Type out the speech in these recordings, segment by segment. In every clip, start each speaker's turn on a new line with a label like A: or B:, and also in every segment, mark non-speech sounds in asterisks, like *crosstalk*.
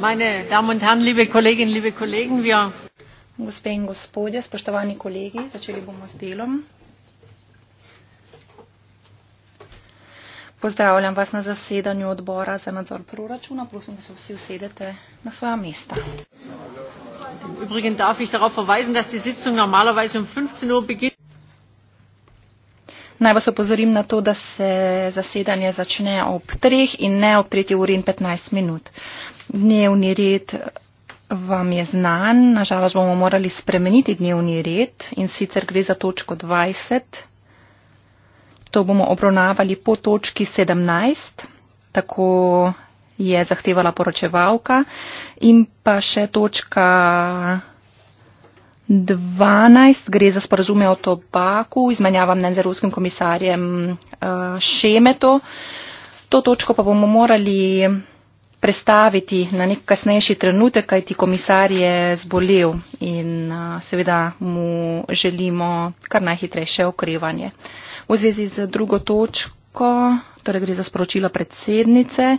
A: Meine Damen und Herren, liebe Kolleginnen, liebe Kollegen, wir Gospe in gospodje, spoštovani kolegi,
B: začeli bomo s delom. Pozdravljam vas na zasedanju odbora za nadzor
A: proračuna. Prosim, da se vsi usedete na svoja mesta. Übrigen darf ich darauf verweisen, dass die Sitzung normalerweise um 15 Uhr beginnt.
B: Naj vas opozorim na to, da se zasedanje začne ob 3 in ne ob 3 uri in 15 minut. Dnevni red eh, vam je znan, nažalost bomo morali spremeniti dnevni red in sicer gre za točko 20. To bomo obravnavali po točki 17, tako je zahtevala poročevalka in pa še točka 12 gre za sporazume o tobaku, izmenjavam mnen z ruskim komisarjem uh, Šemeto. To točko pa bomo morali prestaviti na nek kasnejši trenutek, kaj ti komisar je zbolel in uh, seveda mu želimo kar najhitrejše okrevanje. V zvezi z drugo točko poroko, torej gre za sporočilo predsednice.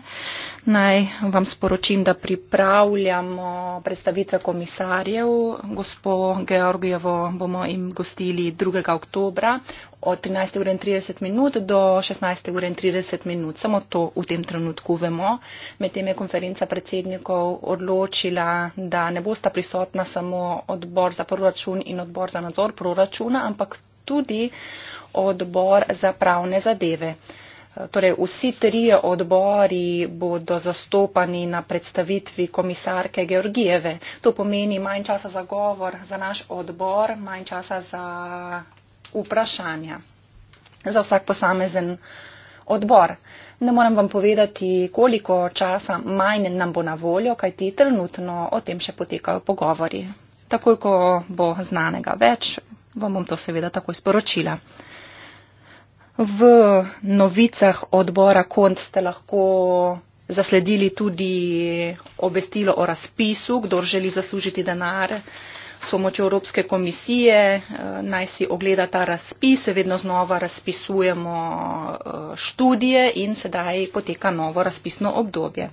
B: Naj vam sporočim, da pripravljamo predstavitve komisarjev. Gospo Georgijevo bomo im gostili 2. oktober od 13.30 do 16.30. Samo to v tem trenutku vemo. Medtem je konferenca predsednikov odločila, da ne bosta prisotna samo odbor za proračun in odbor za nadzor proračuna, ampak tudi odbor za pravne zadeve. Torej, vsi trije odbori bodo zastopani na predstavitvi komisarke Georgijeve. To pomeni manj časa za govor za naš odbor, manj časa za vprašanja za vsak posamezen odbor. Ne morem vam povedati, koliko časa manj nam bo na voljo, kajti trenutno o tem še potekajo pogovori. Takoj, ko bo znanega več, vam bom to seveda takoj sporočila. V novicah odbora KONT ste lahko zasledili tudi obvestilo o razpisu, kdo želi zaslužiti denar s pomočjo Evropske komisije. Eh, naj si ogleda ta razpis, vedno znova razpisujemo eh, študije in sedaj poteka novo razpisno obdobje.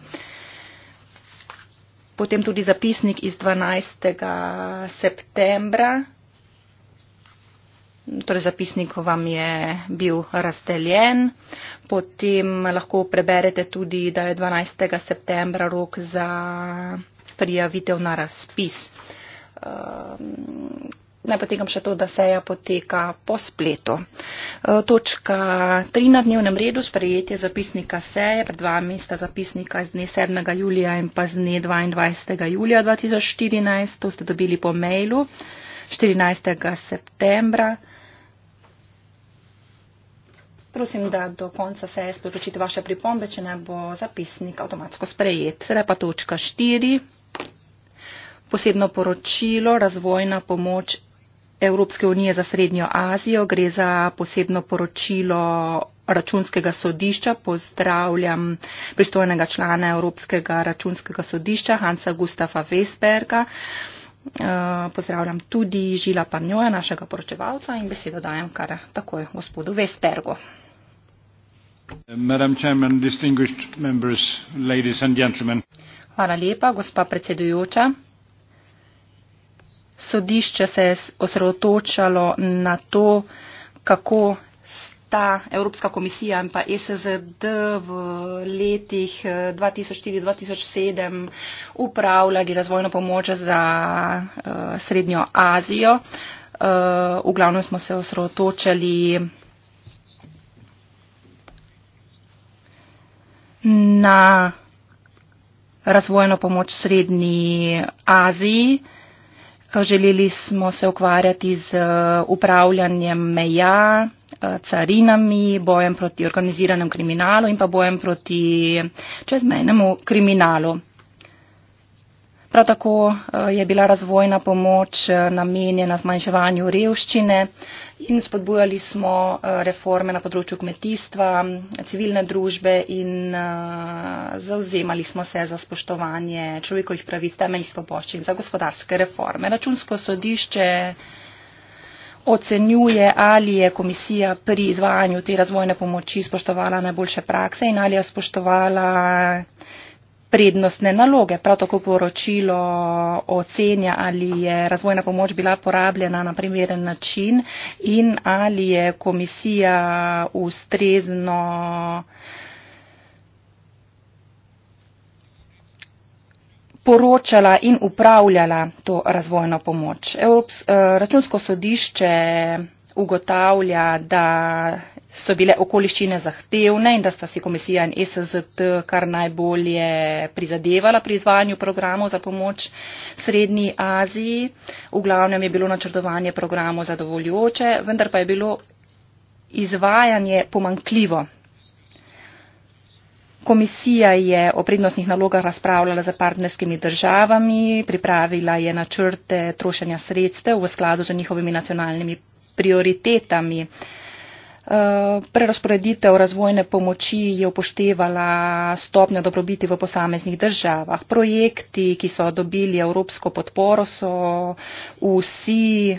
B: Potem tudi zapisnik iz 12. septembra torej zapisnik vam je bil razdeljen. Potem lahko preberete tudi, da je 12. septembra rok za prijavitev na razpis. Ehm, naj potekam še to, da seja poteka po spletu. Ehm, točka 3 na dnevnem redu, sprejetje zapisnika seje, pred vami sta zapisnika z dne 7. julija in pa z dne 22. julija 2014, to ste dobili po mailu 14. septembra Prosim, da do konca seje sporočite vaše pripombe, če ne bo zapisnik avtomatsko sprejet. Sedaj pa točka 4. Posebno poročilo razvojna pomoč Evropske unije za Srednjo Azijo. Gre za posebno poročilo računskega sodišča. Pozdravljam pristojnega člana Evropskega računskega sodišča Hansa Gustafa Vesberga. Um, Eh, pozdravljam tudi Žila Parnjoja, našega poročevalca in besedo dajem kar takoj gospodu Vespergo. Hvala lepa, gospa predsedujoča. Sodišče se je osredotočalo na to, kako ta Evropska komisija in pa SZD v letih 2004-2007 eh, upravljali razvojno pomoč za uh, Srednjo Azijo. Uh, v glavnem smo se osredotočali na razvojno pomoč Srednji Aziji. Želeli smo se ukvarjati z upravljanjem meja, Eh, carinami, bojem proti organiziranem kriminalu in pa bojem proti čezmejnemu kriminalu. Prav tako eh, je bila razvojna pomoč eh, namenjena zmanjševanju revščine in spodbujali smo reforme na področju kmetijstva, civilne družbe in zauzemali smo se za spoštovanje človekovih pravic, temeljnih svoboščin, za gospodarske reforme. Računsko sodišče ocenjuje, ali je komisija pri izvajanju te razvojne pomoči spoštovala najboljše prakse in ali je spoštovala prednostne naloge. Prav tako poročilo ocenja, ali je razvojna pomoč bila porabljena na primeren način in ali je komisija ustrezno poročala in upravljala to razvojno pomoč. Evrops, eh, računsko sodišče ugotavlja, da so bile okoliščine zahtevne in da sta si komisija in SZT kar najbolje prizadevala pri izvajanju programov za pomoč Srednji Aziji. V glavnem je bilo načrtovanje programov zadovoljujoče, vendar pa je bilo izvajanje pomankljivo, Komisija je o prednostnih nalogah razpravljala za partnerskimi državami, pripravila je načrte trošenja sredstev v skladu z njihovimi nacionalnimi prioritetami. Eh, Prerasporeditev razvojne pomoči je upoštevala stopnjo dobrobiti v posameznih državah. Projekti, ki so dobili evropsko podporo, so vsi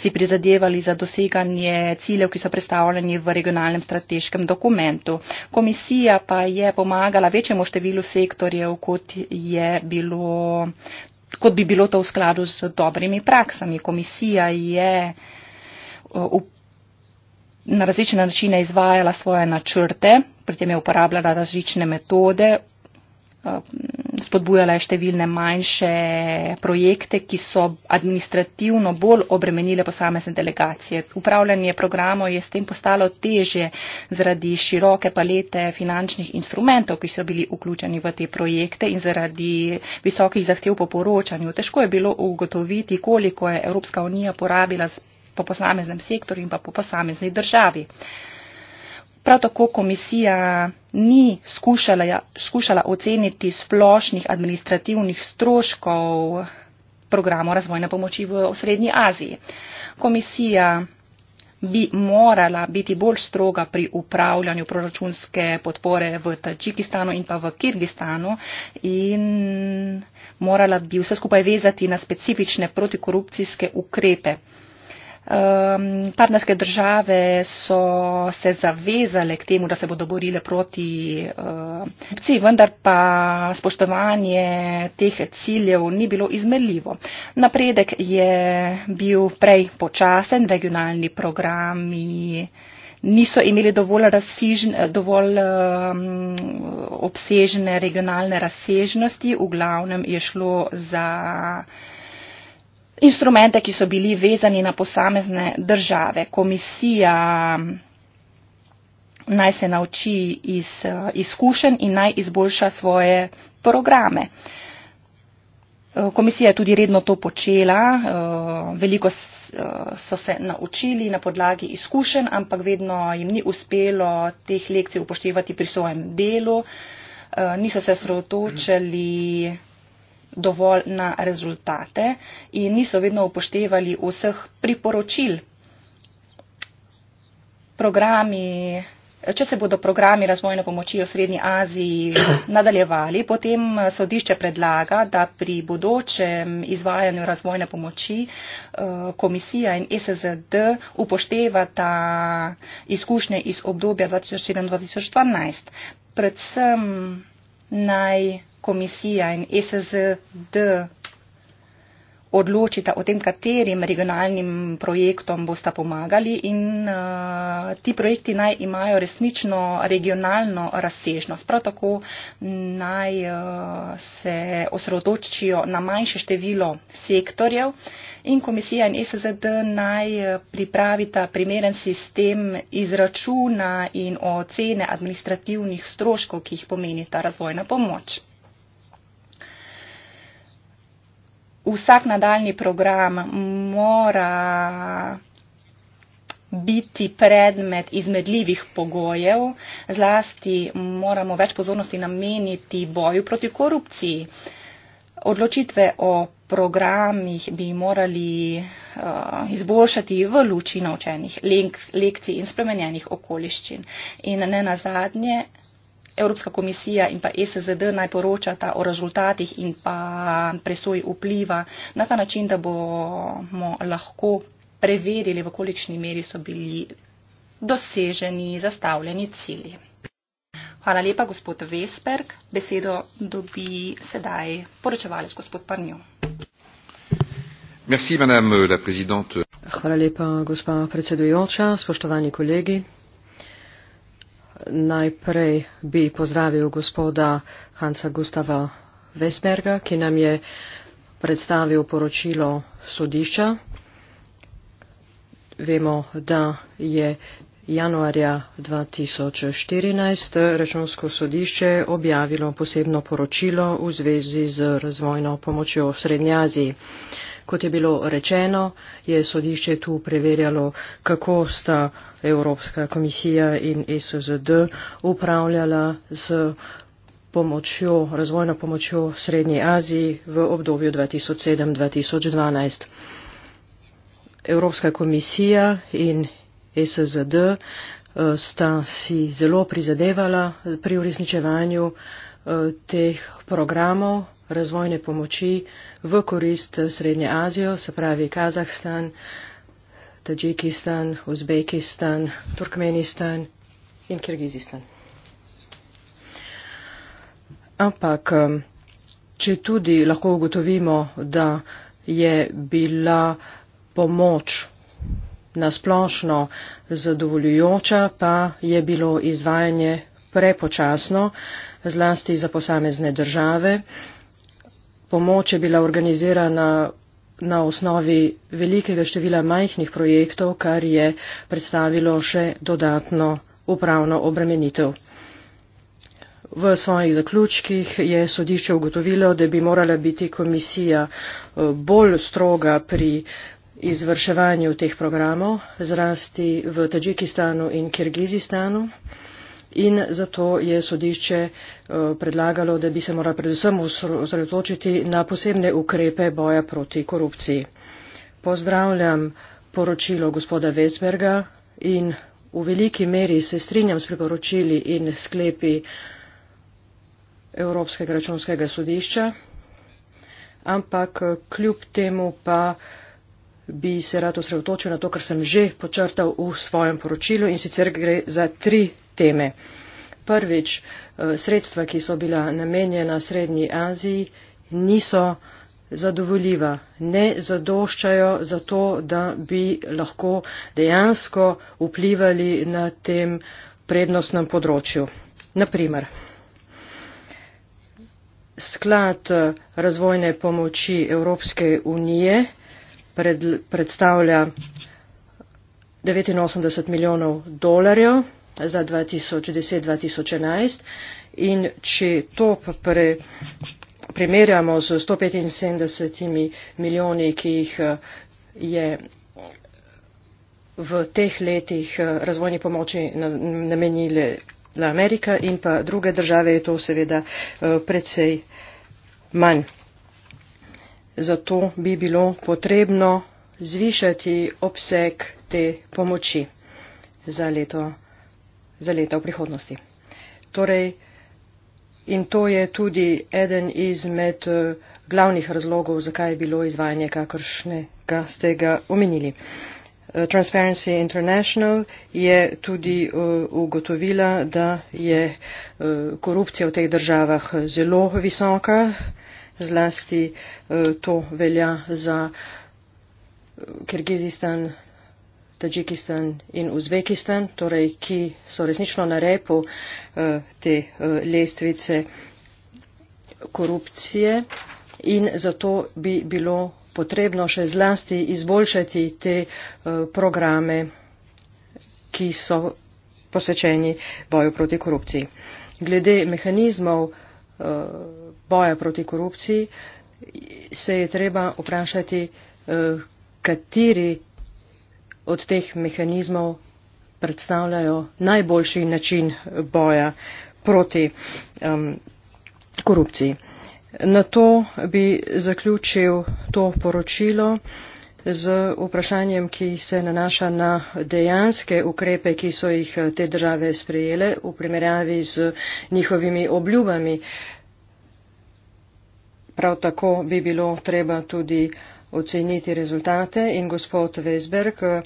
B: si prizadevali za doseganje ciljev, ki so predstavljeni v regionalnem strateškem dokumentu. Komisija pa je pomagala večjemu številu sektorjev, kot je bilo kot bi bilo to v skladu z dobrimi praksami. Komisija je uh, na različne načine izvajala svoje načrte, pri tem je uporabljala različne metode, Um, spodbujala je številne manjše projekte, ki so administrativno bolj obremenile posamezne delegacije. Upravljanje programov je s tem postalo teže zaradi široke palete finančnih instrumentov, ki so bili vključeni v te projekte in zaradi visokih zahtev po poročanju. Težko je bilo ugotoviti, koliko je Evropska unija porabila po posameznem sektorju in pa po posamezni državi. Prav tako komisija ni skušala, ja, skušala oceniti splošnih administrativnih stroškov programov razvojne pomoči v Srednji Aziji. Komisija bi morala biti bolj stroga pri upravljanju proračunske podpore v Tačikistanu in pa v Kirgistanu in morala bi vse skupaj vezati na specifične protikorupcijske ukrepe. Um, partnerske države so se zavezale k temu, da se bodo borile proti ehm, korupciji, uh, vendar pa spoštovanje teh ciljev ni bilo izmerljivo. Napredek je bil prej počasen, regionalni programi niso imeli dovolj, razsižn, dovolj um, obsežne regionalne razsežnosti, v glavnem je šlo za instrumente, ki so bili vezani na posamezne države. Komisija mm, naj se nauči iz eh, izkušenj in naj izboljša svoje programe. Eh, komisija je tudi redno to počela, eh, veliko so se naučili na podlagi izkušenj, ampak vedno jim ni uspelo teh lekcij upoštevati pri svojem delu, niso se srotočali. Mhm dovolj na rezultate in niso vedno upoštevali vseh priporočil. Programi, če se bodo programi razvojne pomoči v Srednji Aziji *coughs* nadaljevali, potem sodišče predlaga, da pri bodočem izvajanju razvojne pomoči eh, komisija in SZD upoštevata izkušnje iz obdobja 2007-2012. Predvsem naj komisija in SSD odločita o tem, katerim regionalnim projektom bosta pomagali in uh, ti projekti naj imajo resnično regionalno razsežnost. Prav tako naj uh, se osredotočijo na manjše število sektorjev in komisija in SZD naj eh, pripravita primeren sistem izračuna in ocene administrativnih stroškov, ki jih pomeni ta razvojna pomoč. vsak nadaljni program mora biti predmet izmedljivih pogojev, zlasti moramo več pozornosti nameniti boju proti korupciji. Odločitve o programih bi morali uh, izboljšati v luči naučenih lekcij in spremenjenih okoliščin. In ne nazadnje, Evropska komisija in pa SZD naj poročata o rezultatih in pa presoji vpliva na ta način, da bomo lahko preverili, v kolikšni meri so bili doseženi zastavljeni cilji. Hvala lepa, gospod Vesberg. Besedo dobi sedaj poročevalec, gospod
C: Parnjo. Hvala lepa, gospa predsedujoča, spoštovani kolegi najprej bi pozdravil gospoda Hansa Gustava Vesberga, ki nam je predstavil poročilo sodišča. Vemo, da je januarja 2014 računsko sodišče objavilo posebno poročilo v zvezi z razvojno pomočjo v Srednji Aziji. Uh, Kot je bilo rečeno, je sodišče tu preverjalo, kako sta Evropska komisija in SZD upravljala z pomočjo, razvojno pomočjo Srednji Aziji v obdobju 2007-2012. Evropska komisija in SZD eh, sta si zelo prizadevala pri uresničevanju eh, teh programov razvojne pomoči v korist Srednje Azijo, se pravi Kazahstan, Tadžikistan, Uzbekistan, Turkmenistan in Kirgizistan. Ampak, um, če tudi lahko ugotovimo, da je bila pomoč nasplošno zadovoljujoča, pa je bilo izvajanje prepočasno, zlasti za posamezne države, pomoč je bila organizirana na osnovi velikega števila majhnih projektov, kar je predstavilo še dodatno upravno obremenitev. V svojih zaključkih je sodišče ugotovilo, da bi morala biti komisija eh, bolj stroga pri izvrševanju teh programov, zrasti v Tadžikistanu in Kirgizistanu in zato je sodišče eh, predlagalo, da bi se mora predvsem osredotočiti na posebne ukrepe boja proti korupciji. Pozdravljam poročilo gospoda Vesberga in v veliki meri se strinjam s priporočili in sklepi Evropskega računskega sodišča, ampak eh, kljub temu pa bi se rad osredotočil na to, kar sem že počrtal v svojem poročilu in sicer gre za tri teme. Prvič, eh, sredstva, ki so bila namenjena Srednji Aziji, niso zadovoljiva, ne zadoščajo za to, da bi lahko dejansko vplivali na tem prednostnem področju. Naprimer, sklad eh, razvojne pomoči Evropske unije pred, predstavlja 89 milijonov dolarjev, za 2010-2011 in če to pre, primerjamo z 175 milijoni, ki jih je v teh letih eh, razvojni pomoči namenile Amerika in pa druge države, je to seveda eh, predvsej manj. Zato bi bilo potrebno zvišati obseg te pomoči za leto za leta v prihodnosti. Torej, in to je tudi eden izmed eh, glavnih razlogov, zakaj je bilo izvajanje kakršnega ste ga omenili. Eh, Transparency International je tudi eh, ugotovila, da je korupcija v teh državah zelo visoka, zlasti to velja za Kirgizistan, Tadžikistan in Uzbekistan, torej ki so resnično na repu eh, te eh, lestvice korupcije in zato bi bilo potrebno še zlasti izboljšati te eh, programe, ki so posvečeni boju proti korupciji. Glede mehanizmov boja proti korupciji se je treba vprašati, kateri od teh mehanizmov predstavljajo najboljši način boja proti um, korupciji. Na to bi zaključil to poročilo z vprašanjem, ki se nanaša na dejanske ukrepe, ki so jih uh, te države sprejele v primerjavi z njihovimi obljubami. Prav tako bi bilo treba tudi uh, oceniti rezultate. In gospod Vesberg, eh,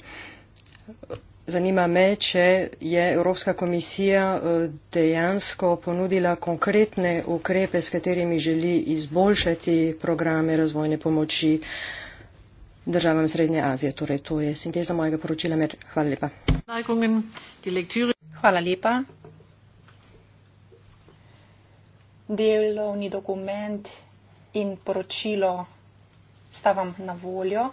C: zanima me, če je Evropska komisija eh, dejansko ponudila konkretne ukrepe, s katerimi želi izboljšati programe razvojne pomoči državam Srednje Azije. Torej, to je sinteza mojega poročila. Mer. Hvala lepa.
A: Hvala lepa.
B: Delovni dokument in poročilo sta vam na voljo.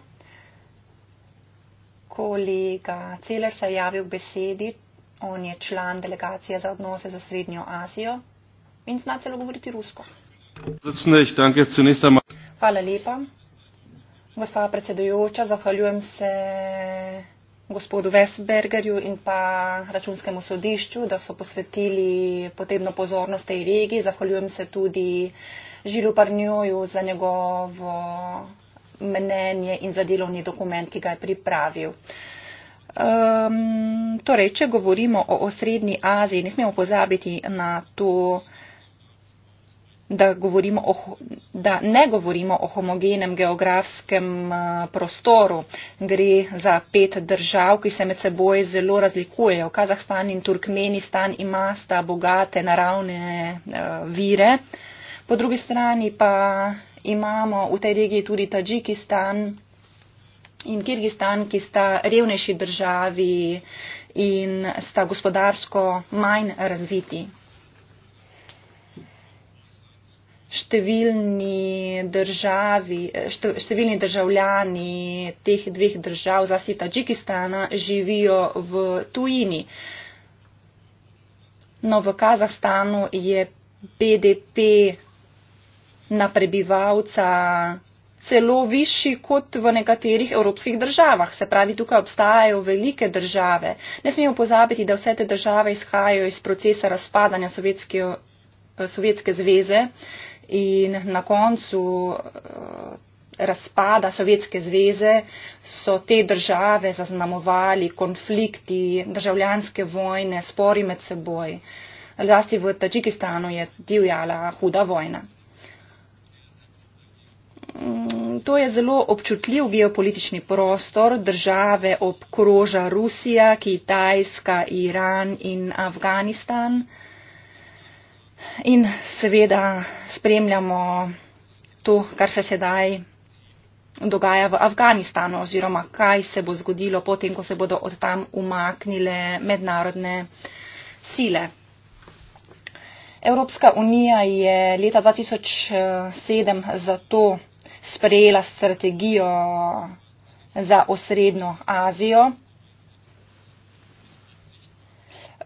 B: Kolega Celer se je javil k besedi, on je član delegacije za odnose za Srednjo Azijo in zna celo govoriti rusko. Hvala lepa. Gospa predsedujoča, zahvaljujem se gospodu Vesbergerju in pa računskemu sodišču, da so posvetili potrebno pozornost tej regiji. Zahvaljujem se tudi Žilu Parnjoju za njegovo mnenje in za delovni dokument, ki ga je pripravil. Um, torej, če govorimo o, o Srednji Aziji, ne smemo pozabiti na to, da, o, da ne govorimo o homogenem geografskem eh, prostoru. Gre za pet držav, ki se med seboj zelo razlikujejo. Kazahstan in Turkmenistan imata bogate naravne uh, vire. Po drugi strani pa imamo v tej regiji tudi Tadžikistan in Kirgistan, ki sta revnejši državi in sta gospodarsko manj razviti. Številni, državi, šte, številni državljani teh dveh držav, zasi Tadžikistana, živijo v tujini. No, v Kazahstanu je BDP na prebivalca celo višji kot v nekaterih evropskih državah. Se pravi, tukaj obstajajo velike države. Ne smemo pozabiti, da vse te države izhajajo iz procesa razpadanja Sovjetske, Sovjetske zveze in na koncu eh, razpada Sovjetske zveze so te države zaznamovali konflikti, državljanske vojne, spori med seboj. Zlasti v Tačikistanu je divjala huda vojna. Mm, to je zelo občutljiv geopolitični prostor. Države obkroža Rusija, Kitajska, Iran in Afganistan. In seveda spremljamo to, kar se sedaj dogaja v Afganistanu oziroma kaj se bo zgodilo potem, ko se bodo od tam umaknile mednarodne sile. Evropska unija je leta 2007 eh, zato sprejela strategijo za osrednjo Azijo.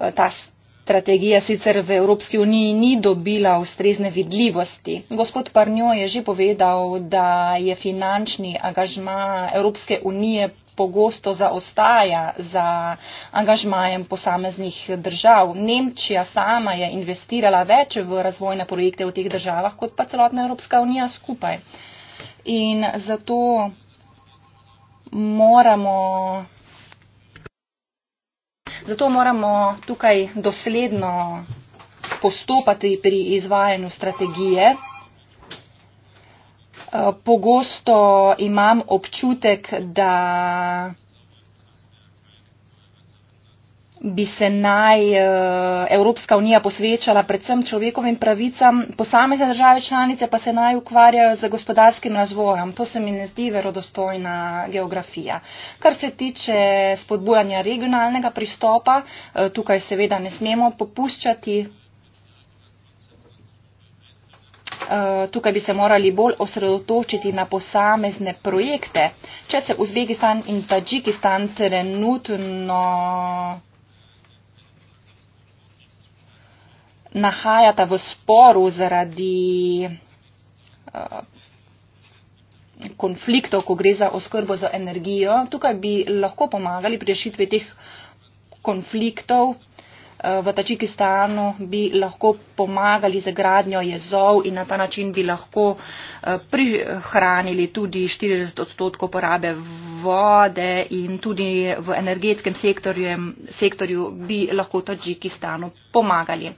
B: E, ta strategija sicer v Evropski uniji ni dobila ustrezne vidljivosti. Gospod Parnjo je že povedal, da je finančni angažma Evropske unije pogosto zaostaja za angažmajem posameznih držav. Nemčija sama je investirala več v razvojne projekte v teh državah kot pa celotna Evropska unija skupaj. Uh, in zato moramo, zato moramo tukaj dosledno postopati pri izvajanju strategije. Eh, pogosto imam občutek, da bi se naj eh, Evropska unija posvečala predvsem človekovim pravicam, posamezne države članice pa se naj ukvarjajo z gospodarskim razvojem. To se mi ne zdi verodostojna geografija. Kar se tiče spodbujanja regionalnega pristopa, eh, tukaj seveda ne smemo popuščati. Eh, tukaj bi se morali bolj osredotočiti na posamezne projekte. Če se Uzbekistan in Tadžikistan trenutno nahajata v sporu zaradi uh, konfliktov, ko gre za oskrbo za energijo. Tukaj bi lahko pomagali pri rešitvi teh konfliktov. Eh, v Tačikistanu bi lahko pomagali za gradnjo jezov in na ta način bi lahko eh, prihranili tudi 40 odstotkov porabe vode in tudi v energetskem sektorju, sektorju bi lahko Tačikistanu pomagali.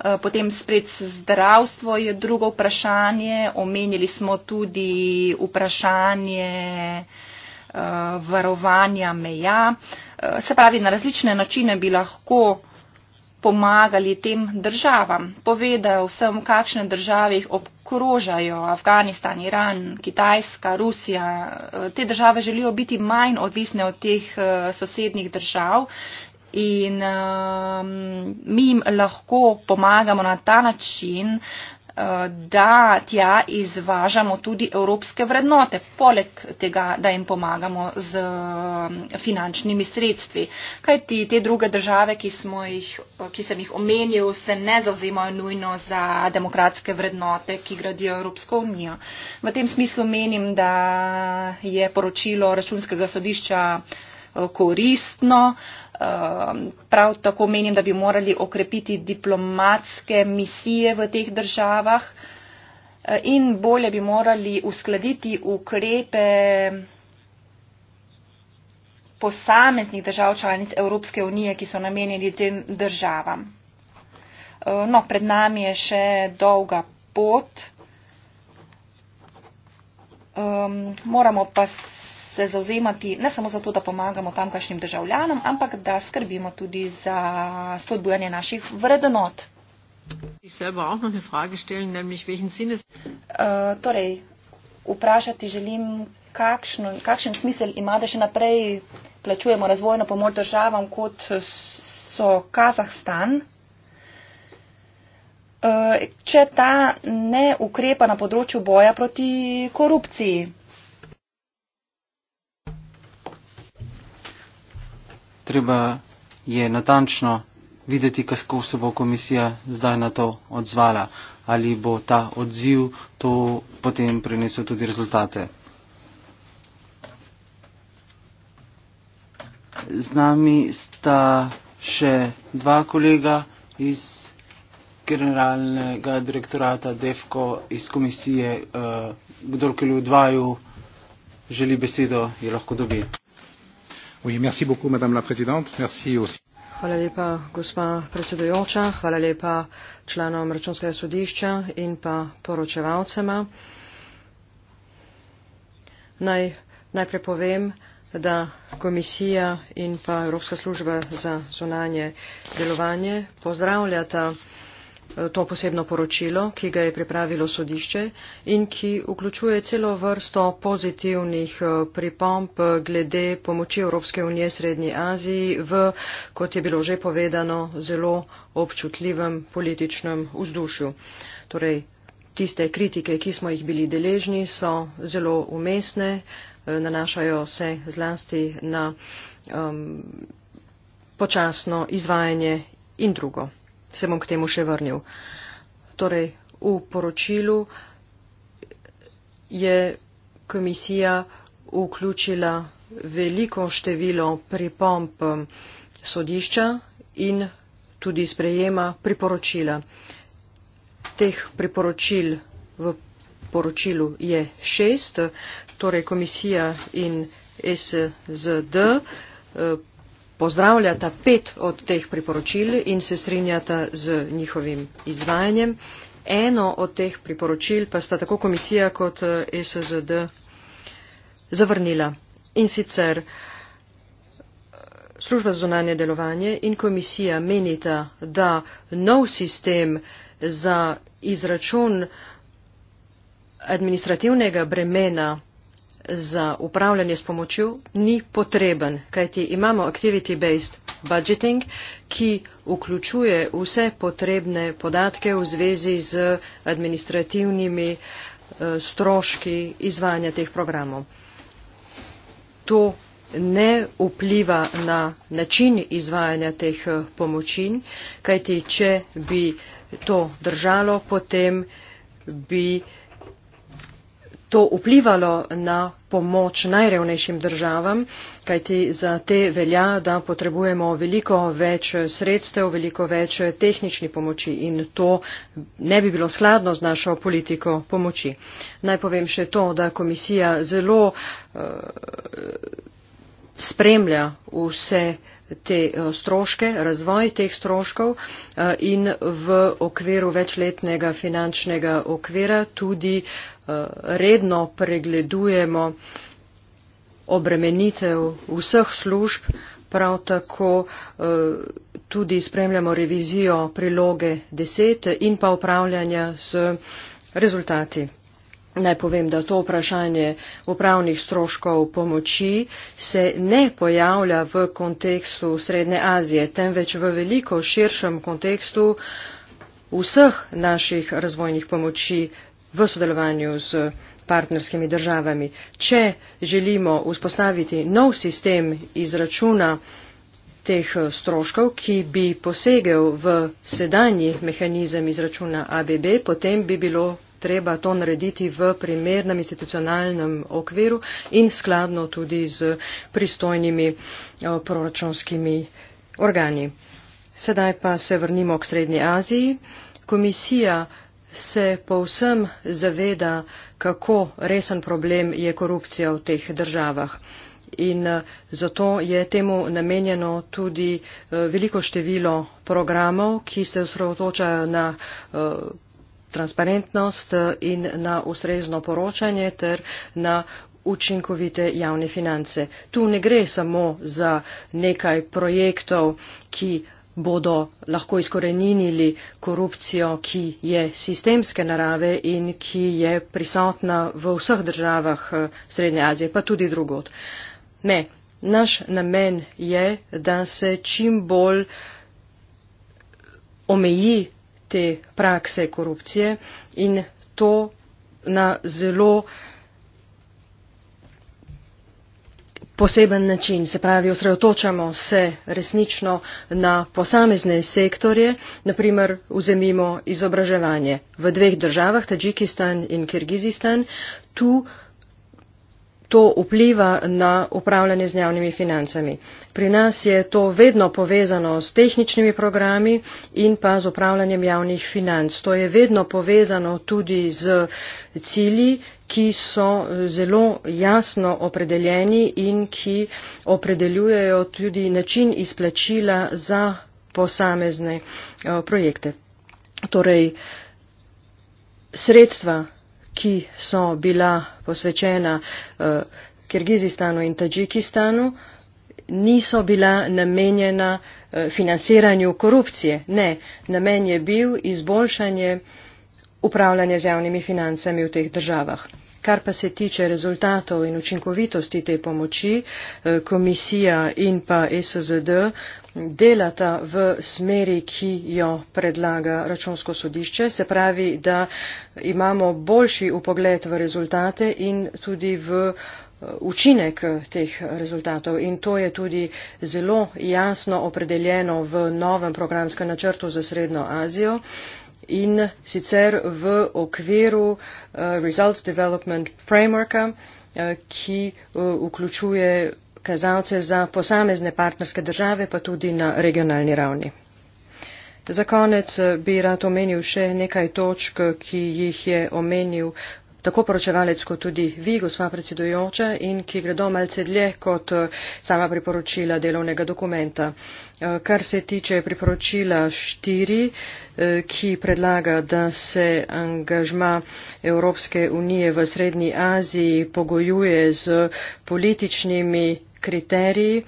B: Eh, potem spred zdravstvo je drugo vprašanje. Omenili smo tudi vprašanje eh, varovanja meja. Eh, se pravi, na različne načine bi lahko pomagali tem državam. Povedal sem, kakšne države jih obkrožajo. Afganistan, Iran, Kitajska, Rusija. Te države želijo biti manj odvisne od teh sosednjih držav in um, mi jim lahko pomagamo na ta način, uh, da tja izvažamo tudi evropske vrednote, poleg tega, da jim pomagamo z um, finančnimi sredstvi. Kaj ti te druge države, ki, jih, ki sem jih omenil, se ne zauzemajo nujno za demokratske vrednote, ki gradijo Evropsko unijo. V tem smislu menim, da je poročilo računskega sodišča uh, koristno, Ehm, prav tako menim, da bi morali okrepiti diplomatske misije v teh državah eh, in bolje bi morali uskladiti ukrepe posameznih držav članic Evropske unije, ki so namenjeni tem državam. Eh, no, pred nami je še dolga pot. Um, moramo pa se zauzemati ne samo za to, da pomagamo tamkajšnjim državljanom, ampak da skrbimo tudi za spodbujanje naših vrednot.
A: Uh, torej,
B: vprašati želim, kakšno, kakšen smisel ima, da še naprej plačujemo razvojno pomoč državam, kot so Kazahstan. Eh, če ta ne ukrepa na področju boja proti korupciji.
D: treba je natančno videti, kako se bo komisija zdaj na to odzvala, ali bo ta odziv to potem prinesel tudi rezultate. Z nami sta še dva kolega iz generalnega direktorata DEFCO iz komisije, eh, kdorkoli v dvaju želi besedo, je lahko dobil
C: hvala lepa gospa predsedujoča hvala lepa članom računskega sodišča in pa poročevalcema naj najprej povem da komisija in pa evropska služba za zunanje delovanje pozdravljata Eh, to posebno poročilo, ki ga je pripravilo sodišče in ki vključuje celo vrsto pozitivnih eh, pripomp eh, glede pomoči Evropske unije Srednji Aziji v, kot je bilo že povedano, zelo občutljivem političnem vzdušju. Torej, tiste kritike, ki smo jih bili deležni, so zelo umestne, nanašajo se zlasti na um, počasno izvajanje in drugo se bom k temu še vrnil. Torej, v poročilu je komisija vključila veliko število pripomp um, sodišča in tudi sprejema priporočila. Teh priporočil v poročilu je šest, torej komisija in SZD eh, pozdravljata pet od teh priporočil in se strinjata z njihovim izvajanjem. Eno od teh priporočil pa sta tako komisija kot eh, SZD zavrnila. In sicer eh, služba zunanje delovanje in komisija menita, da nov sistem za izračun administrativnega bremena za upravljanje s pomočjo ni potreben, kajti imamo activity-based budgeting, ki vključuje vse potrebne podatke v zvezi z administrativnimi eh, stroški izvajanja teh programov. To ne vpliva na način izvajanja teh eh, pomočin, kajti če bi to držalo, potem bi to vplivalo na pomoč najrevnejšim državam, kajti za te velja, da potrebujemo veliko več sredstev, veliko več tehnični pomoči in to ne bi bilo skladno z našo politiko pomoči. Naj povem še to, da komisija zelo uh, spremlja vse uh, te eh, stroške, razvoj teh stroškov eh, in v okviru večletnega finančnega okvira tudi eh, redno pregledujemo obremenitev vseh služb, prav tako tudi spremljamo revizijo priloge 10 in pa upravljanja s rezultati. Naj povem, da to vprašanje upravnih stroškov pomoči se ne pojavlja v kontekstu Srednje Azije, temveč v veliko širšem kontekstu vseh naših razvojnih pomoči v sodelovanju z partnerskimi državami. Če želimo vzpostaviti nov sistem izračuna teh stroškov, ki bi posegel v sedanji mehanizem izračuna ABB, potem bi bilo treba to narediti v primernem institucionalnem okviru in skladno tudi z pristojnimi eh, proračunskimi organi. Sedaj pa se vrnimo k Srednji Aziji. Komisija se povsem zaveda, kako resen problem je korupcija v teh državah. In eh, zato je temu namenjeno tudi eh, veliko število programov, ki se osredotočajo na transparentnost eh, in na ustrezno poročanje ter na učinkovite javne finance. Tu ne gre samo za nekaj projektov, ki bodo lahko izkorenili korupcijo, ki je sistemske narave in ki je prisotna v vseh državah eh, Srednje Azije, pa tudi drugot. Ne, naš namen je, da se čim bolj omeji te prakse korupcije in to na zelo poseben način. Se pravi, osredotočamo se resnično na posamezne sektorje, naprimer vzemimo izobraževanje. V dveh državah, Tadžikistan in Kirgizistan, tu to vpliva na upravljanje z javnimi financami. Pri nas je to vedno povezano s tehničnimi programi in pa z upravljanjem javnih financ. To je vedno povezano tudi z cilji, ki so zelo jasno opredeljeni in ki opredeljujejo tudi način izplačila za posamezne eh, projekte. Torej, sredstva ki so bila posvečena uh, Kirgizistanu in Tadžikistanu, niso bila namenjena uh, financiranju korupcije. Ne, namen je bil izboljšanje upravljanja z javnimi financami v teh državah. Kar pa se tiče rezultatov in učinkovitosti te pomoči, eh, komisija in pa SZD delata v smeri, ki jo predlaga računsko sodišče, se pravi, da imamo boljši upogled v rezultate in tudi v eh, učinek teh rezultatov. In to je tudi zelo jasno opredeljeno v novem programskem načrtu za Srednjo Azijo in sicer v okviru eh, Results Development Frameworka eh, ki vključuje kazalce za posamezne partnerske države, pa tudi na regionalni ravni. Za konec eh, bi rad omenil še nekaj točk, ki jih je omenil tako poročevalec kot tudi vi, gospa predsedujoča, in ki gredo malce dlje kot eh, sama priporočila delovnega dokumenta. Eh, kar se tiče priporočila 4, ki predlaga, da se angažma Evropske unije v Srednji Aziji pogojuje z političnimi kriteriji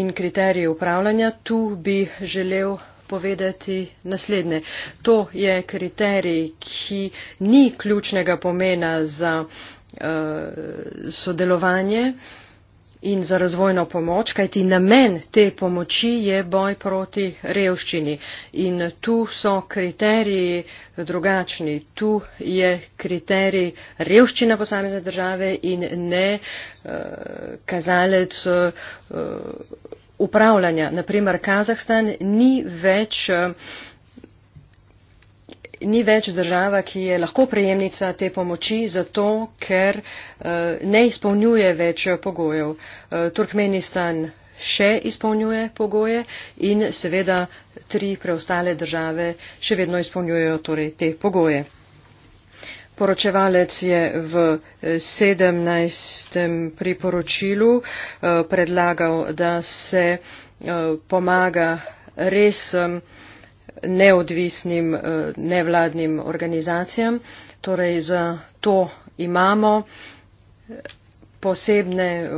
C: in kriteriji upravljanja. Tu bi želel povedati naslednje. To je kriterij, ki ni ključnega pomena za uh, sodelovanje uh, in za razvojno pomoč, kajti namen te pomoči je boj proti revščini. In tu so kriteriji drugačni. Tu je kriterij revščina posamezne države in ne uh, kazalec. Uh, upravljanja. Naprimer, Kazahstan ni več uh, ni več država, ki je lahko prejemnica te pomoči, zato ker eh, ne izpolnjuje več eh, pogojev. Eh, Turkmenistan še izpolnjuje pogoje in seveda tri preostale države še vedno izpolnjujejo torej te pogoje. Poročevalec je v 17. priporočilu predlagal, da se pomaga res neodvisnim eh, nevladnim organizacijam. Torej, za to imamo eh, posebne eh,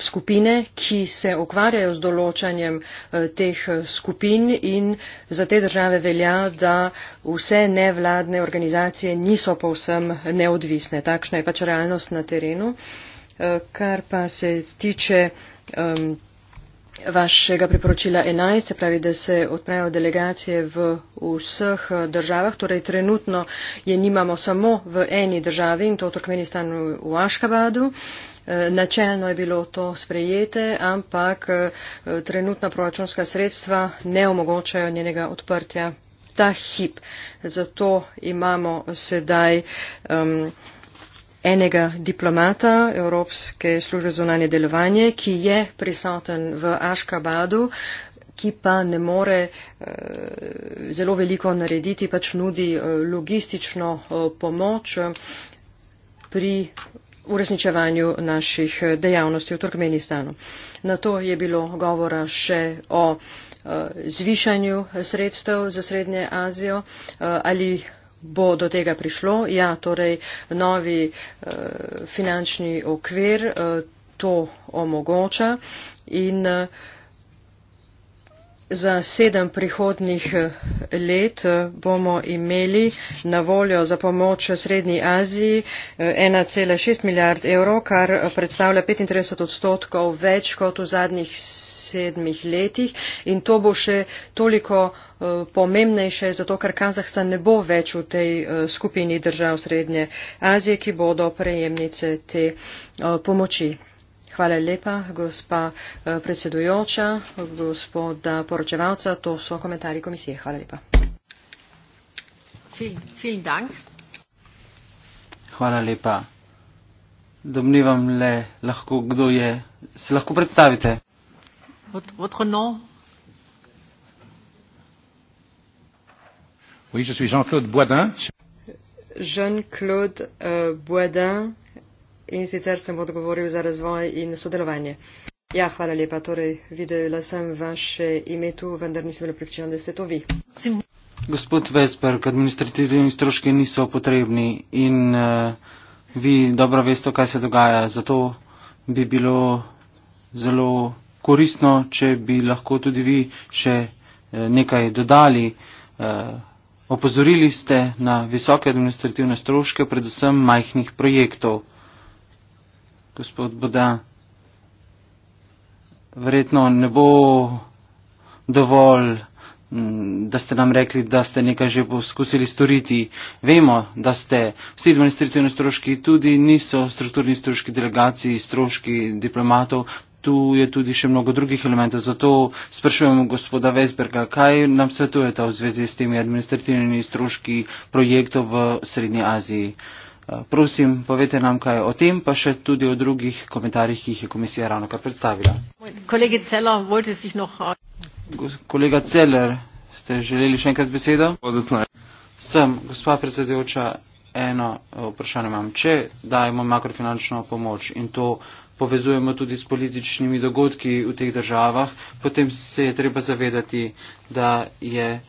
C: skupine, ki se ukvarjajo z določanjem teh skupin in za te države velja, da vse nevladne organizacije niso povsem neodvisne. Takšna je pač realnost na terenu. Kar pa se tiče vašega priporočila 11, se pravi, da se odpravijo delegacije v vseh eh, državah. Torej, trenutno je nimamo samo v eni državi in to v Turkmenistanu v Aškabadu. Eh, načelno je bilo to sprejete, ampak eh, trenutna proračunska sredstva ne omogočajo njenega odprtja ta hip. Zato imamo sedaj. Um, enega diplomata Evropske službe zunanje delovanje, ki je prisoten v Aškabadu, ki pa ne more eh, zelo veliko narediti, pač nudi eh, logistično eh, pomoč pri uresničevanju naših dejavnosti v Turkmenistanu. Na to je bilo govora še o zvišanju sredstev za Srednje Azijo ali bo do tega prišlo. Ja, torej novi uh, finančni okvir uh, to omogoča in uh, za sedem prihodnih let uh, bomo imeli na voljo za pomoč Srednji Aziji uh, 1,6 milijard evrov, kar predstavlja 35 odstotkov več kot v zadnjih sedmih letih in to bo še toliko eh, pomembnejše, zato ker Kazahstan ne bo več v tej eh, skupini držav Srednje Azije, ki bodo prejemnice te eh, pomoči. Hvala lepa, gospa predsedujoča, gospoda poročevalca, to so komentarji komisije. Hvala
D: lepa. Hvala lepa. Domnevam le lahko, kdo je. Se lahko predstavite?
A: Votre, votre nom
D: Oui, je suis Jean-Claude Boisdin.
C: Jean-Claude euh, Boisdin, in sicer sem odgovoril za razvoj in sodelovanje. Ja, hvala lepa. Torej, videla sem vaše ime tu, vendar nisem bila pripričana, da ste to vi.
D: Gospod Vesberg, administrativni stroški niso potrebni in uh, vi dobro veste, kaj se dogaja. Zato bi bilo zelo koristno, če bi lahko tudi vi še eh, nekaj dodali. Eh, opozorili ste na visoke administrativne stroške, predvsem majhnih projektov. Gospod Boda, verjetno ne bo dovolj, mm, da ste nam rekli, da ste nekaj že poskusili storiti. Vemo, da ste vsi administrativni stroški, tudi niso strukturni stroški delegacij, stroški diplomatov, tu je tudi še mnogo drugih elementov. Zato sprašujemo gospoda Vesberga, kaj nam svetujete v zvezi s temi administrativnimi stroški projektov v Srednji Aziji. Eh, prosim, povete nam kaj o tem, pa še tudi o drugih komentarjih, ki jih je komisija ravno kar predstavila. Kolega Celer, ste želeli še enkrat besedo? Sem, gospa predsedujoča, eno eh, vprašanje imam. Če dajemo makrofinančno pomoč in to povezujemo tudi s političnimi dogodki v teh državah, potem se je treba zavedati, da je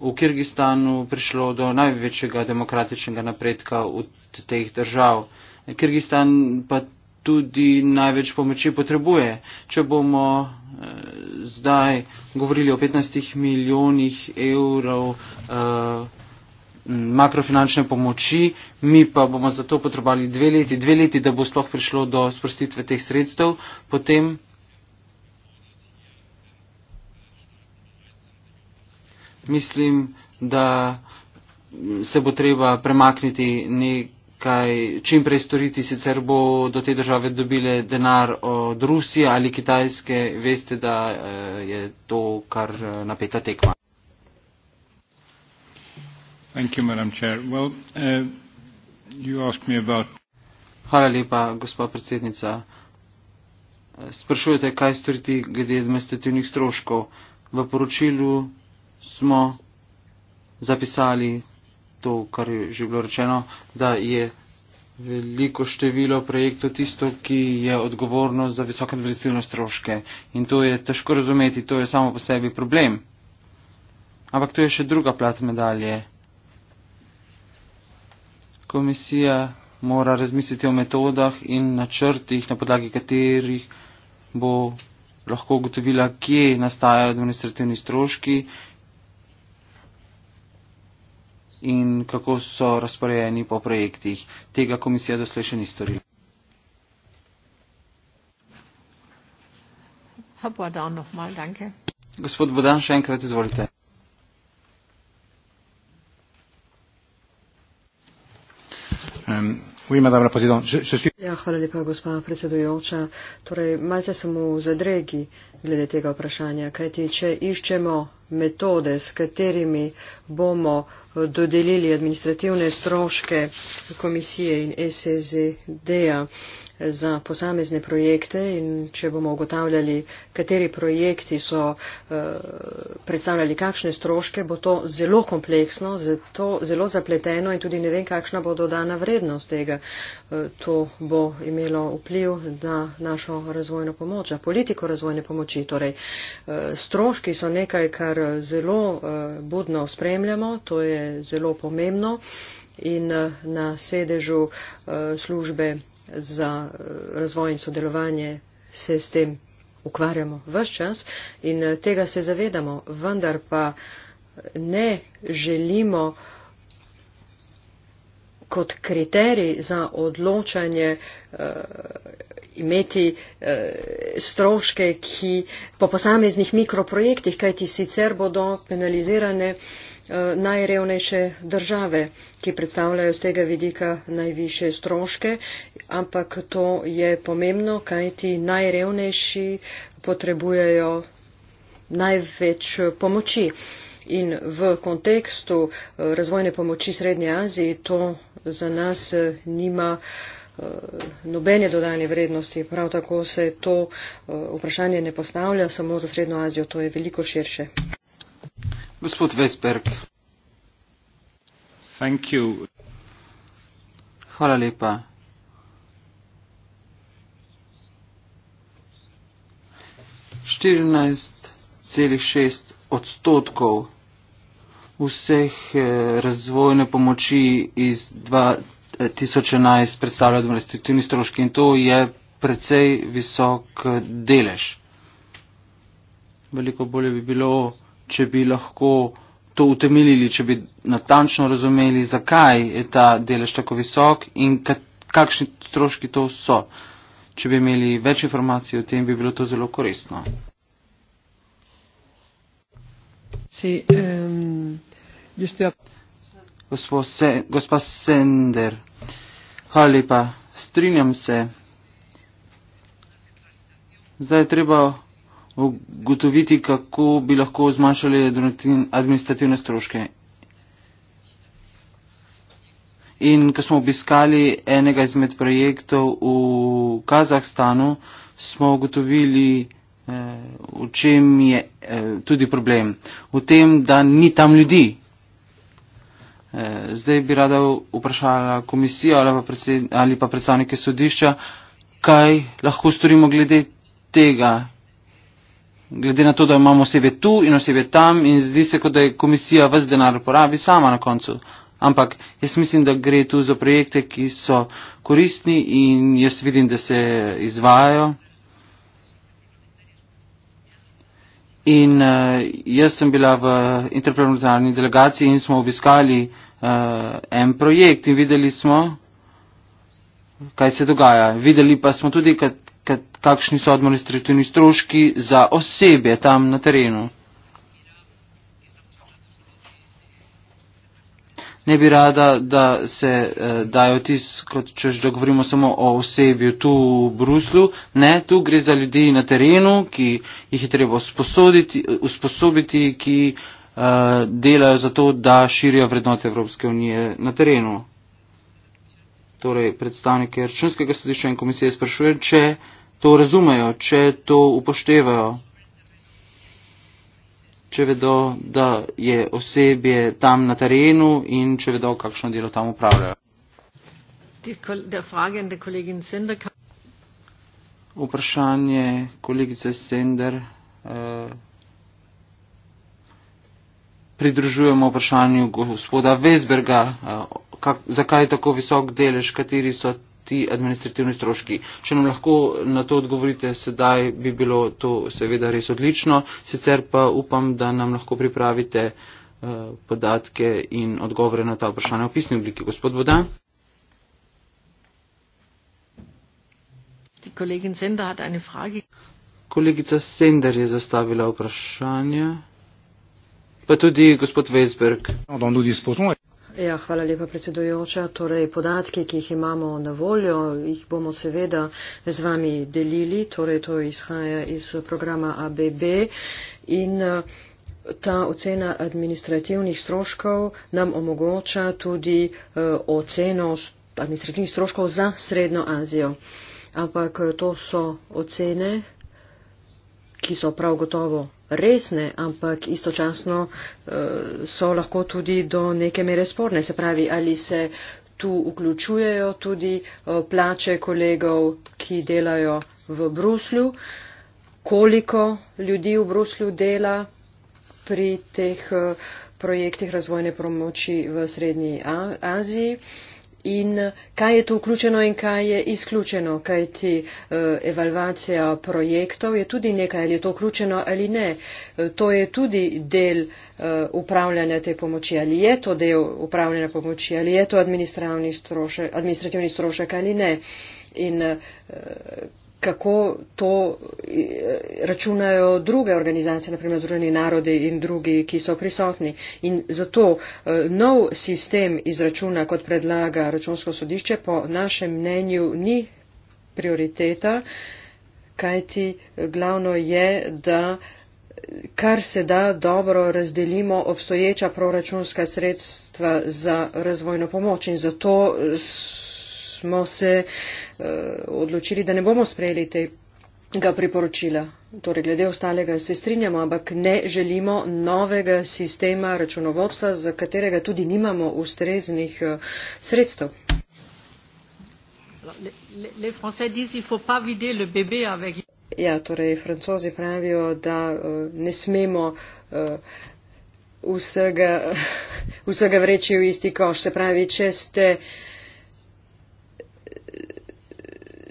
D: v Kyrgyzstanu prišlo do največjega demokratičnega napredka v teh držav. Kyrgyzstan pa tudi največ pomoči potrebuje. Če bomo eh, zdaj govorili o 15 milijonih evrov eh, makrofinančne pomoči, mi pa bomo za to potrebovali dve leti, dve leti, da bo sploh prišlo do sprostitve teh sredstev, potem mislim, da se bo treba premakniti nekaj, čim prej storiti, sicer bo do te države dobile denar od Rusije ali Kitajske, veste, da eh, je to kar eh, napeta tekma. Thank you, Madam Chair. Well, uh, you asked me about. Hvala lepa, gospod predsednica. Sprašujete, kaj storiti glede administrativnih stroškov. V poročilu smo zapisali to, kar je že bilo rečeno, da je veliko število projektov tisto, ki je odgovorno za visoke administrativne stroške. In to je težko razumeti, to je samo po sebi problem. Ampak to je še druga plat medalje komisija mora razmisliti o metodah in načrtih, na podlagi katerih bo lahko ugotovila, kje nastajajo administrativni stroški in kako so razporejeni po projektih. Tega komisija doslej še ni storila. Gospod Bodan, še enkrat izvolite. Um,
C: ja, hvala lepa, gospa predsedujoča. Torej, malce sem v zadregi glede tega vprašanja, kajti če iščemo metode, s katerimi bomo dodelili administrativne stroške komisije in SSD-ja za posamezne projekte in če bomo ugotavljali, kateri projekti so uh, predstavljali kakšne stroške, bo to zelo kompleksno, zato zelo zapleteno in tudi ne vem, kakšna bo dodana vrednost tega. Uh, to bo imelo vpliv na našo razvojno pomoč, na politiko razvojne pomoči. Torej, uh, stroški so nekaj, kar kar eh, zelo eh, budno spremljamo, to je zelo pomembno in eh, na sedežu službe za razvoj in sodelovanje se s tem ukvarjamo vse čas in tega se zavedamo, vendar pa ne želimo kot kriterij za odločanje imeti eh, stroške, ki po posameznih mikroprojektih, kajti sicer bodo penalizirane eh, najrevnejše države, ki predstavljajo z tega vidika najviše stroške, ampak to je pomembno, kajti najrevnejši potrebujejo največ eh, pomoči. In v kontekstu eh, razvojne pomoči Srednje Azije to za nas eh, nima. Eh, Eh, nobene dodane vrednosti. Prav tako se to eh, vprašanje ne postavlja samo za Srednjo Azijo, to je veliko širše.
D: Gospod Vesberg. Thank you. Hvala lepa. Štirinajst celih šest odstotkov vseh eh, razvojne pomoči iz 2020. 2011 predstavljajo administrativni stroški in to je precej visok eh, delež. Veliko bolje bi bilo, če bi lahko to utemeljili, če bi natančno razumeli, zakaj je ta delež tako visok in kakšni stroški to so. Če bi imeli več informacij o tem, bi bilo to zelo koristno.
A: See, um,
D: Se, gospa Sender, hvala lepa, strinjam se. Zdaj je treba ugotoviti, kako bi lahko zmanjšali administrativne stroške. In ko smo obiskali enega izmed projektov v Kazahstanu, smo ugotovili, eh, v čem je eh, tudi problem. V tem, da ni tam ljudi. Eh, zdaj bi rada vprašala komisijo ali pa, predsed, ali pa predstavnike sodišča, kaj lahko storimo glede tega, glede na to, da imamo osebe tu in osebe tam in zdi se, kot da je komisija vse denar porabi sama na koncu. Ampak jaz mislim, da gre tu za projekte, ki so koristni in jaz vidim, da se izvajajo. In uh, jaz sem bila v interparlamentarni delegaciji in smo obiskali uh, en projekt in videli smo, kaj se dogaja. Videli pa smo tudi, kad, kad, kakšni so administrativni stroški za osebe tam na terenu. ne bi rada, da se eh, dajo tis, kot češ, da govorimo samo o osebju tu v Bruslu. Ne, tu gre za ljudi na terenu, ki jih je treba usposobiti, ki eh, delajo za to, da širijo vrednote Evropske unije na terenu. Torej, predstavnike računskega sodišča in komisije sprašujem, če to razumejo, če to upoštevajo če vedo, da je osebje tam na terenu in če vedo, kakšno delo tam upravljajo. Vprašanje kolegice Sender. Eh, pridružujemo vprašanju gospoda Vesberga, eh, kak, zakaj je tako visok delež, kateri so ti administrativni stroški. Če nam lahko na to odgovorite sedaj, bi bilo to seveda res odlično, sicer pa upam, da nam lahko pripravite uh, podatke in odgovore na ta vprašanja v pisni obliki. Gospod Boda. Kolegica Sender je zastavila vprašanje. Pa tudi gospod Vesberg. No,
C: Ja, hvala lepa, predsedujoča. Torej, podatki, ki jih imamo na voljo, jih bomo seveda z vami delili. Torej, to izhaja iz programa ABB. In eh, ta ocena administrativnih stroškov nam omogoča tudi eh, oceno administrativnih stroškov za Srednjo Azijo. Ampak eh, to so ocene, ki so prav gotovo resne, ampak istočasno eh, so lahko tudi do neke mere sporne. Se pravi, ali se tu vključujejo tudi eh, plače kolegov, ki delajo v Bruslju, koliko ljudi v Bruslju dela pri teh eh, projektih razvojne promoči v Srednji Aziji in eh, kaj je tu vključeno in kaj je izključeno, kajti eh, evalvacija projektov je tudi nekaj, ali je to vključeno ali ne. Eh, to je tudi del upravljanja te pomoči, ali je to del upravljanja pomoči, ali je to administrativni strošek, administrativni strošek ali ne. In, kako to eh, računajo druge organizacije, naprimer Združeni narodi in drugi, ki so prisotni. In zato eh, nov sistem izračuna, kot predlaga računsko sodišče, po našem mnenju ni prioriteta, kajti eh, glavno je, da kar se da dobro razdelimo obstoječa proračunska sredstva za razvojno pomoč in zato smo se uh, odločili, da ne bomo sprejeli tega priporočila. Torej, glede ostalega se strinjamo, ampak ne želimo novega sistema računovodstva, za katerega tudi nimamo ustreznih uh, sredstev. Ja, torej, francozi pravijo, da uh, ne smemo uh, vsega, uh, *laughs* vsega vreči v isti koš. Se pravi, če ste uh,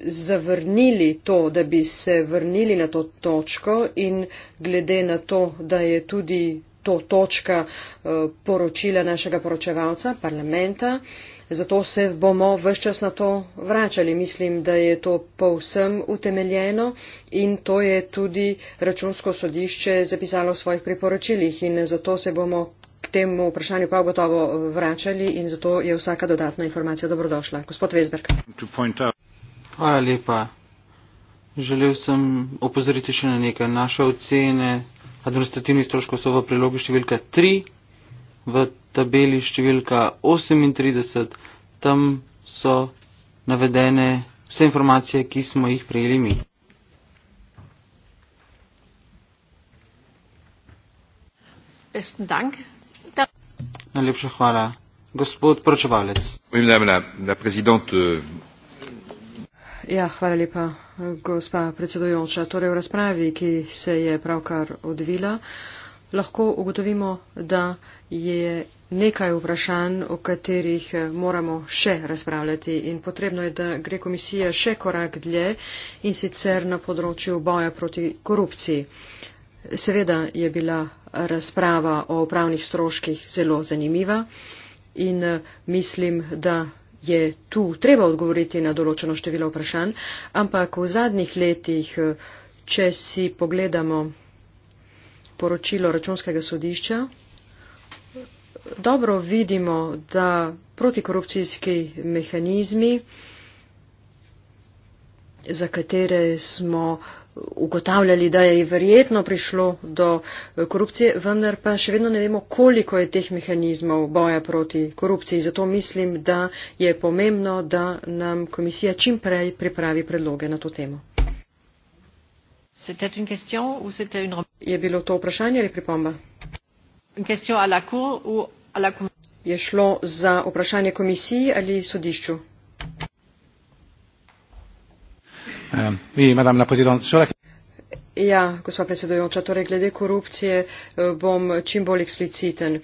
C: zavrnili to, da bi se vrnili na to točko in glede na to, da je tudi to točka eh, poročila našega poročevalca, parlamenta, zato se bomo vse čas na to vračali. Mislim, da je to povsem utemeljeno in to je tudi računsko sodišče zapisalo v svojih priporočilih in zato se bomo k temu vprašanju pa gotovo vračali in zato je vsaka dodatna informacija dobrodošla. Gospod Vesberg.
D: Hvala lepa. Želel sem opozoriti še na nekaj. Naše ocene administrativnih stroškov so v prilogi številka 3, v tabeli številka 38. Tam so navedene vse informacije, ki smo jih prejeli mi.
A: Besten dank. Da.
D: Najlepša hvala. Gospod poročevalec. Oui, madame la, la présidente, euh...
C: Ja, hvala lepa, gospa predsedojoča. Torej v razpravi, ki se je pravkar odvila, lahko ugotovimo, da je nekaj vprašanj, o katerih moramo še razpravljati in potrebno je, da gre komisija še korak dlje in sicer na področju boja proti korupciji. Seveda je bila razprava o pravnih stroških zelo zanimiva in mislim, da je tu treba odgovoriti na določeno število vprašanj, ampak v zadnjih letih, eh, če si pogledamo poročilo računskega sodišča, dobro vidimo, da protikorupcijski mehanizmi za katere smo ugotavljali, da je verjetno prišlo do eh, korupcije, vendar pa še vedno ne vemo, koliko je teh mehanizmov boja proti korupciji. Zato mislim, da je pomembno, da nam komisija čim prej pripravi predloge na to temo.
A: Je bilo to vprašanje ali pripomba?
C: Je šlo za vprašanje komisiji ali sodišču?
D: Eh,
C: ja, gospod predsedujoča, torej glede korupcije eh, bom čim bolj ekspliciten.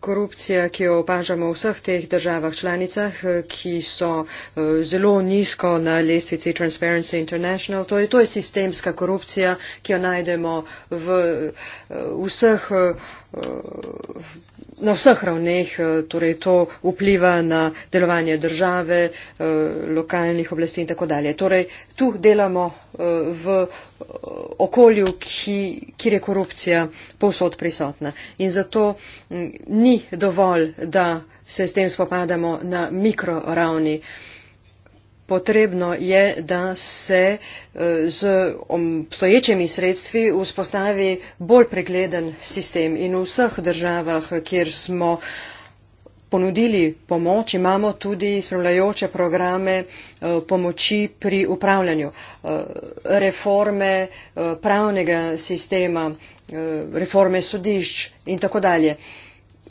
C: Korupcija, ki jo opažamo v vseh teh državah članicah, eh, ki so zelo nizko na lestvici Transparency International, to torej je, to je sistemska korupcija, ki jo najdemo v vseh na vseh ravneh, eh, torej to vpliva na delovanje države, eh, lokalnih oblasti in tako dalje. Torej, tu delamo eh, v okolju, ki, kjer je korupcija povsod prisotna. In zato mm, ni dovolj, da se s tem spopadamo na mikroravni potrebno je, da se eh, z obstoječimi sredstvi vzpostavi bolj pregleden sistem in v vseh državah, kjer smo ponudili pomoč, imamo tudi spremljajoče programe eh, pomoči pri upravljanju. Eh, reforme pravnega sistema, reforme sodišč in tako dalje.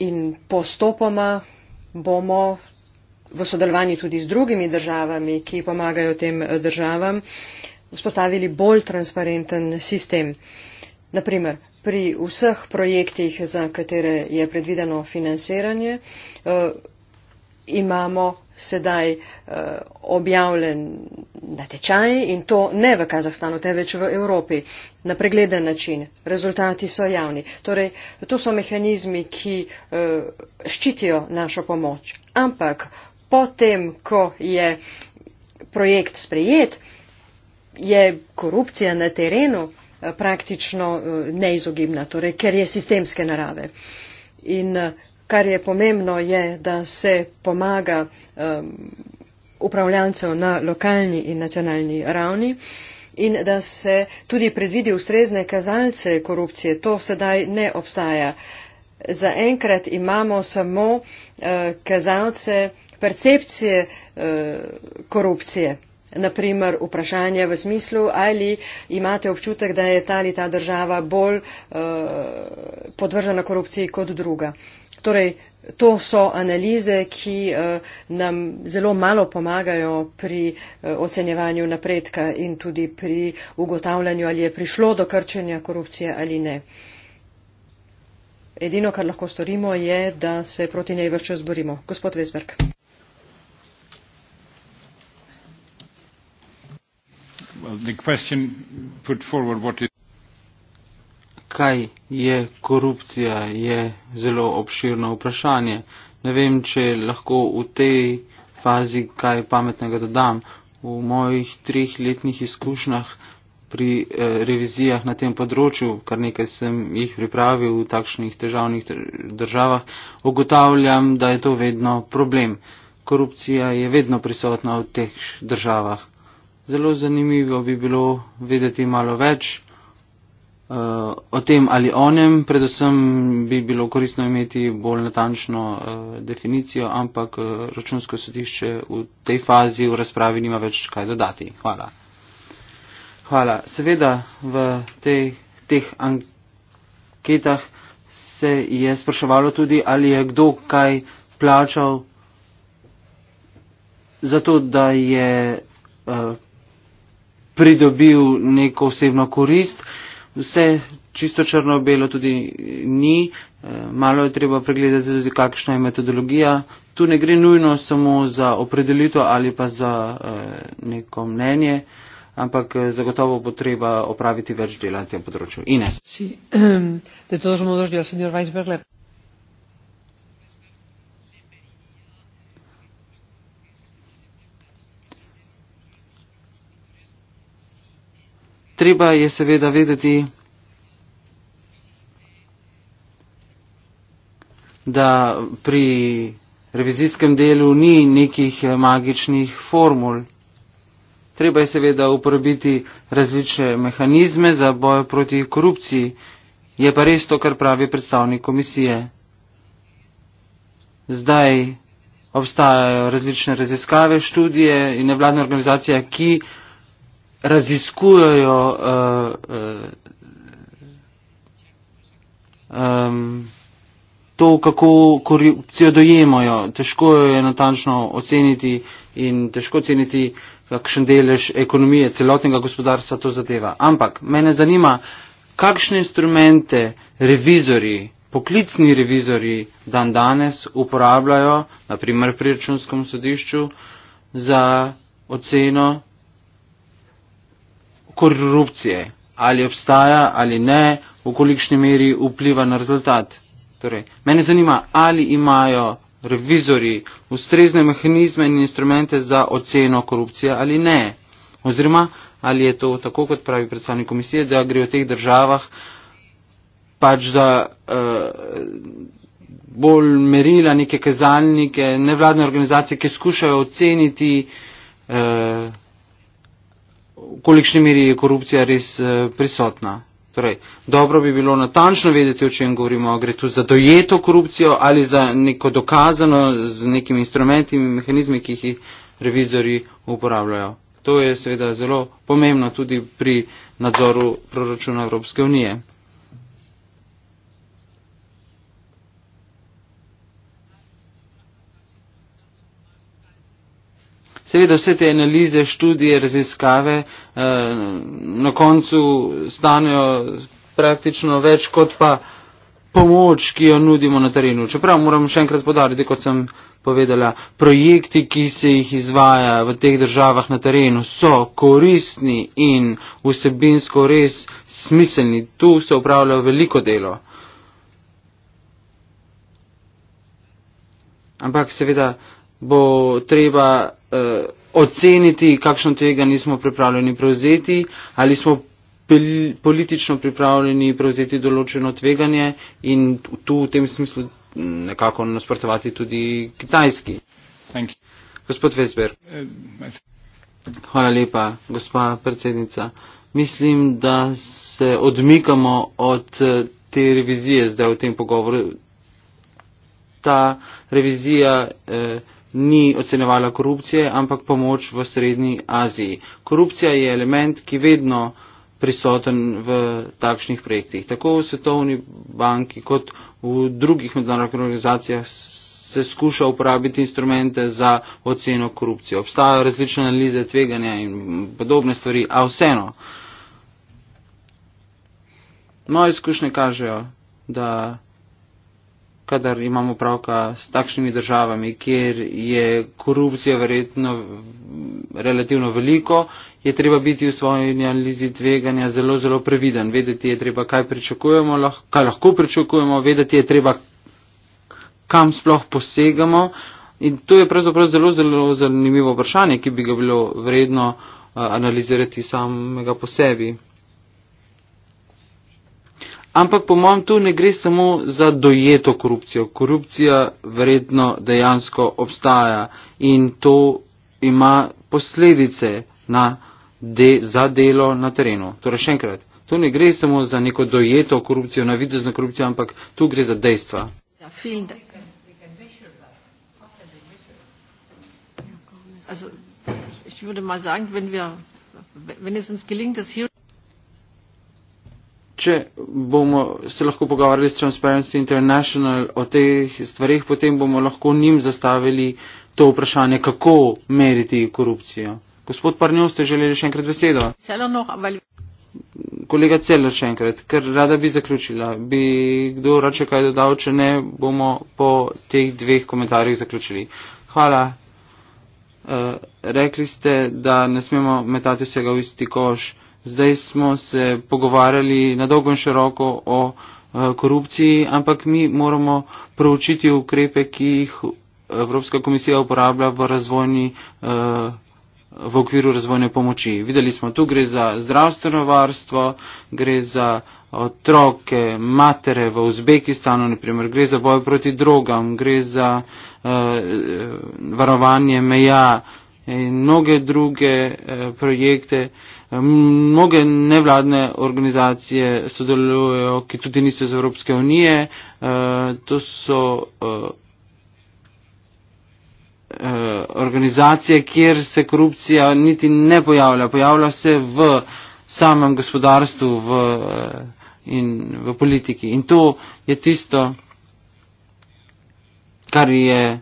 C: In postopoma bomo v sodelovanju tudi z drugimi državami, ki pomagajo tem državam, vzpostavili bolj transparenten sistem. Naprimer, pri vseh projektih, za katere je predvideno financiranje, eh, imamo sedaj eh, objavljen natečaj in to ne v Kazahstanu, temveč v Evropi, na pregleden način. Rezultati so javni. Torej, to so mehanizmi, ki eh, ščitijo našo pomoč. Ampak potem, ko je projekt sprejet, je korupcija na terenu eh, praktično eh, neizogibna, torej, ker je sistemske narave. In eh, kar je pomembno, je, da se pomaga um, ehm, upravljancev na lokalni in nacionalni ravni in da se tudi predvidi ustrezne kazalce korupcije. To sedaj ne obstaja. Zaenkrat imamo samo uh, kazalce percepcije eh, korupcije. Naprimer, vprašanje v smislu, ali imate občutek, da je ta ali ta država bolj eh, podvržena korupciji kot druga. Torej, to so analize, ki eh, nam zelo malo pomagajo pri ocenjevanju napredka in tudi pri ugotavljanju, ali je prišlo do krčenja korupcije ali ne. Edino, kar lahko storimo, je, da se proti njej vrčo zborimo. Gospod Vesberg.
D: the question put forward what is kaj je korupcija je zelo obširno vprašanje ne vem če lahko v tej fazi kaj pametnega dodam v mojih treh letnih izkušnjah pri eh, revizijah na tem področju, kar nekaj sem jih pripravil v takšnih težavnih državah, ugotavljam, da je to vedno problem. Korupcija je vedno prisotna v teh državah zelo zanimivo bi bilo vedeti malo več eh, o tem ali onem. Predvsem bi bilo koristno imeti bolj natančno eh, definicijo, ampak eh, računsko sodišče v tej fazi v razpravi nima več kaj dodati. Hvala. Hvala. Seveda v tej, teh anketah se je spraševalo tudi, ali je kdo kaj plačal zato, da je uh, pridobil neko osebno korist. Vse čisto črno-belo tudi ni, eh, malo je treba pregledati tudi, kakšna je metodologija. Tu ne gre nujno samo za opredelitev ali pa za eh, neko mnenje, ampak eh, zagotovo bo treba opraviti več dela na tem področju. Ines.
C: Si, um, ehm,
D: treba je seveda vedeti, da pri revizijskem delu ni nekih eh, magičnih formul. Treba je seveda uporabiti različne mehanizme za boj proti korupciji. Je pa res to, kar pravi predstavnik komisije. Zdaj obstajajo različne raziskave, študije in nevladne organizacije, ki raziskujejo uh, uh, um, to, kako korupcijo dojemajo. Težko jo je natančno oceniti in težko oceniti, kakšen delež ekonomije, celotnega gospodarstva to zadeva. Ampak mene zanima, kakšne instrumente revizori, poklicni revizori dan danes uporabljajo, naprimer pri računskom sodišču, za oceno korupcije, ali obstaja ali ne, v kolikšni meri vpliva na rezultat. Torej, mene zanima, ali imajo revizori ustrezne mehanizme in instrumente za oceno korupcije ali ne. Oziroma, ali je to tako, kot pravi predstavnik komisije, da gre v teh državah pač da eh, bolj merila neke kazalnike, nevladne organizacije, ki skušajo oceniti eh, v kolikšni meri je korupcija res eh, prisotna. Torej, dobro bi bilo natančno vedeti, o čem govorimo, gre tu za dojeto korupcijo ali za neko dokazano z nekimi instrumenti in mehanizmi, ki jih revizori uporabljajo. To je seveda zelo pomembno tudi pri nadzoru proračuna Evropske unije. Seveda vse te analize, študije, raziskave eh, na koncu stanejo praktično več kot pa pomoč, ki jo nudimo na terenu. Čeprav moram še enkrat podariti, kot sem povedala, projekti, ki se jih izvaja v teh državah na terenu, so koristni in vsebinsko res smiselni. Tu se upravlja veliko delo. Ampak seveda bo treba uh, oceniti, kakšno tega nismo pripravljeni prevzeti, ali smo politično pripravljeni prevzeti določeno tveganje in tu v tem smislu nekako nasprotovati tudi kitajski. Gospod Vesber. Hvala lepa, gospa predsednica. Mislim, da se odmikamo od eh, te revizije zdaj v tem pogovoru. Ta revizija. Eh, ni ocenjevala korupcije, ampak pomoč v Srednji Aziji. Korupcija je element, ki vedno prisoten v takšnih projektih. Tako v Svetovni banki kot v drugih mednarodnih organizacijah se skuša uporabiti instrumente za oceno korupcije. Obstajajo različne analize tveganja in podobne stvari, a vseeno. Moje izkušnje kažejo, da kadar imamo pravka s takšnimi državami, kjer je korupcija verjetno relativno veliko, je treba biti v svoji analizi tveganja zelo, zelo previden. Vedeti je treba, kaj pričakujemo, lahko, kaj lahko pričakujemo, vedeti je treba, kam sploh posegamo. In to je pravzaprav zelo, zelo zanimivo vprašanje, ki bi ga bilo vredno eh, analizirati samega po sebi. Ampak po mojem tu ne gre samo za dojeto korupcijo. Korupcija verjetno dejansko obstaja in to ima posledice na de, za delo na terenu. Torej še enkrat, tu ne gre samo za neko dojeto korupcijo, navidezno korupcijo, ampak tu gre za dejstva.
A: Ja, also, ich würde mal sagen, wenn, wir, wenn es uns gelingt, das hier
D: Če bomo se lahko pogovarjali s Transparency International o teh stvarih, potem bomo lahko njim zastavili to vprašanje, kako meriti korupcijo. Gospod Parnjo, ste želeli še enkrat besedo? No, Kolega Celo še enkrat, ker rada bi zaključila. Bi kdo rače kaj dodal, če ne, bomo po teh dveh komentarjih zaključili. Hvala. Uh, rekli ste, da ne smemo metati vsega v isti koš. Uh, Zdaj smo se pogovarjali na dolgo in široko o eh, korupciji, ampak mi moramo proučiti ukrepe, ki jih Evropska komisija uporablja v, razvojni, eh, v okviru razvojne pomoči. Videli smo, tu gre za zdravstveno varstvo, gre za otroke, matere v Uzbekistanu, naprimer, gre za boj proti drogam, gre za uh, varovanje meja uh, in mnoge druge eh, projekte, eh, mnoge nevladne organizacije sodelujejo, ki tudi niso iz Evropske unije. Eh, to so organizacije, kjer se korupcija niti ne pojavlja. Pojavlja se v samem gospodarstvu v, in v politiki. In to je tisto, kar je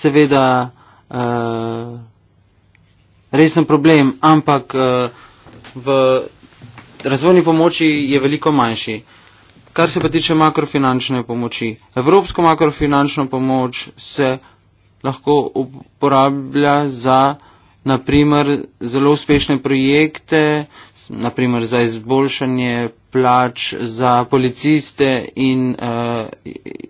D: seveda uh, eh, resen problem, ampak uh, v razvojni pomoči je veliko manjši. Kar se pa tiče makrofinančne pomoči, evropsko makrofinančno pomoč se lahko uporablja za naprimer zelo uspešne projekte, naprimer za izboljšanje plač za policiste in uh,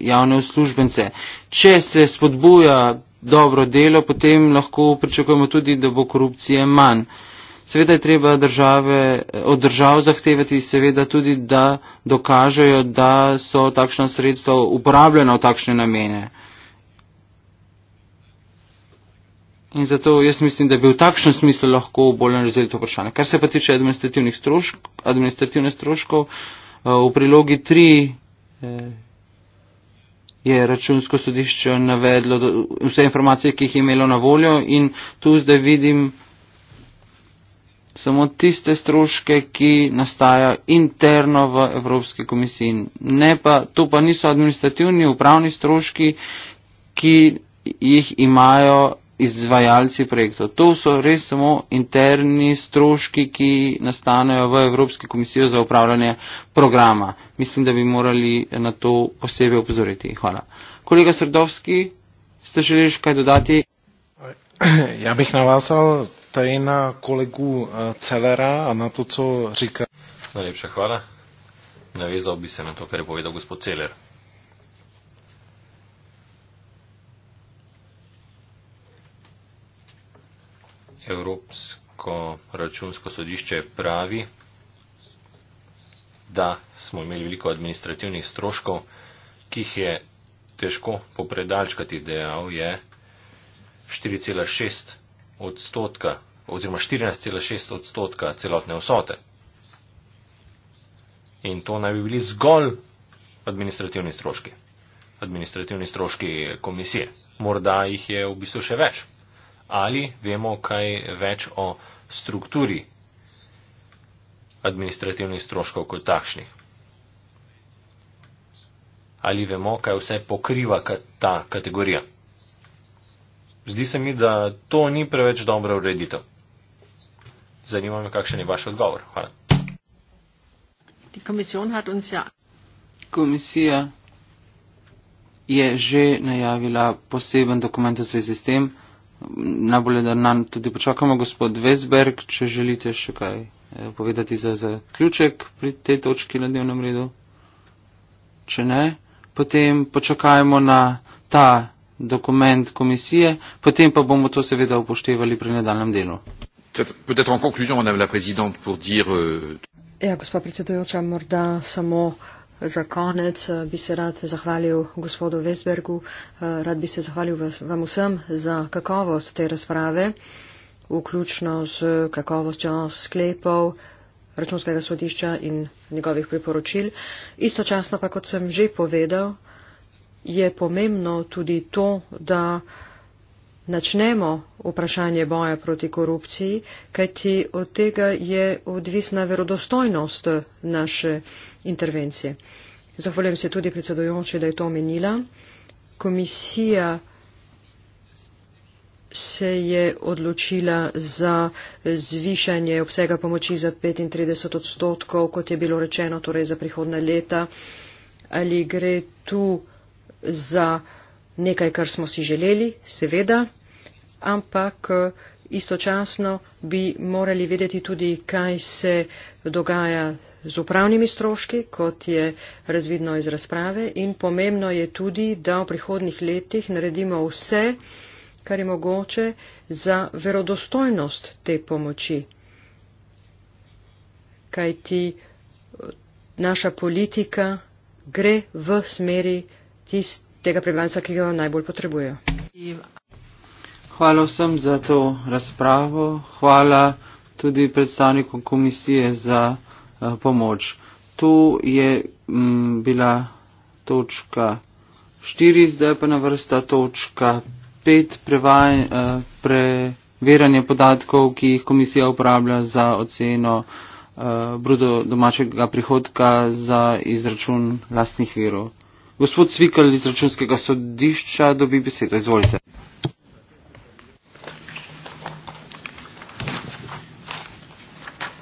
D: javne uslužbence. Če se spodbuja dobro delo, potem lahko pričakujemo tudi, da bo korupcije manj. Seveda je treba države, od držav zahtevati seveda tudi, da dokažejo, da so takšna sredstva uporabljena v takšne namene. In zato jaz mislim, da bi v takšnem smislu lahko bolj razvili to vprašanje. Kar se pa tiče administrativnih strošk, administrativne stroškov, eh, v prilogi 3 eh, je računsko sodišče navedlo vse informacije, ki jih je imelo na voljo in tu zdaj vidim samo tiste stroške, ki nastajajo interno v Evropski komisiji. Ne pa, to pa niso administrativni upravni stroški, ki jih imajo izvajalci projektov. To so res samo interni stroški, ki nastanejo v Evropski komisiji za upravljanje programa. Mislim, da bi morali na to posebej opozoriti. Hvala. Kolega Srdovski, ste želeli še kaj dodati? Ja bih navazal tudi na kolegu eh, Celera in na to, co rika.
E: Najlepša hvala. Navezal bi se na to, kar je povedal gospod Celer. Evropsko računsko sodišče pravi, da smo imeli veliko administrativnih stroškov, ki jih je težko popredalčkati, dejal je 4,6 odstotka oziroma 14,6 odstotka celotne vsote. In to naj bi bili zgolj administrativni stroški, administrativni stroški komisije. Morda jih je v bistvu še več ali vemo kaj več o strukturi administrativnih stroškov kot takšnih. Ali vemo, kaj vse pokriva ta kategorija. Zdi se mi, da to ni preveč dobra ureditev.
D: Zanima me, kakšen je vaš odgovor. Hvala. Ja- Komisija je že najavila poseben dokument v zvezi s tem, najbolje, da nam tudi počakamo, gospod Vesberg, če želite še kaj eh, povedati za zaključek pri tej točki na dnevnem redu. Če ne, potem počakajmo na ta dokument komisije, potem pa bomo to seveda upoštevali pri nadaljem delu. Euh,
C: ja, gospod predsedujoča, morda samo za konec eh, bi se rad zahvalil gospodu Vesbergu, eh, rad bi se zahvalil vam vsem za kakovost te razprave, vključno z kakovostjo sklepov računskega sodišča in njegovih priporočil. Istočasno pa, kot sem že povedal, je pomembno tudi to, da načnemo vprašanje boja proti korupciji, kajti od tega je odvisna verodostojnost naše intervencije. Zahvaljujem se tudi predsedujoči, da je to omenila. Komisija se je odločila za zvišanje obsega pomoči za 35 odstotkov, kot je bilo rečeno, torej za prihodna leta. Ali gre tu za nekaj, kar smo si želeli? Seveda, ampak eh, istočasno bi morali vedeti tudi, kaj se dogaja z upravnimi stroški, kot je razvidno iz razprave in pomembno je tudi, da v prihodnih letih naredimo vse, kar je mogoče za verodostojnost te pomoči. Kaj ti eh, naša politika gre v smeri tistega prebivalca, ki ga najbolj potrebuje.
D: Hvala vsem za to razpravo, hvala tudi predstavnikom komisije za uh, pomoč. Tu je m, mm, bila točka 4, zdaj pa na vrsta točka 5, prevajanje, uh, preveranje podatkov, ki jih komisija uporablja za oceno uh, bruto domačega prihodka za izračun lastnih virov. Gospod Svikal iz računskega sodišča dobi besedo, izvolite.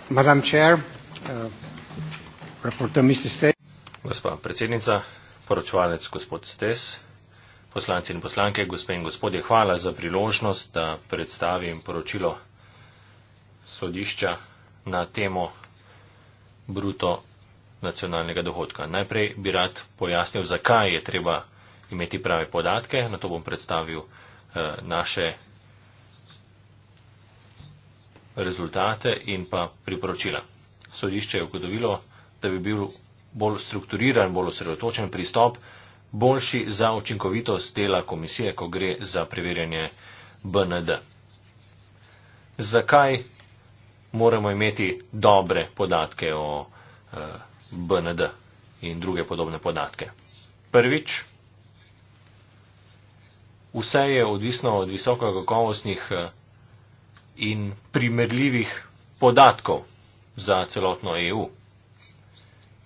D: Madam Chair, uh, reporter Mr. Stes.
E: Gospa predsednica, poročevalec gospod Stes, poslanci in poslanke, gospe in gospodje, hvala za priložnost, da predstavim poročilo sodišča na temo bruto nacionalnega dohodka. Najprej bi rad pojasnil, zakaj je treba imeti prave podatke, na to bom predstavil uh, naše rezultate in pa priporočila. Sodišče je ugotovilo, da bi bil bolj strukturiran, bolj osredotočen pristop, boljši za učinkovitost dela komisije, ko gre za preverjanje BND. Zakaj moramo imeti dobre podatke o eh, BND in druge podobne podatke? Prvič, vse je odvisno od visokokakovostnih eh, in primerljivih podatkov za celotno EU.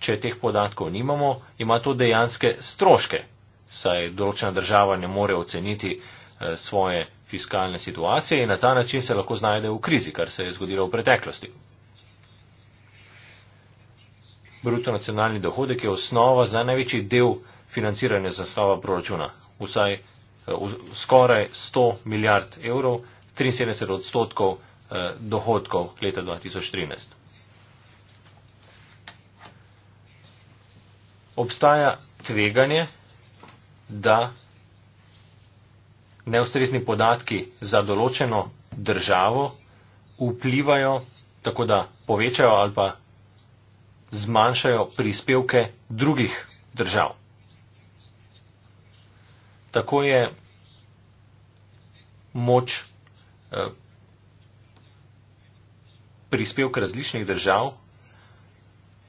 E: Če teh podatkov nimamo, ima to dejanske stroške, saj določena država ne more oceniti eh, svoje fiskalne situacije in na ta način se lahko znajde v krizi, kar se je zgodilo v preteklosti. Bruto nacionalni dohodek je osnova za največji del financiranja zastava proračuna, vsaj eh, skoraj 100 milijard evrov 73 odstotkov eh, dohodkov leta 2013. Obstaja tveganje, da neustrezni podatki za določeno državo vplivajo, tako da povečajo ali pa zmanjšajo prispevke drugih držav. Tako je moč prispevk različnih držav,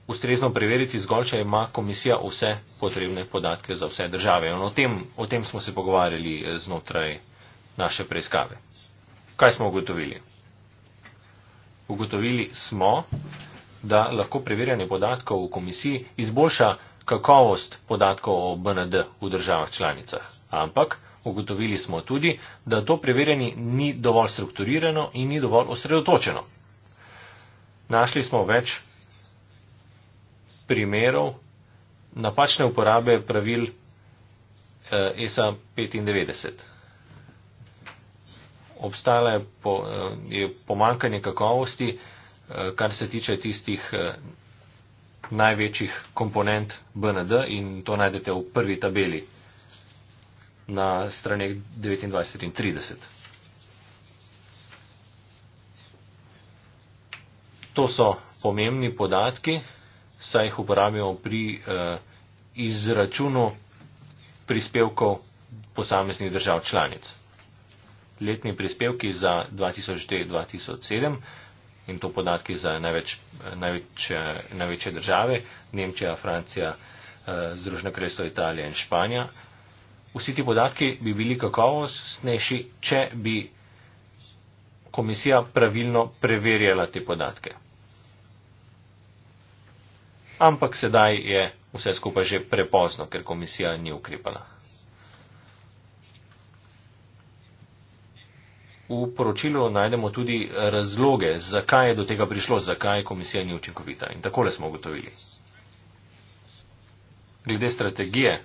E: ustrezno preveriti zgolj, če ima komisija vse potrebne podatke za vse države. In o tem, o tem smo se pogovarjali eh, znotraj naše preiskave. Kaj smo ugotovili? Ugotovili smo, da lahko preverjanje podatkov v komisiji izboljša kakovost podatkov o BND v državah članicah. Ampak Ugotovili smo tudi, da to preverjanje ni dovolj strukturirano in ni dovolj osredotočeno. Našli smo več primerov napačne uporabe pravil eh, ESA 95. Obstala je, po, eh, je pomankanje kakovosti, eh, kar se tiče tistih največjih komponent BND in to najdete v prvi tabeli na straneh 29 in 30. To so pomembni podatki, saj jih uporabljamo pri eh, izračunu prispevkov posameznih držav članic. Letni prispevki za 2004-2007 in to podatki za največ, največ, največje države, Nemčija, Francija, eh, Združeno kresto Italija in Španija, vsi ti podatki bi bili kakovostnejši, če bi komisija pravilno preverjala te podatke. Ampak sedaj je vse skupaj že prepozno, ker komisija ni ukrepala. V poročilu najdemo tudi razloge, zakaj je do tega prišlo, zakaj komisija ni učinkovita. In takole smo ugotovili. Glede strategije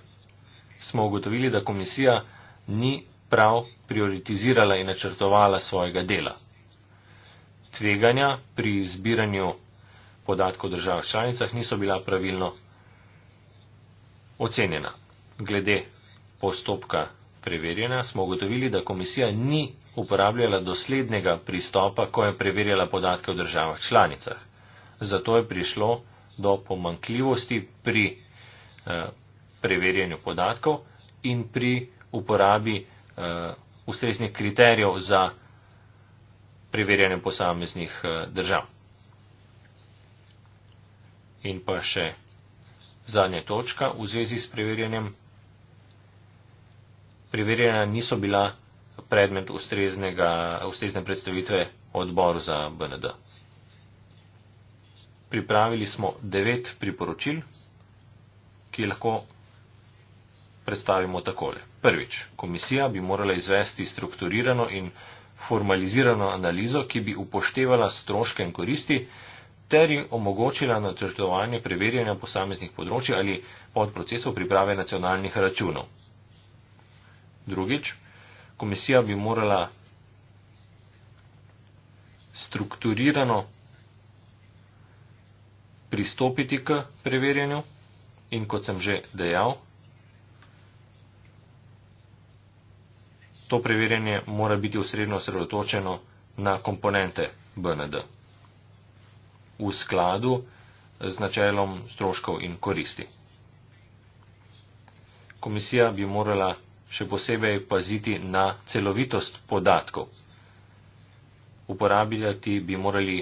E: smo ugotovili, da komisija ni prav prioritizirala in načrtovala svojega dela. Tveganja pri zbiranju podatkov v državah članicah niso bila pravilno ocenjena. Glede postopka preverjanja smo ugotovili, da komisija ni uporabljala doslednega pristopa, ko je preverjala podatke v državah članicah. Zato je prišlo do pomankljivosti pri eh, preverjanju podatkov in pri uporabi uh, ustreznih kriterijev za preverjanje posameznih uh, držav. In pa še zadnja točka v zvezi s preverjanjem. Preverjena niso bila predmet ustrezne predstavitve odboru za BND. Pripravili smo devet priporočil, ki lahko predstavimo takole. Prvič, komisija bi morala izvesti strukturirano in formalizirano analizo, ki bi upoštevala stroške in koristi, ter jim omogočila načrtovanje preverjanja posameznih področji ali podprocesov priprave nacionalnih računov. Drugič, komisija bi morala strukturirano pristopiti k preverjanju in, kot sem že dejal, to preverjanje mora biti osredno sredotočeno na komponente BND v skladu z načelom stroškov in koristi. Komisija bi morala še posebej paziti na celovitost podatkov. Uporabljati bi morali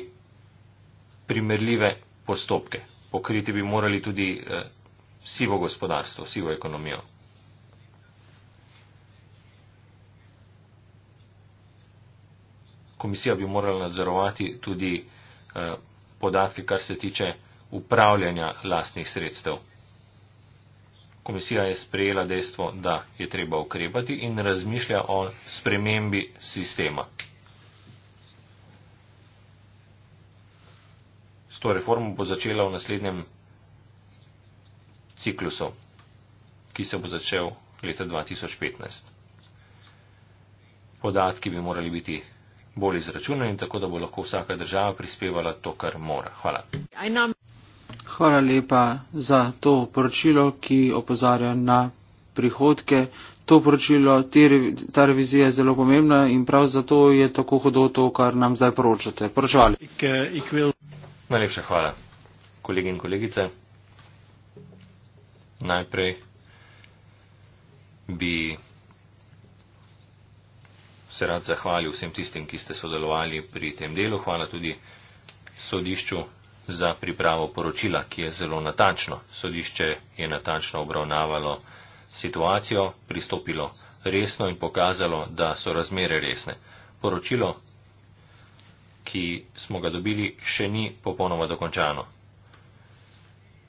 E: primerljive postopke. Pokriti bi morali tudi eh, sivo gospodarstvo, sivo ekonomijo. komisija bi morala nadzorovati tudi eh, podatke, kar se tiče upravljanja lastnih sredstev. Komisija je sprejela dejstvo, da je treba ukrepati in razmišlja o spremembi sistema. S to reformo bo začela v naslednjem ciklusu, ki se bo začel leta 2015. Podatki bi morali biti bolj izračunani, tako da bo lahko vsaka država prispevala to, kar mora. Hvala.
D: Hvala lepa za to poročilo, ki opozarja na prihodke. To poročilo, ta revizija je zelo pomembna in prav zato je tako hodo to, kar nam zdaj poročate. Poročali.
E: Najlepša hvala, kolegi in kolegice. Najprej bi se rad zahvalil vsem tistim, ki ste sodelovali pri tem delu. Hvala tudi sodišču za pripravo poročila, ki je zelo natančno. Sodišče je natančno obravnavalo situacijo, pristopilo resno in pokazalo, da so razmere resne. Poročilo, ki smo ga dobili, še ni popolnoma dokončano.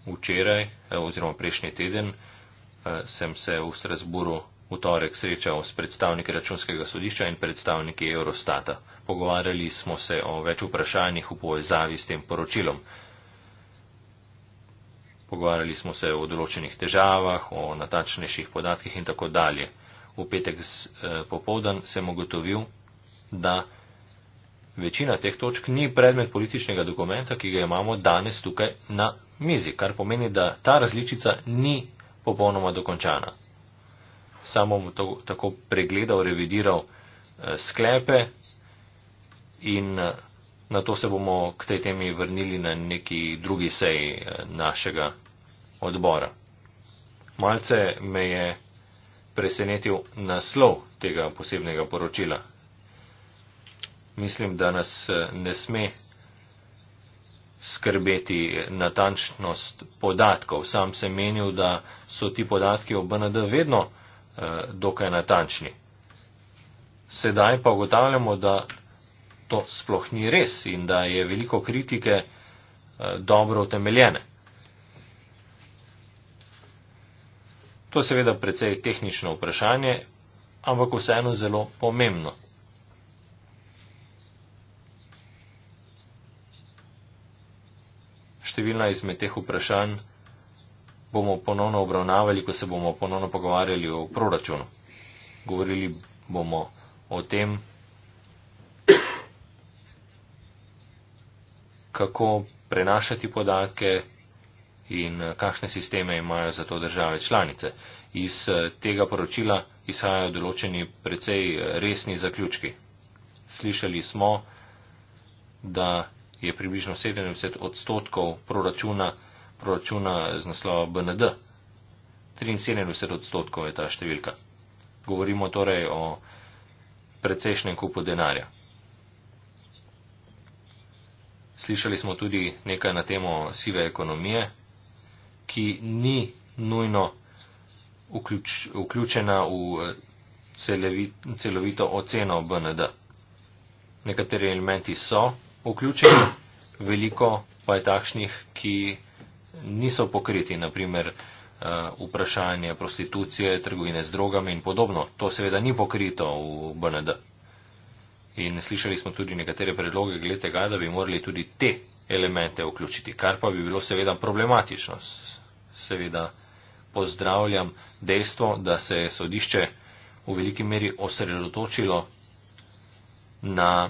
E: Včeraj eh, oziroma prejšnji teden eh, sem se v Strasburu v torek srečal s predstavniki računskega sodišča in predstavniki Eurostata. Pogovarjali smo se o več vprašanjih v povezavi s tem poročilom. Pogovarjali smo se o določenih težavah, o natačnejših podatkih in tako dalje. V petek z, eh, popovdan sem ugotovil, da večina teh točk ni predmet političnega dokumenta, ki ga imamo danes tukaj na mizi, kar pomeni, da ta različica ni popolnoma dokončana samo to, tako pregledal, revidiral eh, sklepe in eh, na to se bomo k tej temi vrnili na neki drugi seji eh, našega odbora. Malce me je presenetil naslov tega posebnega poročila. Mislim, da nas eh, ne sme skrbeti natančnost podatkov. Sam sem menil, da so ti podatki o BND vedno Eh, dokaj natančni. Sedaj pa ugotavljamo, da to sploh ni res in da je veliko kritike eh, dobro utemeljene. To je seveda precej tehnično vprašanje, ampak vseeno zelo pomembno. Številna izmed teh vprašanj bomo ponovno obravnavali, ko se bomo ponovno pogovarjali o proračunu. Govorili bomo o tem, kako prenašati podatke in kakšne sisteme imajo za to države članice. Iz eh, tega poročila izhajajo določeni precej eh, resni zaključki. Slišali smo, da je približno 70 odstotkov proračuna proračuna z naslova BND. 73 odstotkov je ta številka. Govorimo torej o precejšnjem kupu denarja. Slišali smo tudi nekaj na temo sive ekonomije, ki ni nujno vključ, vključena v celovito, celovito oceno BND. Nekateri elementi so vključeni, veliko pa je takšnih, ki niso pokriti, naprimer eh, vprašanje prostitucije, trgovine z drogami in podobno. To seveda ni pokrito v BND. In slišali smo tudi nekatere predloge glede tega, da bi morali tudi te elemente vključiti, kar pa bi bilo seveda problematično. Seveda pozdravljam dejstvo, da se je sodišče v veliki meri osredotočilo na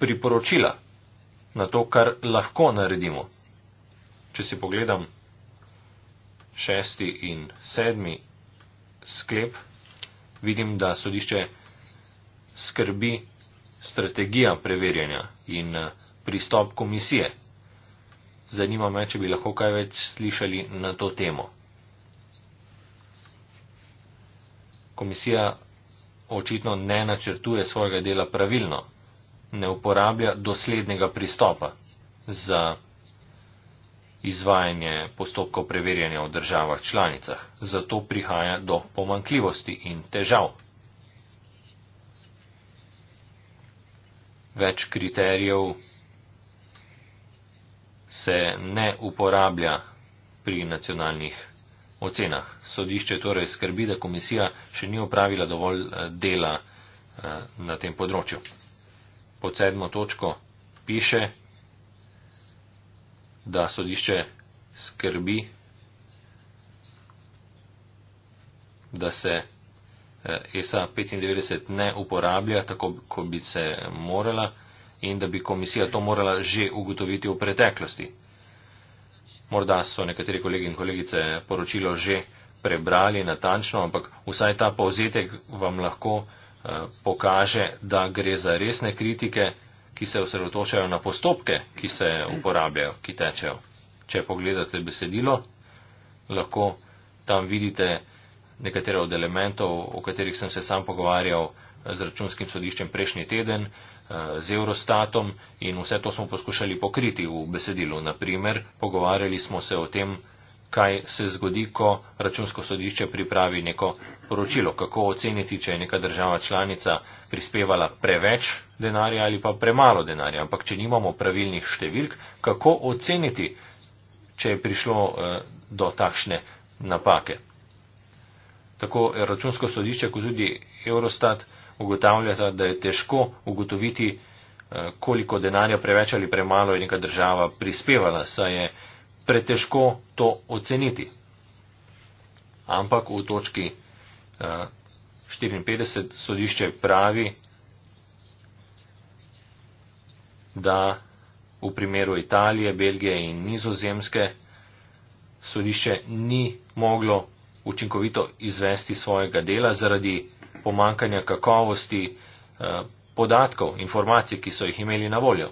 E: priporočila, na to, kar lahko naredimo če si pogledam šesti in sedmi sklep, vidim, da sodišče skrbi strategija preverjanja in eh, pristop komisije. Zanima me, če bi lahko kaj več slišali na to temo. Komisija očitno ne načrtuje svojega dela pravilno, ne uporablja doslednega pristopa za izvajanje postopkov preverjanja v državah članicah, zato prihaja do pomankljivosti in težav. Več kriterijev se ne uporablja pri nacionalnih ocenah. Sodišče torej skrbi, da komisija še ni opravila dovolj eh, dela eh, na tem področju. Pod sedmo točko piše, da sodišče skrbi, da se eh, ESA 95 ne uporablja tako, kot bi se morala in da bi komisija to morala že ugotoviti v preteklosti. Morda so nekateri kolegi in kolegice poročilo že prebrali natančno, ampak vsaj ta povzetek vam lahko eh, pokaže, da gre za resne kritike ki se osredotočajo na postopke, ki se uporabljajo, ki tečejo. Če pogledate besedilo, lahko tam vidite nekatere od elementov, o katerih sem se sam pogovarjal z računskim sodiščem prejšnji teden, eh, z Eurostatom in vse to smo poskušali pokriti v besedilu. Naprimer, pogovarjali smo se o tem, kaj se zgodi, ko računsko sodišče pripravi neko poročilo, kako oceniti, če je neka država članica prispevala preveč denarja ali pa premalo denarja. Ampak, če nimamo pravilnih številk, kako oceniti, če je prišlo eh, do takšne napake. Tako eh, računsko sodišče, kot tudi Eurostat ugotavljata, da je težko ugotoviti, eh, koliko denarja preveč ali premalo je neka država prispevala, saj je pretežko to oceniti. Ampak v točki 54 eh, sodišče pravi, da v primeru Italije, Belgije in nizozemske sodišče ni moglo učinkovito izvesti svojega dela zaradi pomankanja kakovosti eh, podatkov, informacij, ki so jih imeli na voljo.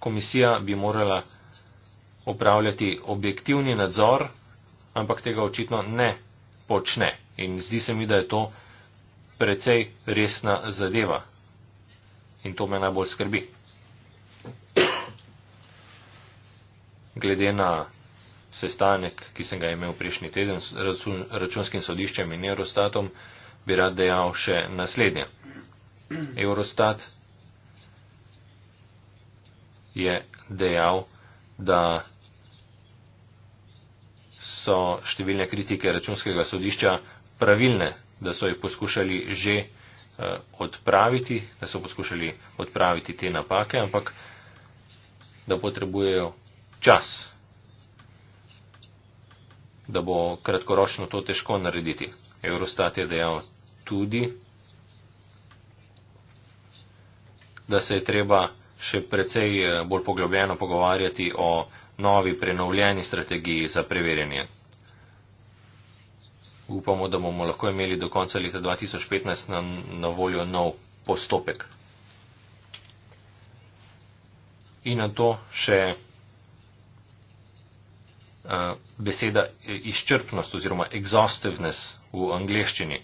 E: komisija bi morala opravljati objektivni nadzor, ampak tega očitno ne počne. In zdi se mi, da je to precej resna zadeva. In to me najbolj skrbi. Glede na sestanek, ki sem ga imel prejšnji teden s računskim sodiščem in Eurostatom, bi rad dejal še naslednje. Eurostat je dejal, da so številne kritike računskega sodišča pravilne, da so jih poskušali že eh, odpraviti, da so poskušali odpraviti te napake, ampak da potrebujejo čas, da bo kratkoročno to težko narediti. Eurostat je dejal tudi, da se je treba še precej eh, bolj poglobljeno pogovarjati o novi prenovljeni strategiji za preverjanje. Upamo, da bomo lahko imeli do konca leta 2015 na, na voljo nov postopek. In na to še uh, beseda eh, izčrpnost oziroma exhaustiveness v angleščini.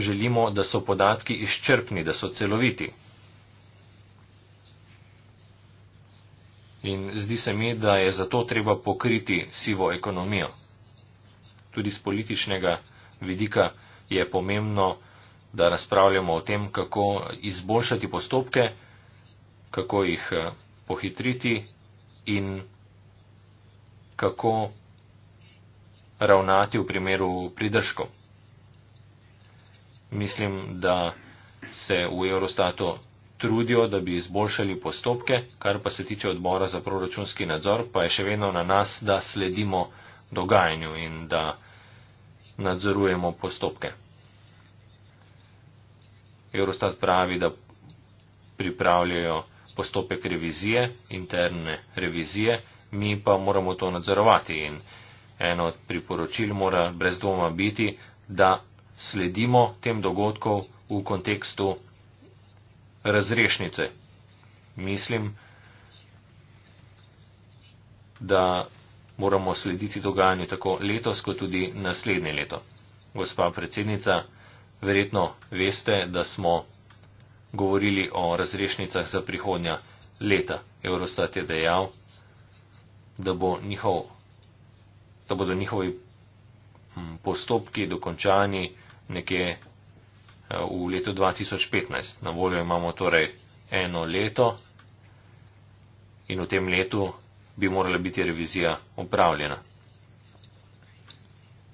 E: Želimo, da so podatki izčrpni, da so celoviti. In zdi se mi, da je zato treba pokriti sivo ekonomijo. Tudi z političnega vidika je pomembno, da razpravljamo o tem, kako izboljšati postopke, kako jih eh, pohitriti in kako ravnati v primeru pridržkov. Mislim, da se v Eurostatu trudijo, da bi izboljšali postopke, kar pa se tiče odbora za proračunski nadzor, pa je še vedno na nas, da sledimo dogajanju in da nadzorujemo postopke. Eurostat pravi, da pripravljajo postopek revizije, interne revizije, mi pa moramo to nadzorovati in eno od priporočil mora brez dvoma biti, da sledimo tem dogodkov v kontekstu razrešnice. Mislim, da moramo slediti dogajanju tako letos, kot tudi naslednje leto. Gospa predsednica, verjetno veste, da smo govorili o razrešnicah za prihodnja leta. Eurostat je dejal, da, bo njihov, da bodo njihovi mm, postopki dokončani nekje Eh, v letu 2015. Na voljo imamo torej eno leto in v tem letu bi morala biti revizija upravljena.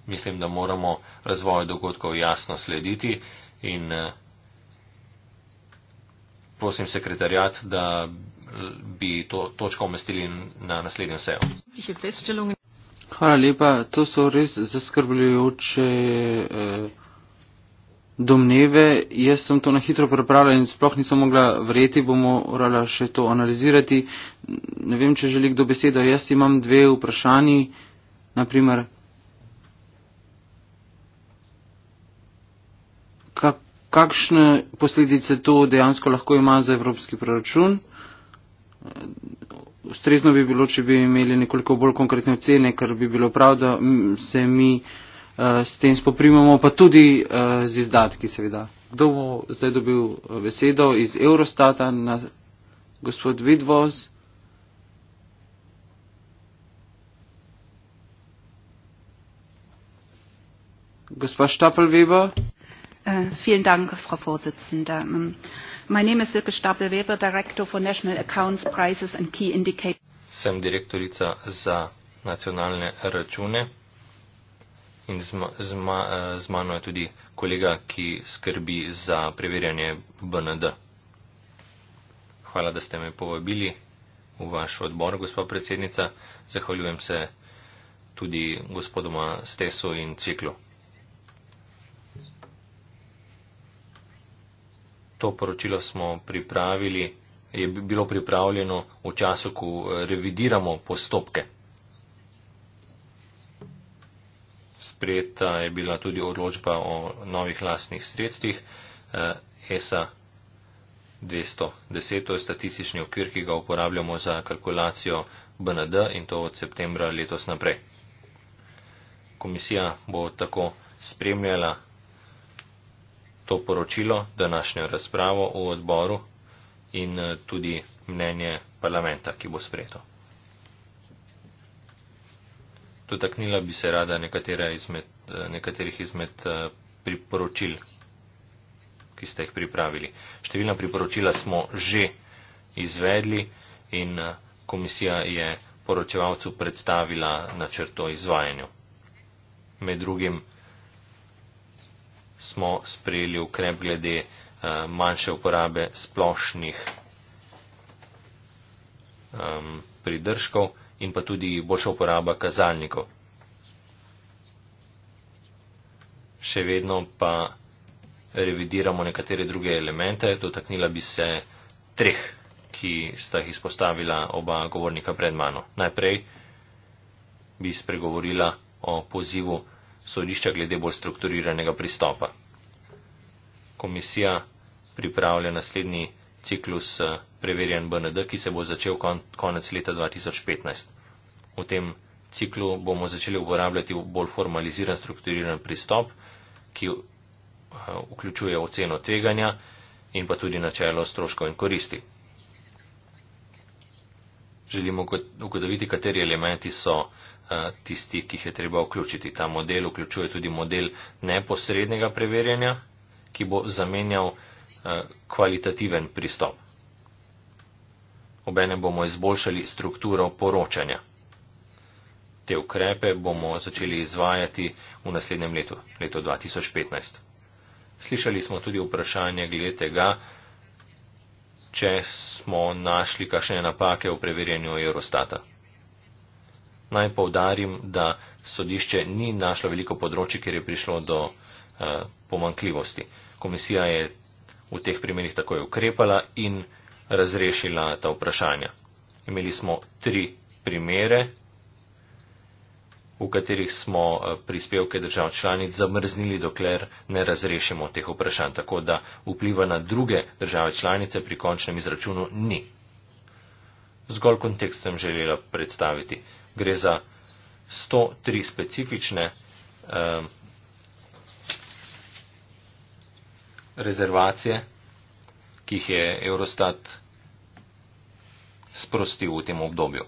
E: Mislim, da moramo razvoj dogodkov jasno slediti in eh, prosim sekretarjat, da eh, bi to točko umestili na naslednjo sejo.
D: Hvala lepa. To so res zaskrbljujoče. Eh, domneve. Jaz sem to na hitro prebrala in sploh nisem mogla verjeti, bom morala še to analizirati. Ne vem, če želi kdo besedo. Jaz imam dve vprašanji. Naprimer, kakšne posledice to dejansko lahko ima za evropski proračun? Ustrezno bi bilo, če bi imeli nekoliko bolj konkretne ocene, ker bi bilo prav, da se mi. Eh, s tem spoprimamo, pa tudi eh, z izdatki seveda. Kdo bo zdaj dobil eh, besedo iz Eurostata na gospod Vidvoz? Gospa Stapelweber.
B: Vielen Dank, Frau Vorsitzende. My ähm, name is Silke Stapelweber, Director for National Accounts, Prices and Key Indicators.
D: Sem
E: direktorica za nacionalne račune in zma, zma, eh, z mano je tudi kolega, ki skrbi za preverjanje BND. Hvala, da ste me povabili v vaš odbor, gospod predsednica. Zahvaljujem se tudi gospodoma Stesu in Ciklu. To poročilo smo pripravili, je bilo pripravljeno v času, ko eh, revidiramo postopke. sprejeta je bila tudi odločba o novih lastnih sredstvih eh, ESA 210, to je statistični okvir, ki ga uporabljamo za kalkulacijo BND in to od septembra letos naprej. Komisija bo tako spremljala to poročilo, današnjo razpravo v odboru in eh, tudi mnenje parlamenta, ki bo sprejeto dotaknila bi se rada izmed, eh, nekaterih izmed eh, priporočil, ki ste jih pripravili. Številna priporočila smo že izvedli in eh, komisija je poročevalcu predstavila načrt o izvajanju. Med drugim smo sprejeli ukrep glede manjše uporabe splošnih um, pridržkov in pa tudi boljša uporaba kazalnikov. Še vedno pa revidiramo nekatere druge elemente. Dotaknila bi se treh, ki sta jih izpostavila oba govornika pred mano. Najprej bi spregovorila o pozivu sodišča glede bolj strukturiranega pristopa. Komisija pripravlja naslednji ciklus eh, preverjen BND, ki se bo začel kon, konec leta 2015. V tem ciklu bomo začeli uporabljati bolj formaliziran, strukturiran pristop, ki eh, vključuje oceno tveganja in pa tudi načelo stroškov in koristi. Želimo ugotoviti, kateri elementi so eh, tisti, ki jih je treba vključiti. Ta model vključuje tudi model neposrednega preverjanja, ki bo zamenjal Eh, kvalitativen pristop. Obene bomo izboljšali strukturo poročanja. Te ukrepe bomo začeli izvajati v naslednjem letu, leto 2015. Slišali smo tudi vprašanje glede tega, če smo našli kakšne napake v preverjanju Eurostata. Naj povdarim, da sodišče ni našlo veliko področji, kjer je prišlo do eh, pomankljivosti. Komisija je v teh primerjih takoj ukrepala in razrešila ta vprašanja. Imeli smo tri primere, v katerih smo eh, prispevke držav članic zamrznili, dokler ne razrešimo teh vprašanj, tako da vpliva na druge države članice pri končnem izračunu ni. Zgolj kontekst sem želela predstaviti. Gre za 103 specifične. Eh, rezervacije, ki jih je Eurostat sprostil v tem obdobju.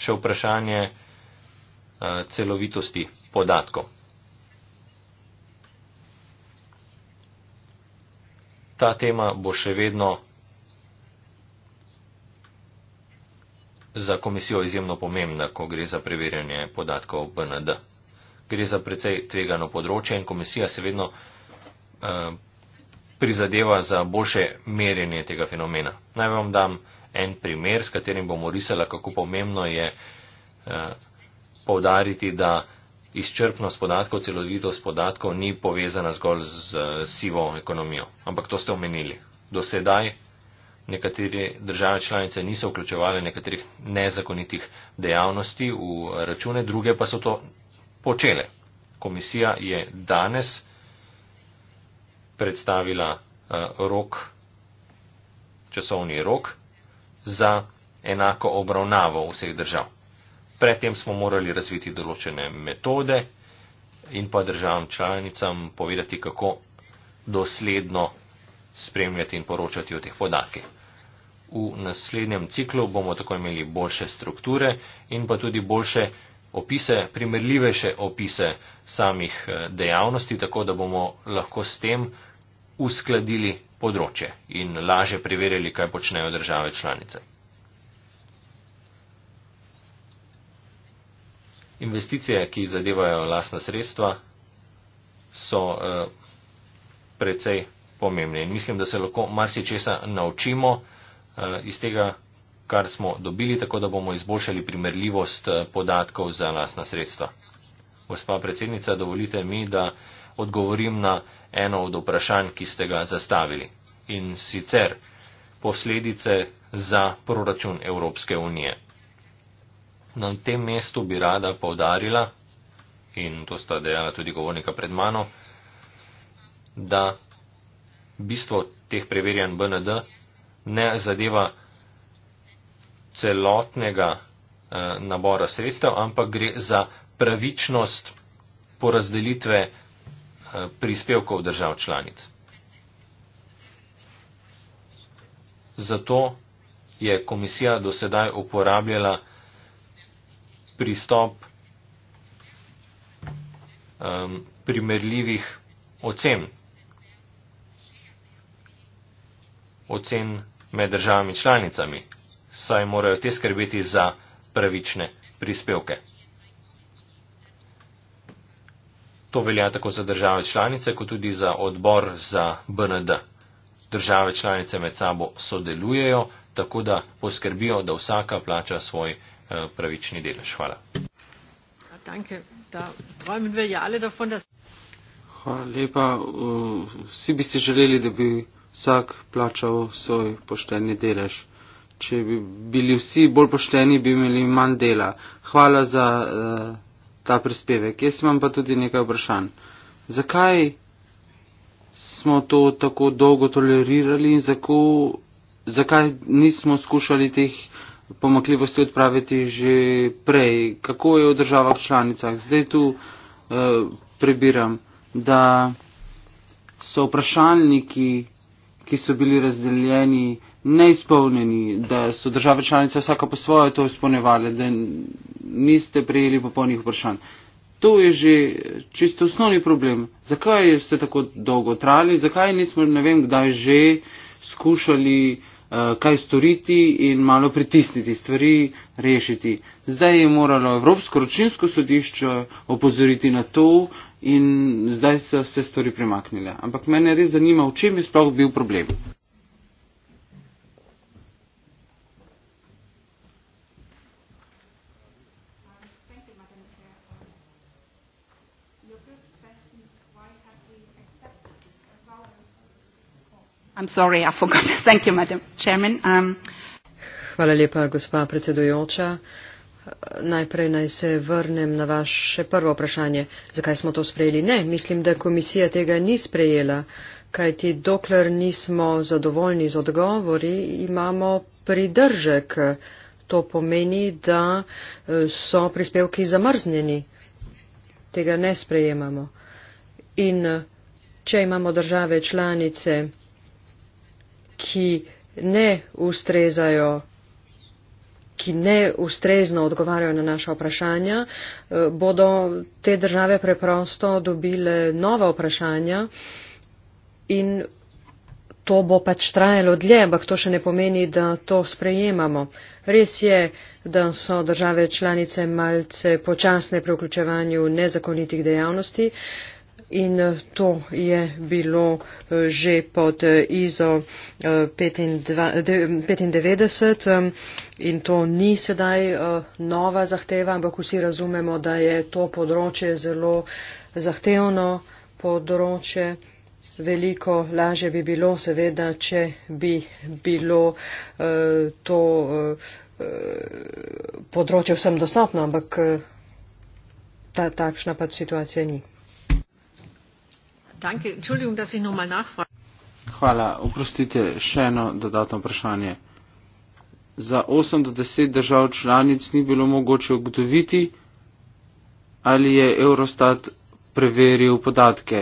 E: Še vprašanje eh, celovitosti podatkov. Ta tema bo še vedno za komisijo izjemno pomembna, ko gre za preverjanje podatkov BND gre za precej tvegano področje in komisija se vedno eh, prizadeva za boljše merjenje tega fenomena. Naj vam dam en primer, s katerim bom orisala, kako pomembno je eh, povdariti, da izčrpnost podatkov, celovitost podatkov ni povezana zgolj z sivo ekonomijo. Ampak to ste omenili. Do sedaj nekatere države članice niso vključevali nekaterih nezakonitih dejavnosti v račune, druge pa so to počele. Komisija je danes predstavila eh, rok, časovni rok za enako obravnavo vseh držav. Predtem smo morali razviti določene metode in pa državam članicam povedati, kako dosledno spremljati in poročati o teh podatkih. V naslednjem ciklu bomo tako imeli boljše strukture in pa tudi boljše opise, primerljivejše opise samih eh, dejavnosti, tako da bomo lahko s tem uskladili področje in laže preverjali, kaj počnejo države članice. Investicije, ki zadevajo lasna sredstva, so eh, precej pomembne in mislim, da se lahko marsičesa naučimo eh, iz tega kar smo dobili, tako da bomo izboljšali primerljivost eh, podatkov za lasna sredstva. Gospa predsednica, dovolite mi, da odgovorim na eno od vprašanj, ki ste ga zastavili. In sicer posledice za proračun Evropske unije. Na tem mestu bi rada povdarila, in to sta dejala tudi govornika pred mano, da bistvo teh preverjanj BND ne zadeva celotnega eh, nabora sredstev, ampak gre za pravičnost porazdelitve eh, prispevkov držav članic. Zato je komisija do sedaj uporabljala pristop um, primerljivih ocen. Ocen med državami članicami saj morajo te skrbeti za pravične prispevke. To velja tako za države članice, kot tudi za odbor za BND. Države članice med sabo sodelujejo, tako da poskrbijo, da vsaka plača svoj eh, pravični delež. Hvala.
A: Ja, ja
D: Hvala lepa. Vsi bi si želeli, da bi vsak plačal svoj pošteni delež če bi bili vsi bolj pošteni, bi imeli manj dela. Hvala za uh, ta prispevek. Jaz imam pa tudi nekaj vprašanj. Zakaj smo to tako dolgo tolerirali in zako, zakaj nismo skušali teh pomakljivosti odpraviti že prej? Kako je v državah članicah? Zdaj tu uh, prebiram, da so vprašalniki ki so bili razdeljeni, neizpolneni, da so države članice vsako po svojo to izpolnevali, da niste prejeli popolnih vprašanj. To je že čisto osnovni problem. Zakaj ste tako dolgo trali, zakaj nismo ne vem kdaj že skušali uh, Eh, kaj storiti in malo pritisniti, stvari rešiti. Zdaj je moralo Evropsko ročinsko sodišče opozoriti na to in zdaj so se stvari premaknile. Ampak mene res zanima, v čem je sploh bil problem.
B: *laughs* Um,
C: Hvala lepa, gospa predsedujoča. Najprej naj se vrnem na vaše prvo vprašanje, zakaj smo to sprejeli. Ne, mislim, da komisija tega ni sprejela, kajti dokler nismo zadovoljni z odgovori, imamo pridržek. To pomeni, da e, so prispevki zamrznjeni. Tega ne sprejemamo. In e, če imamo države članice, ki ne ustrezajo ki ne ustrezno odgovarjajo na naša vprašanja, eh, bodo te države preprosto dobile nova vprašanja in to bo pač trajalo dlje, ampak to še ne pomeni, da to sprejemamo. Res je, da so države članice malce počasne pri vključevanju nezakonitih dejavnosti, in eh, to je bilo eh, že pod eh, izo 95 in to ni sedaj nova zahteva, ampak vsi razumemo, da je to področje zelo zahtevno področje. Veliko laže bi bilo, seveda, če bi bilo to področje vsem dostopno, ampak ta, takšna pa situacija ni.
A: Danke. Entschuldigung, dass ich nochmal nachfrage.
D: Hvala. Oprostite, še eno dodatno vprašanje. Za 8 do 10 držav članic ni bilo mogoče ugotoviti, ali je Eurostat preveril podatke.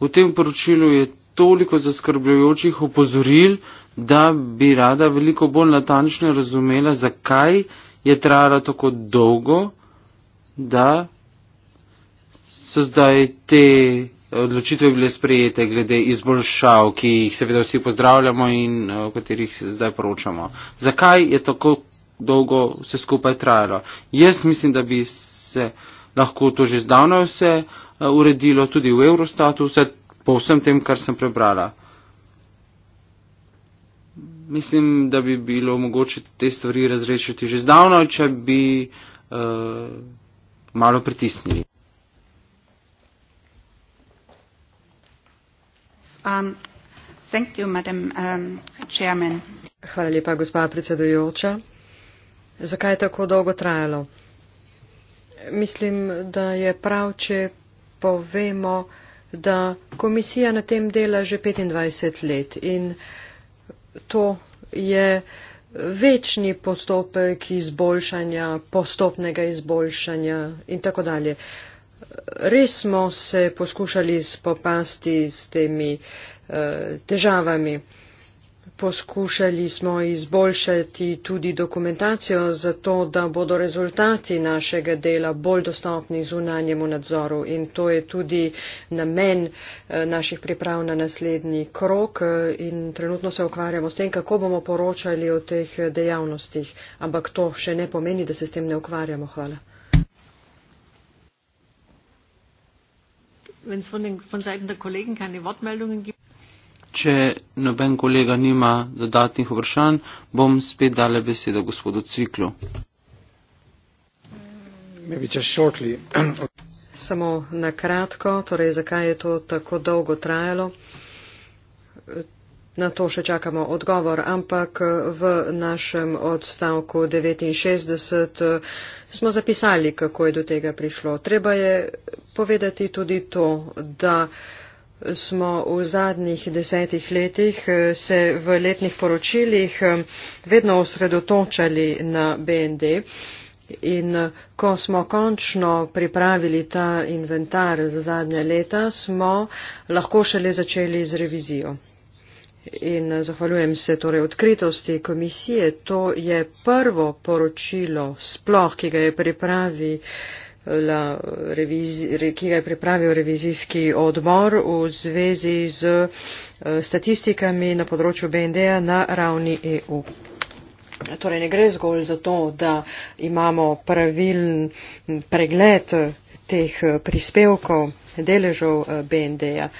D: V tem poročilu je toliko zaskrbljujočih opozoril, da bi rada veliko bolj natančno razumela, zakaj je trajala tako dolgo, da so zdaj te odločitve bile sprejete glede izboljšav, ki jih seveda vsi pozdravljamo in eh, o katerih zdaj poročamo. Zakaj je tako dolgo vse skupaj trajalo? Jaz mislim, da bi se lahko to že zdavno vse eh, uredilo tudi v Eurostatu, vse po vsem tem, kar sem prebrala. Mislim, da bi bilo mogoče te stvari razrešiti že zdavno, če bi uh, malo pritisnili.
C: Um, um, Hvala lepa, gospa predsedujoča. Zakaj je tako dolgo trajalo? Mislim, da je prav, če povemo, da komisija na tem dela že 25 let in to je večni postopek izboljšanja, postopnega izboljšanja in tako dalje. Res smo se poskušali spopasti s temi eh, težavami. Poskušali smo izboljšati tudi dokumentacijo, zato da bodo rezultati našega dela bolj dostopni zunanjemu nadzoru. In to je tudi namen eh, naših priprav na naslednji krok. Eh, in trenutno se ukvarjamo s tem, kako bomo poročali o teh dejavnostih. Ampak to še ne pomeni, da se s tem ne ukvarjamo. Hvala.
D: Če noben kolega nima dodatnih vprašanj, bom spet dala besedo gospodu Ciklu.
C: Samo na kratko, torej zakaj je to tako dolgo trajalo. Na to še čakamo odgovor, ampak v našem odstavku 69 smo zapisali, kako je do tega prišlo. Treba je povedati tudi to, da smo v zadnjih desetih letih se v letnih poročilih vedno osredotočali na BND. In ko smo končno pripravili ta inventar za zadnja leta, smo lahko šele začeli z revizijo. In eh, zahvaljujem se torej odkritosti komisije. To je prvo poročilo sploh, ki ga je pripravi La, ki ga je pripravil revizijski odbor v zvezi z eh, statistikami na področju BND-a na ravni EU. Torej ne gre zgolj za to, da imamo pravilen pregled teh prispevkov, deležev eh, BND-a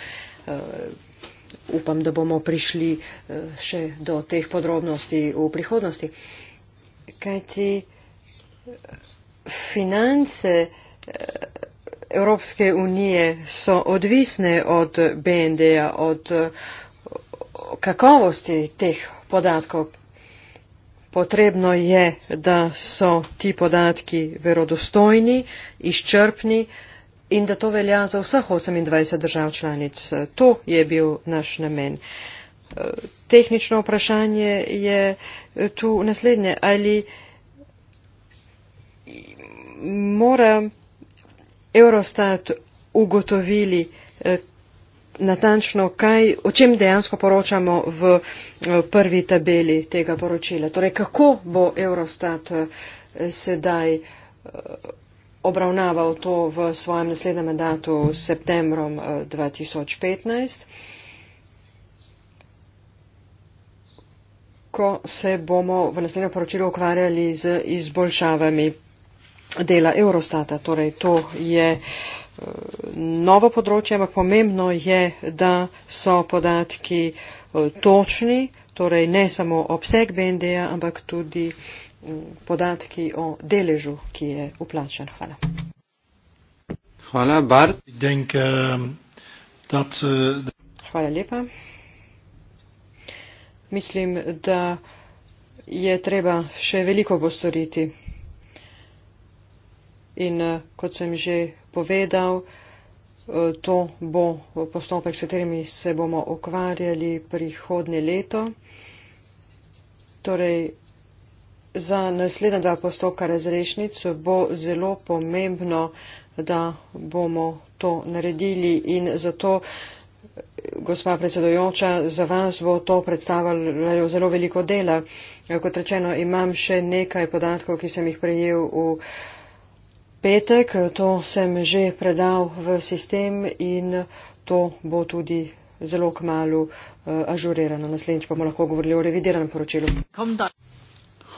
C: upam, da bomo prišli eh, še do teh podrobnosti v prihodnosti. Kajti finance eh, Evropske unije so odvisne od BND-a, od eh, kakovosti teh podatkov. Potrebno je, da so ti podatki verodostojni, izčrpni, in da to velja za vseh 28 držav članic. To je bil naš namen. Eh, tehnično vprašanje je eh, tu naslednje. Ali mora Eurostat ugotovili eh, natančno, kaj, o čem dejansko poročamo v prvi tabeli tega poročila. Torej, kako bo Eurostat sedaj obravnaval to v svojem naslednjem mandatu s septembrom 2015, eh, ko se bomo v naslednjem poročilu ukvarjali z izboljšavami dela Eurostata. Torej, to je eh, novo področje, ampak pomembno je, da so podatki eh, točni, torej ne samo obseg BND-ja, ampak tudi uh, podatki o deležu, ki je uplačen. Hvala.
D: Hvala, Bart. Denk, eh, dat, eh, da...
C: Hvala lepa. Mislim, da je treba še veliko postoriti. In eh, kot sem že povedal, to bo postopek, s katerimi se bomo okvarjali prihodnje leto. Torej, za naslednja dva postopka razrešnic bo zelo pomembno, da bomo to naredili in zato, gospa predsedojoča, za vas bo to predstavljalo zelo veliko dela. Kot rečeno, imam še nekaj podatkov, ki sem jih prejel v petek, to sem že predal v sistem in to bo tudi zelo kmalo eh, ažurirano. Naslednjič bomo lahko govorili o revidiranem poročilu.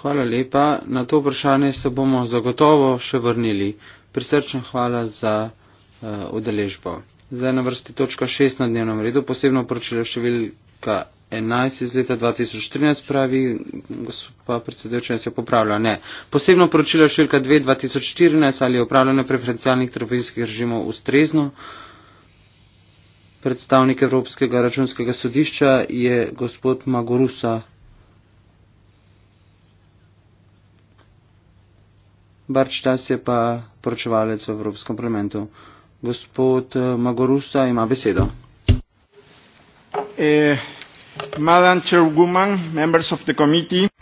D: Hvala lepa. Na to vprašanje se bomo zagotovo še vrnili. Prisrčna hvala za eh, udeležbo. Uh, Zdaj na vrsti točka 6 na dnevnem redu, posebno poročilo številka 11 iz leta 2013 pravi, gospa predsedujoča se popravlja. Ne. Posebno poročilo številka 2 2014 ali je upravljanje preferencialnih trgovinskih režimov ustrezno. Predstavnik Evropskega računskega sodišča je gospod Magurusa Barčtas je pa poročevalec v Evropskem parlamentu. Gospod eh, Magorusa ima besedo. Eh, Madam Chair Woman, members of the committee.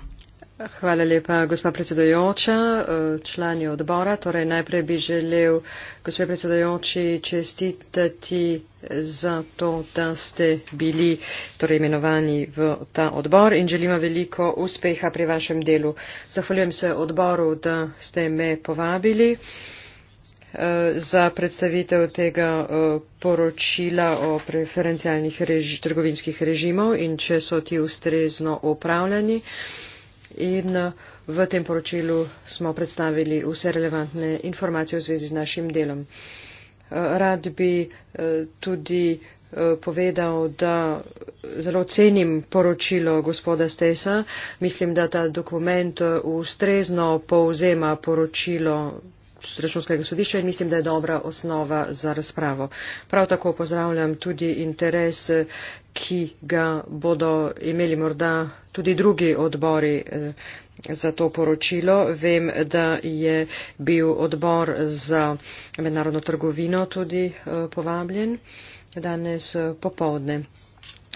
C: Hvala lepa, gospa predsedojoča, eh, člani odbora. Torej, najprej bi želel, gospe predsedojoči, čestitati za to, da ste bili torej, imenovani v ta odbor in želimo veliko uspeha pri vašem delu. Zahvaljujem se odboru, da ste me povabili eh, za predstavitev tega eh, poročila o preferencialnih reži, trgovinskih režimov in če so ti ustrezno upravljani. In eh, v tem poročilu smo predstavili vse relevantne informacije v zvezi z našim delom. Eh, rad bi eh, tudi povedal, da zelo cenim poročilo gospoda Stesa. Mislim, da ta dokument ustrezno povzema poročilo Srečunskega sodišča in mislim, da je dobra osnova za razpravo. Prav tako pozdravljam tudi interes, ki ga bodo imeli morda tudi drugi odbori eh, za to poročilo. Vem, da je bil odbor za mednarodno trgovino tudi eh, povabljen danes eh, popovdne.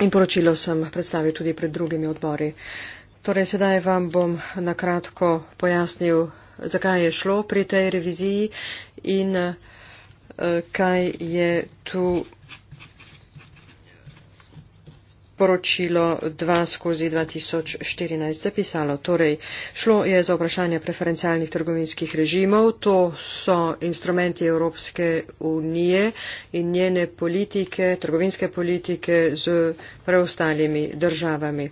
C: In poročilo sem predstavil tudi pred drugimi odbori. Torej, sedaj vam bom nakratko pojasnil zakaj je šlo pri tej reviziji in eh, kaj je tu poročilo 2 skozi 2014 zapisalo. Torej, šlo je za vprašanje preferencialnih trgovinskih režimov. To so instrumenti Evropske unije in njene politike, trgovinske politike z preostalimi državami. Uh,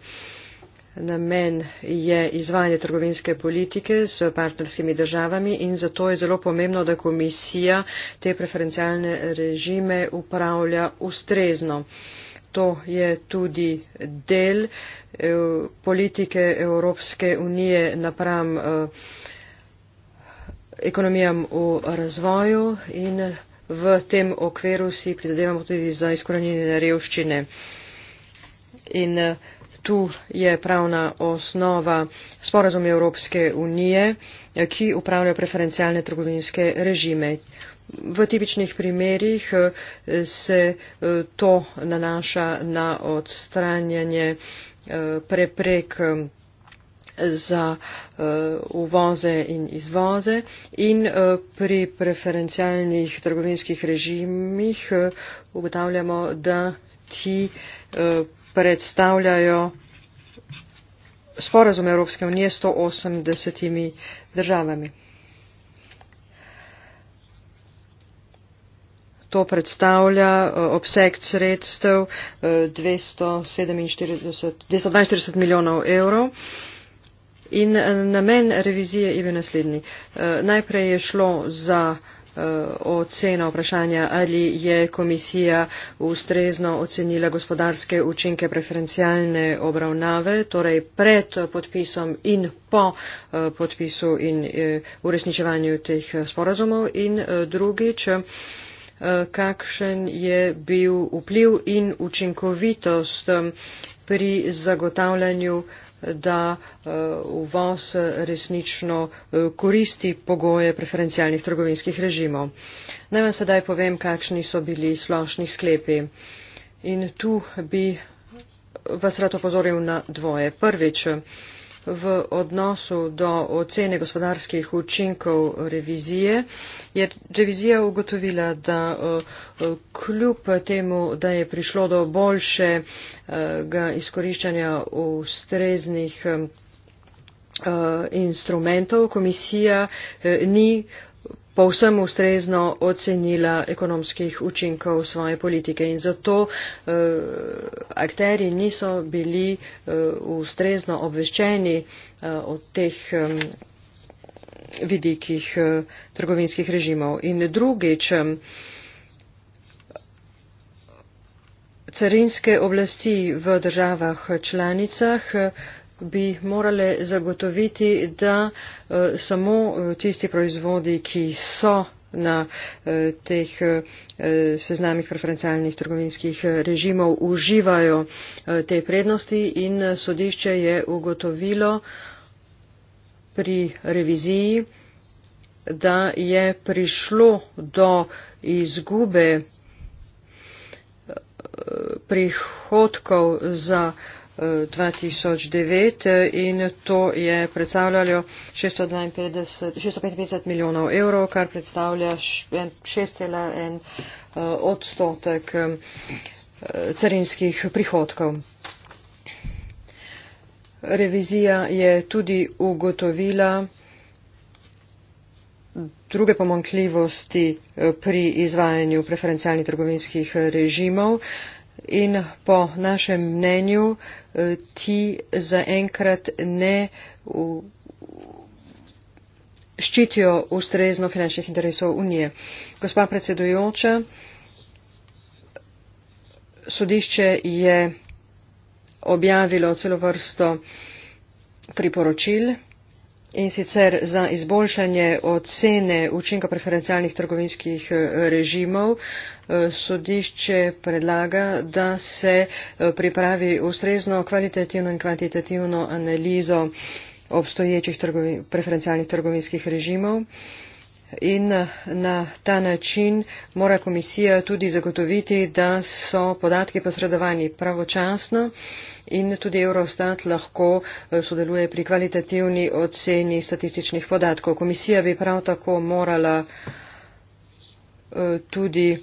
C: namen je izvajanje trgovinske politike s partnerskimi državami in zato je zelo pomembno, da komisija te preferencialne režime upravlja ustrezno. To je tudi del eh, politike Evropske unije napram eh, ekonomijam v razvoju in v tem okviru si pridedevamo tudi za izkoranjenje revščine. In, uh, Tu je pravna osnova sporazum Evropske unije, ki upravlja preferencialne trgovinske režime. V tipičnih primerjih eh, se eh, to nanaša na odstranjanje eh, preprek za uvoze in izvoze in pri preferencialnih trgovinskih režimih ugotavljamo, da ti predstavljajo sporazum Evropske unije s 180 državami. To predstavlja eh, obseg sredstev 242 eh, milijonov evrov. In eh, namen revizije je bil naslednji. Najprej je šlo za Eh, oceno vprašanja, ali je komisija ustrezno ocenila gospodarske učinke preferencialne obravnave, torej pred podpisom in po eh, podpisu in eh, uresničevanju teh sporazumov in drugič, kakšen je bil vpliv in učinkovitost pri zagotavljanju da eh, uvoz eh, resnično eh, koristi pogoje preferencialnih trgovinskih režimov. Naj vam sedaj povem, kakšni so bili splošni sklepi. In tu bi vas rad opozoril na dvoje. Prvič, v odnosu do ocene gospodarskih učinkov revizije, je revizija ugotovila, da eh, kljub temu, da je prišlo do boljšega izkoriščanja ustreznih eh, instrumentov, komisija eh, ni povsem ustrezno ocenila ekonomskih učinkov svoje politike in zato uh, eh, akteri niso bili uh, ustrezno obveščeni uh, o teh um, vidikih uh, trgovinskih režimov. In drugič, um, carinske oblasti v državah članicah uh, bi morale zagotoviti, da eh, samo eh, tisti proizvodi, ki so na eh, teh seznamih preferencialnih trgovinskih režimov, uživajo te prednosti in sodišče je ugotovilo pri reviziji, da je prišlo do izgube prihodkov za 2009 eh, eh, in to je predstavljalo 655 milijonov evrov, kar predstavlja 6,1 eh, odstotek carinskih prihodkov. Revizija je tudi ugotovila druge pomankljivosti pri izvajanju preferencialnih trgovinskih režimov in po našem mnenju eh, ti zaenkrat ne ščitijo ustrezno finančnih interesov Unije. Gospa predsedujoča, sodišče je objavilo celo vrsto priporočil in sicer za izboljšanje ocene učinka preferencialnih trgovinskih eh, režimov. Eh, sodišče predlaga, da se eh, pripravi ustrezno kvalitativno in kvantitativno analizo obstoječih trgovi, preferencialnih trgovinskih režimov. In na ta način mora komisija tudi zagotoviti, da so podatki posredovani pravočasno in tudi Eurostat lahko eh, sodeluje pri kvalitativni oceni statističnih podatkov. Komisija bi prav tako morala eh, tudi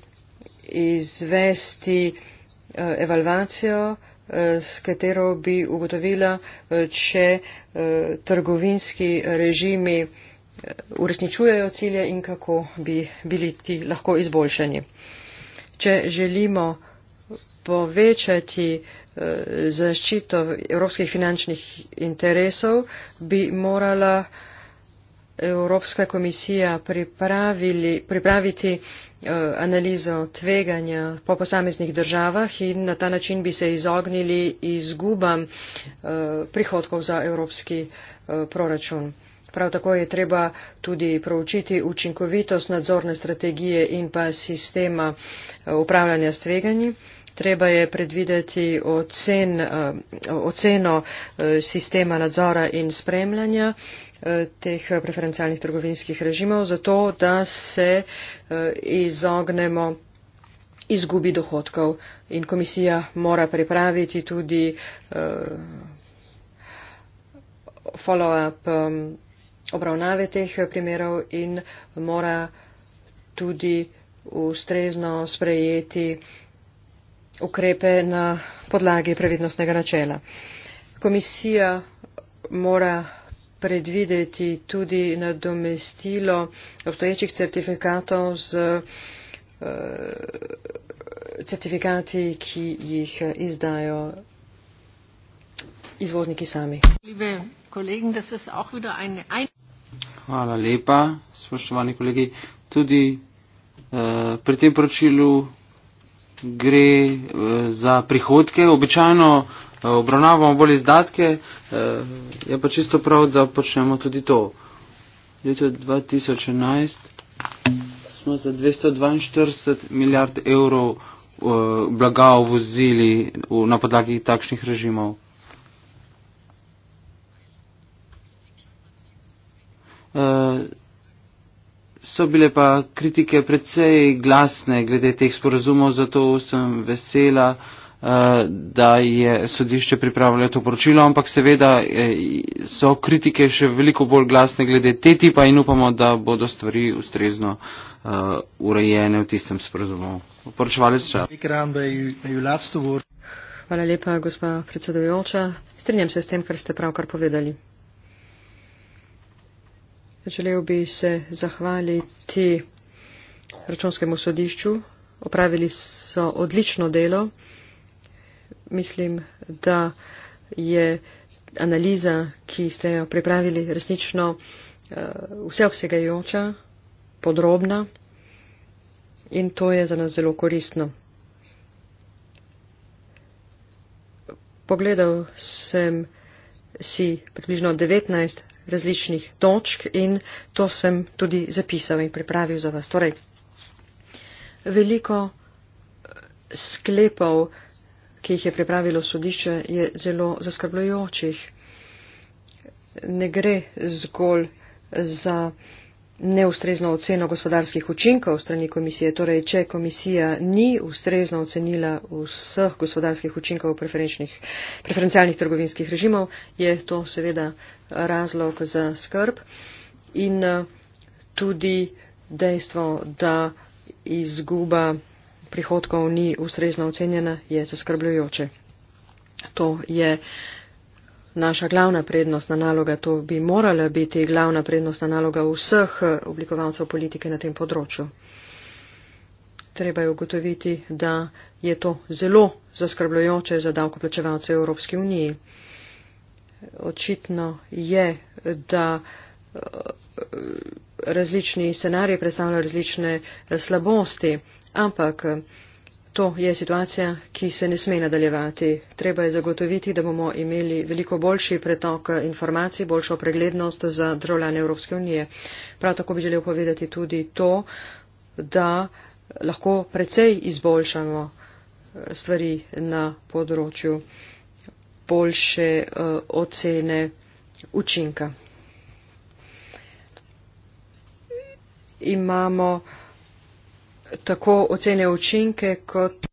C: izvesti eh, evalvacijo, s katero bi ugotovila, če trgovinski režimi uresničujejo cilje in kako bi bili ti lahko izboljšani. Če želimo povečati uh, Eh, zaščito evropskih finančnih interesov, bi morala Evropska komisija pripraviti eh, analizo tveganja po posameznih državah in na ta način bi se izognili izgubam eh, prihodkov za evropski proračun. Prav tako je treba tudi proučiti učinkovitost nadzorne strategije in pa sistema upravljanja s tveganji treba je predvideti ocen, eh, oceno eh, sistema nadzora in spremljanja eh, teh preferencialnih trgovinskih režimov, zato da se izognemo izgubi dohodkov in komisija mora pripraviti tudi follow-up obravnave teh primerov in mora tudi ustrezno sprejeti uh, ukrepe na podlagi previdnostnega načela. Komisija mora predvideti tudi nadomestilo obstoječih certifikatov z eh, certifikati, ki jih eh, izdajo izvozniki sami.
D: Hvala lepa, spoštovani kolegi. Tudi eh, pri tem poročilu gre eh, za prihodke, običajno eh, obravnavamo bolj izdatke, eh, je pa čisto prav, da počnemo tudi to. Leto 2011 smo za 242 milijard evrov blaga uvozili na podlagi takšnih režimov. Uh, so bile pa kritike predvsej glasne glede teh sporazumov, zato sem vesela, eh, da je sodišče pripravljalo to poročilo, ampak seveda eh, so kritike še veliko bolj glasne glede te tipa in upamo, da bodo stvari ustrezno eh, urejene v tistem sporazumu. Poročevali se.
C: Hvala lepa, gospa predsedujoča. Strinjam se s tem, kar ste pravkar povedali. Želel bi se zahvaliti računskemu sodišču. Opravili so odlično delo. Mislim, da je analiza, ki ste jo pripravili, resnično eh, vseobsegajoča, podrobna in to je za nas zelo koristno. Pogledal sem si približno 19 različnih točk in to sem tudi zapisal in pripravil za vas. Torej, veliko sklepov, ki jih je pripravilo sodišče, je zelo zaskrbljujočih. Ne gre zgolj za neustrezno oceno gospodarskih učinkov strani komisije. Torej, če komisija ni ustrezno ocenila vseh gospodarskih učinkov preferencialnih trgovinskih režimov, je to seveda razlog za skrb in eh, tudi dejstvo, da izguba prihodkov ni ustrezno ocenjena, je zaskrbljujoče. To je uh, naša glavna prednostna naloga, to bi morala biti glavna prednostna naloga vseh oblikovalcev politike na tem področju. Treba je ugotoviti, da je to zelo zaskrbljujoče za davkoplačevalce Evropske unije. Očitno je, da eh, različni scenariji predstavljajo različne eh, slabosti, ampak To je situacija, ki se ne sme nadaljevati. Treba je zagotoviti, da bomo imeli veliko boljši pretok informacij, boljšo preglednost za državljane Evropske unije. Prav tako bi želel povedati tudi to, da lahko precej izboljšamo eh, stvari na področju boljše uh, ocene učinka. Imamo uh, tako ocene učinke, kot,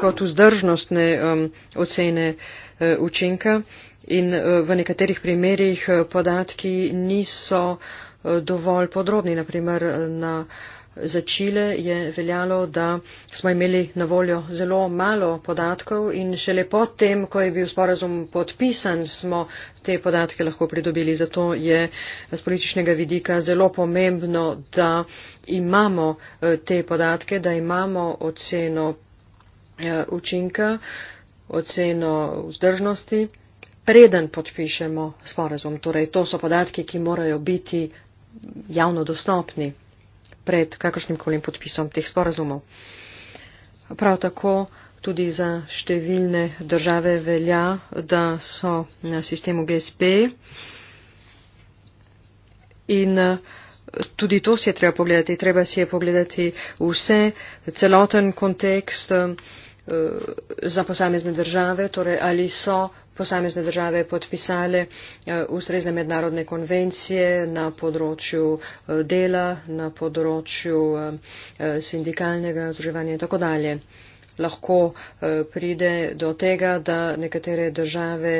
C: kot vzdržnostne um, ocene uh, učinka in uh, v nekaterih primerjih uh, podatki niso uh, dovolj podrobni, naprimer na. Uh, za Čile je veljalo, da smo imeli na voljo zelo malo podatkov in šele potem, ko je bil sporazum podpisan, smo te podatke lahko pridobili. Zato je z političnega vidika zelo pomembno, da imamo eh, te podatke, da imamo oceno eh, učinka, oceno vzdržnosti, preden podpišemo sporazum. Torej, to so podatki, ki morajo biti javno dostopni pred kakršnim kolim podpisom teh sporazumov. Prav tako tudi za številne države velja, da so na sistemu GSP in eh, tudi to si je treba pogledati. Treba si je pogledati vse, celoten kontekst eh, za posamezne države, torej ali so posamezne države podpisale eh, ustrezne mednarodne konvencije na področju eh, dela, na področju eh, sindikalnega združevanja in tako dalje. Lahko pride do tega, da nekatere države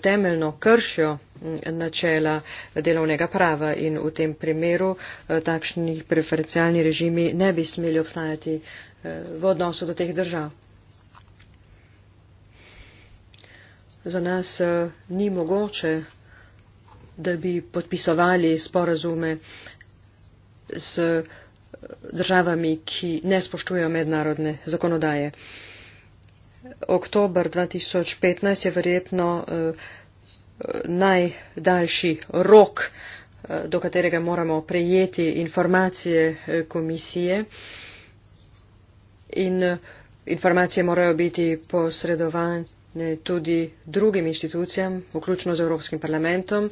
C: temeljno kršijo mm, načela delovnega prava in v tem primeru takšni preferencialni režimi ne bi smeli obstajati v odnosu do teh držav. za nas eh, ni mogoče, da bi podpisovali sporazume z eh, državami, ki ne spoštujejo mednarodne zakonodaje. Oktober 2015 je verjetno eh, najdaljši rok, do katerega moramo prejeti informacije komisije. In informacije morajo biti posredovane ne, tudi drugim inštitucijam, vključno z Evropskim parlamentom.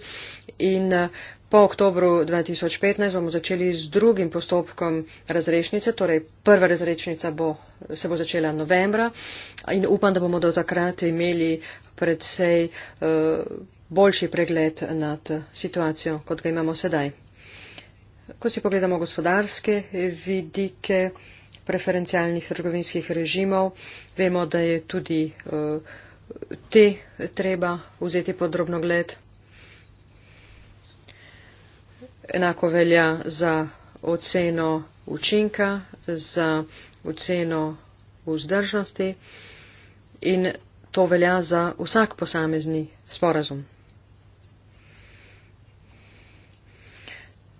C: In eh, po oktobru 2015 bomo začeli z drugim postopkom razrešnice, torej prva razrešnica bo, se bo začela novembra in upam, da bomo do takrat imeli predvsej eh, boljši pregled nad eh, situacijo, kot ga imamo sedaj. Ko si pogledamo gospodarske vidike preferencialnih trgovinskih režimov, vemo, da je tudi uh, te treba vzeti podrobno gled. Enako velja za oceno učinka, za oceno vzdržnosti in to velja za vsak posamezni sporazum.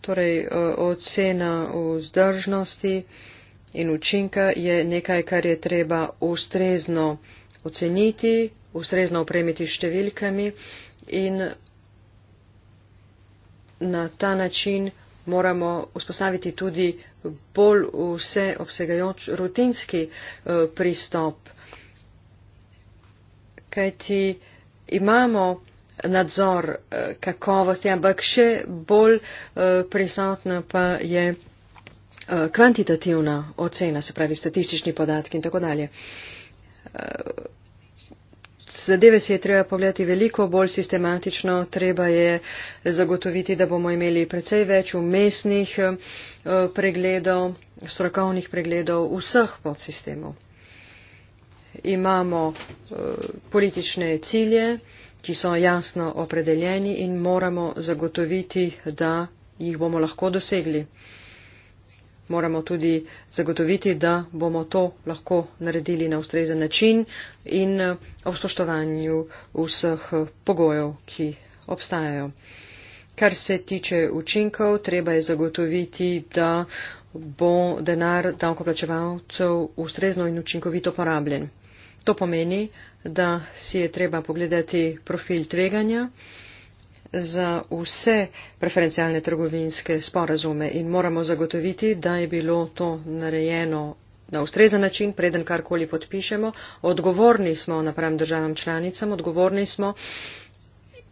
C: Torej, ocena vzdržnosti in učinka je nekaj, kar je treba ustrezno oceniti, ustrezno opremiti številkami in na ta način moramo vzpostaviti tudi bolj vse obsegajoč rutinski eh, pristop. Kajti imamo nadzor eh, kakovosti, ampak še bolj eh, prisotna pa je kvantitativna ocena, se pravi statistični podatki in tako dalje. Zadeve si je treba pogledati veliko bolj sistematično, treba je zagotoviti, da bomo imeli precej več umestnih eh, pregledov, strokovnih pregledov vseh podsistemov. Imamo eh, politične cilje, ki so jasno opredeljeni in moramo zagotoviti, da jih bomo lahko dosegli moramo tudi zagotoviti, da bomo to lahko naredili na ustrezen način in eh, ob spoštovanju vseh pogojev, ki obstajajo. Kar se tiče učinkov, treba je zagotoviti, da bo denar davkoplačevalcev ustrezno in učinkovito porabljen. To pomeni, da si je treba pogledati profil tveganja, za vse preferencialne trgovinske sporazume in moramo zagotoviti, da je bilo to narejeno na ustrezen način, preden karkoli podpišemo. Odgovorni smo napram državam članicam, odgovorni smo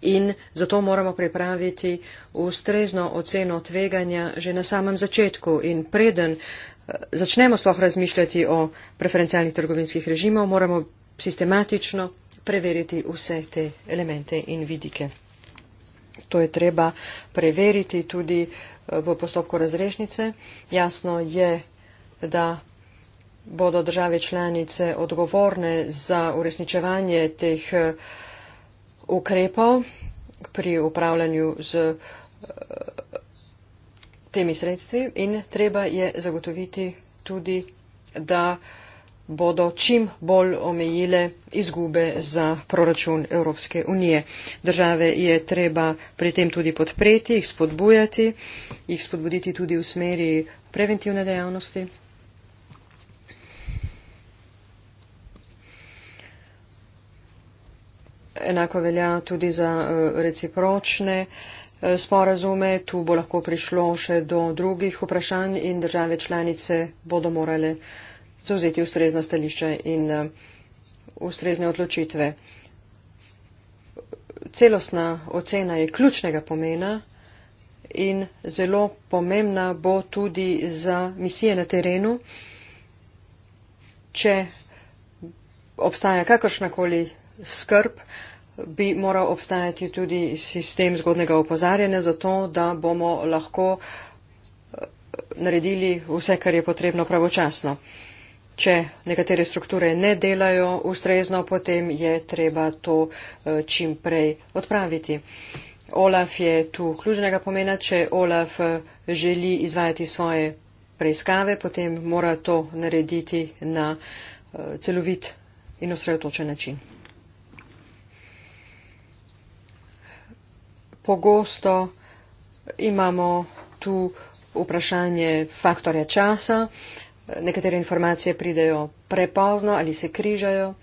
C: in zato moramo pripraviti ustrezno oceno tveganja že na samem začetku in preden eh, začnemo sploh razmišljati o preferencialnih trgovinskih režimov, moramo sistematično preveriti vse te elemente in vidike. To je treba preveriti tudi eh, v postopku razrešnice. Jasno je, da bodo države članice odgovorne za uresničevanje teh eh, ukrepov pri upravljanju z eh, temi sredstvi in treba je zagotoviti tudi, da bodo čim bolj omejile izgube za proračun Evropske unije. Države je treba pri tem tudi podpreti, jih spodbujati, jih spodbuditi tudi v smeri preventivne dejavnosti. Enako velja tudi za eh, recipročne eh, sporazume. Tu bo lahko prišlo še do drugih vprašanj in države članice bodo morale zauzeti ustrezna stališča in eh, ustrezne odločitve. Celostna ocena je ključnega pomena in zelo pomembna bo tudi za misije na terenu, če obstaja kakršnakoli skrb bi moral obstajati tudi sistem zgodnega opozarjanja, zato da bomo lahko eh, naredili vse, kar je potrebno pravočasno. Če nekatere strukture ne delajo ustrezno, potem je treba to eh, čim prej odpraviti. Olaf je tu ključnega pomena. Če Olaf eh, želi izvajati svoje preiskave, potem mora to narediti na eh, celovit in osredotočen način. Pogosto imamo tu vprašanje faktorja časa nekatere informacije pridejo prepozno ali se križajo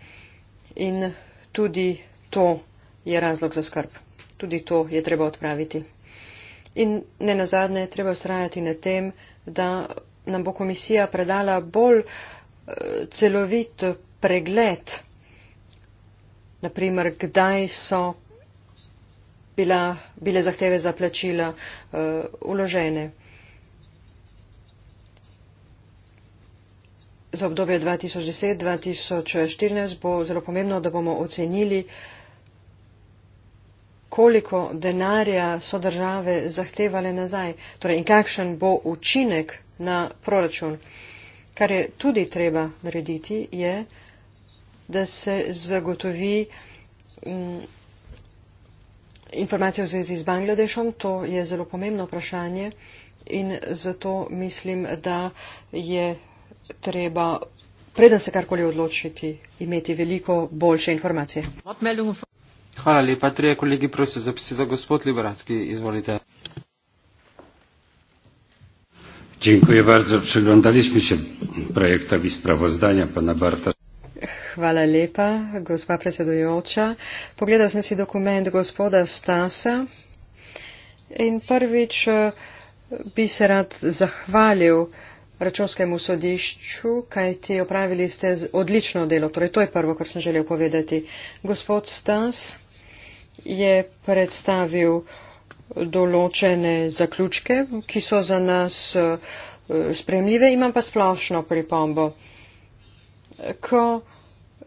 C: in tudi to je razlog za skrb. Tudi to je treba odpraviti. In ne nazadnje, treba ustrajati na tem, da nam bo komisija predala bolj eh, celovit pregled, naprimer, kdaj so bila, bile zahteve za plačila uh, eh, uložene. za obdobje 2010-2014 bo zelo pomembno, da bomo ocenili, koliko denarja so države zahtevale nazaj torej, in kakšen bo učinek na proračun. Kar je tudi treba narediti, je, da se zagotovi mm, informacije v zvezi z Bangladešom. To je zelo pomembno vprašanje in zato mislim, da je treba, preden se karkoli odločiti, imeti veliko boljše informacije.
D: Hvala lepa, trije kolegi, prosim za besedo, gospod Liberacki, izvolite.
E: Dziękuję bardzo. Przyglądaliśmy się projektowi sprawozdania pana Barta.
C: Hvala lepa, gospa predsedujoča. Pogledal sem si dokument gospoda Stasa in prvič eh, bi se rad zahvalil uh, računskemu sodišču, kaj ti opravili ste odlično delo. Torej, to je prvo, kar sem želel povedati. Gospod Stas je predstavil določene zaključke, ki so za nas eh, spremljive, imam pa splošno pripombo. Ko eh,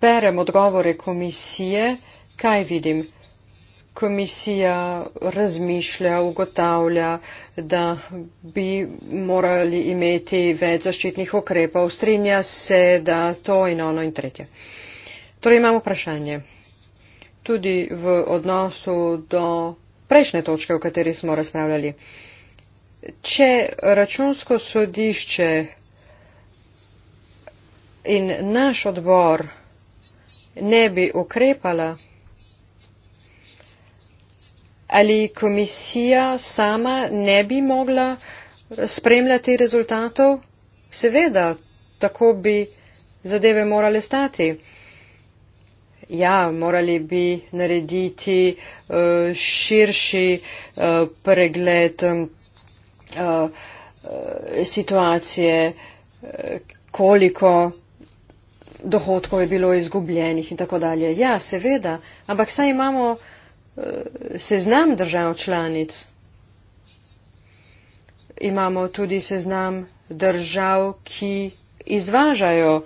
C: berem odgovore komisije, kaj vidim? komisija razmišlja, ugotavlja, da bi morali imeti več zaščitnih ukrepov. Strinja se, da to in ono in tretje. Torej imamo vprašanje. Tudi v odnosu do prejšnje točke, o kateri smo razpravljali. Če računsko sodišče in naš odbor ne bi ukrepala, ali komisija sama ne bi mogla spremljati rezultatov? Seveda, tako bi zadeve morale stati. Ja, morali bi narediti eh, širši eh, pregled eh, situacije, koliko dohodkov je bilo izgubljenih in tako dalje. Ja, seveda, ampak saj imamo Eh, seznam držav članic. Imamo tudi seznam držav, ki izvažajo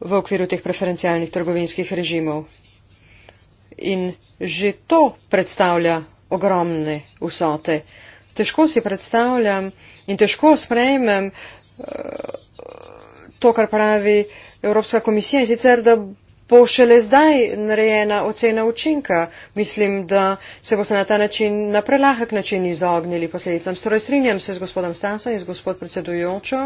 C: v okviru teh preferencialnih trgovinskih režimov. In že to predstavlja ogromne vsote. Težko si predstavljam in težko sprejmem eh, to, kar pravi Evropska komisija in sicer, da bo šele zdaj narejena ocena učinka. Mislim, da se boste na ta način, na prelahek način izognili posledicam. Storaj strinjam se z gospodom Stasom in z gospod predsedujočo.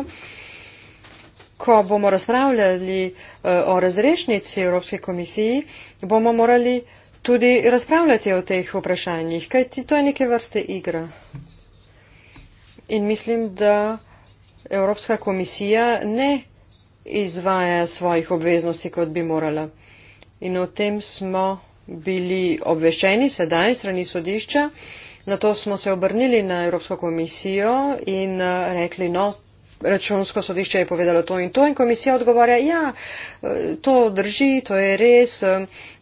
C: Ko bomo razpravljali uh, o razrešnici Evropske komisiji, bomo morali tudi razpravljati o teh vprašanjih, kajti to je neke vrste igra. In mislim, da Evropska komisija ne izvaja svojih obveznosti, kot bi morala. In o tem smo bili obveščeni sedaj strani sodišča. Na to smo se obrnili na Evropsko komisijo in eh, rekli, no, računsko sodišče je povedalo to in to in komisija odgovarja, ja, to drži, to je res,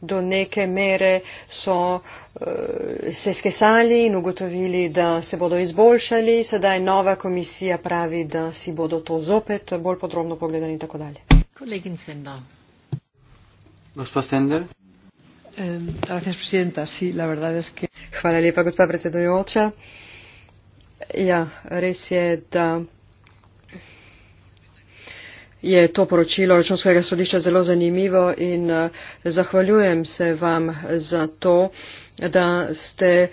C: do neke mere so eh, se skesali in ugotovili, da se bodo izboljšali, sedaj nova komisija pravi, da si bodo to zopet bolj podrobno pogledali in tako dalje.
A: Kolegin Sendo.
D: Gospa Sender.
C: Hvala lepa, gospa predsedujoča. Ja, res je, da je to poročilo računskega sodišča zelo zanimivo in eh, zahvaljujem se vam za to, da ste eh,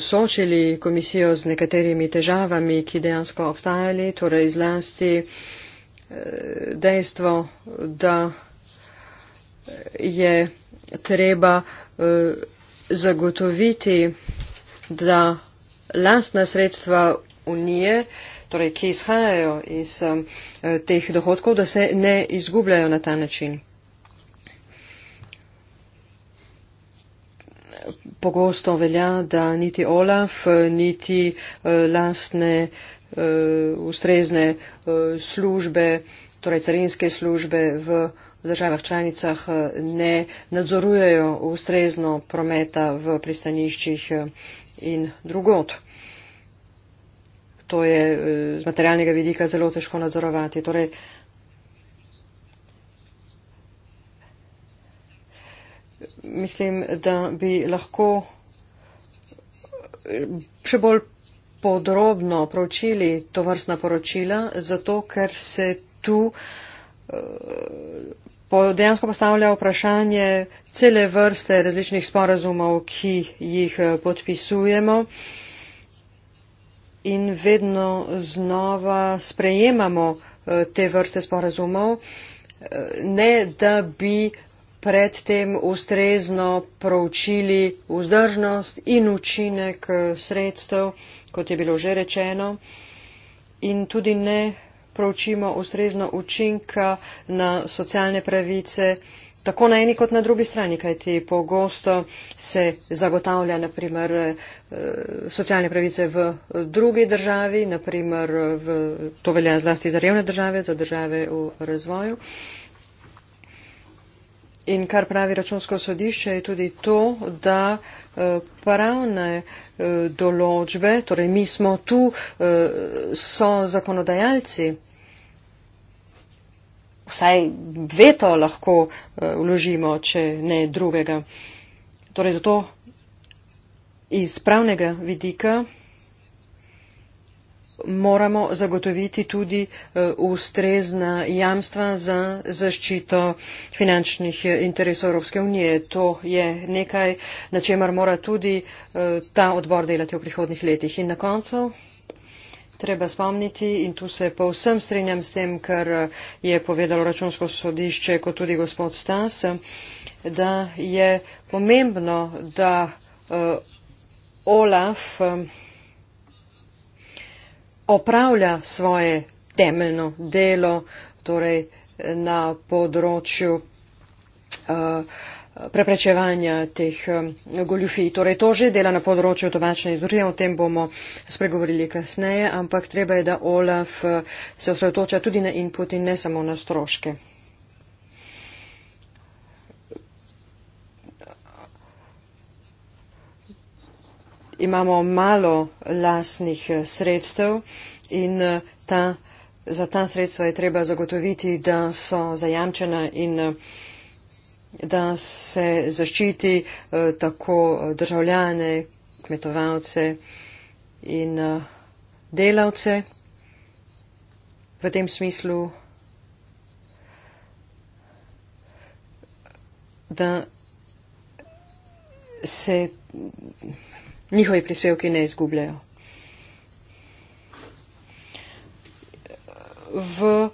C: soočili komisijo z nekaterimi težavami, ki dejansko obstajali, torej zlasti eh, dejstvo, da je treba zagotoviti, da lastna sredstva unije torej, ki izhajajo iz um, teh dohodkov, da se ne izgubljajo na ta način. Pogosto velja, da niti Olaf, niti uh, lastne uh, ustrezne uh, službe, torej carinske službe v v državah članicah ne nadzorujejo ustrezno prometa v pristaniščih in drugot to je eh, z materialnega vidika zelo težko nadzorovati. Torej, mislim, da bi lahko eh, še bolj podrobno proučili to vrstna poročila, zato ker se tu eh, dejansko postavlja vprašanje cele vrste različnih sporazumov, ki jih podpisujemo in vedno znova sprejemamo eh, te vrste sporazumov, eh, ne da bi predtem ustrezno proučili vzdržnost in učinek eh, sredstev, kot je bilo že rečeno, in tudi ne proučimo ustrezno učinka na socialne pravice tako na eni kot na drugi strani, kajti pogosto se zagotavlja naprimer eh, socialne pravice v eh, drugi državi, naprimer eh, v, to velja zlasti za revne države, za države v razvoju. In kar pravi računsko sodišče je tudi to, da pravne določbe, torej mi smo tu, so zakonodajalci vsaj veto lahko eh, vložimo, če ne drugega. Torej zato iz pravnega vidika moramo zagotoviti tudi eh, ustrezna jamstva za zaščito finančnih eh, interesov Evropske unije. To je nekaj, na čemer mora tudi ta odbor delati v prihodnih letih. In na koncu treba spomniti in tu se povsem strinjam s tem, kar je povedalo računsko sodišče, kot tudi gospod Stas, da je pomembno, da uh, Olaf um, opravlja svoje temeljno delo torej eh, na področju uh, preprečevanja teh um, goljufij. Torej to že dela na področju tobačne industrije, o tem bomo spregovorili kasneje, ampak treba je, da OLAF uh, se osredotoča tudi na input in ne samo na stroške. Imamo malo lasnih uh, sredstev in uh, ta, za ta sredstva je treba zagotoviti, da so zajamčena in da se zaščiti eh, tako eh, državljane, kmetovalce in eh, delavce v tem smislu, da se njihovi prispevki ne izgubljajo. V uh,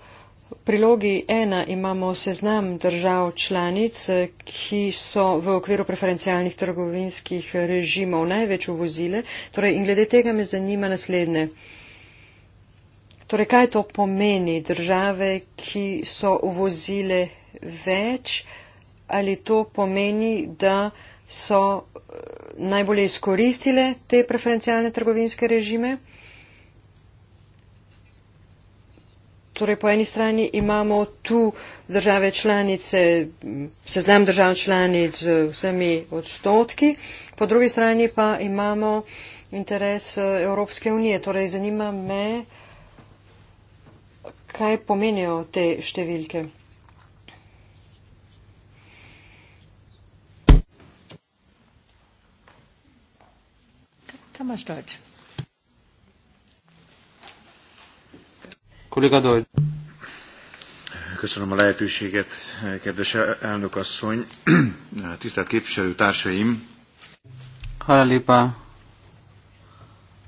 C: prilogi ena imamo seznam držav članic, ki so v okviru preferencialnih trgovinskih režimov največ uvozile. Torej, in glede tega me zanima naslednje. Torej, kaj to pomeni države, ki so uvozile več? Ali to pomeni, da so eh, najbolje izkoristile te preferencialne trgovinske režime? torej po eni strani imamo tu države članice, seznam držav članic z vsemi odstotki, po drugi strani pa imamo interes eh, Evropske unije. Torej zanima me, kaj pomenijo te številke.
A: Kam imaš dolč?
D: Kolléga Dolgy. Köszönöm a lehetőséget, kedves elnök asszony, tisztelt képviselő társaim. Hála lépa.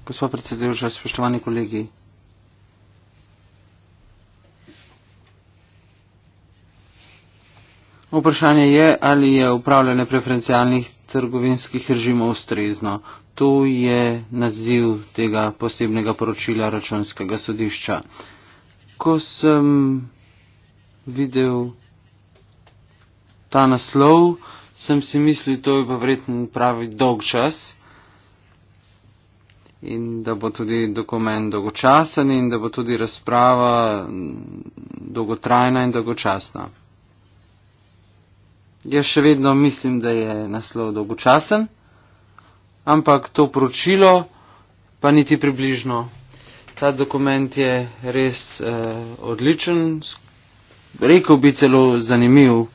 D: Köszönöm a precedőrös összfestemáni kollégi. Vprašanje je, ali je upravljanje preferencialnih trgovinskih režimov ustrezno. To je naziv tega posebnega poročila računskega sodišča. Uh, ko sem videl ta naslov, sem si mislil, to je pa vreten pravi dolg čas in da bo tudi dokument dolgočasen in da bo tudi razprava dolgotrajna in dolgočasna. Jaz še vedno mislim, da je naslov dolgočasen, ampak to poročilo pa niti približno ta dokument je res eh, odličen, rekel bi celo zanimiv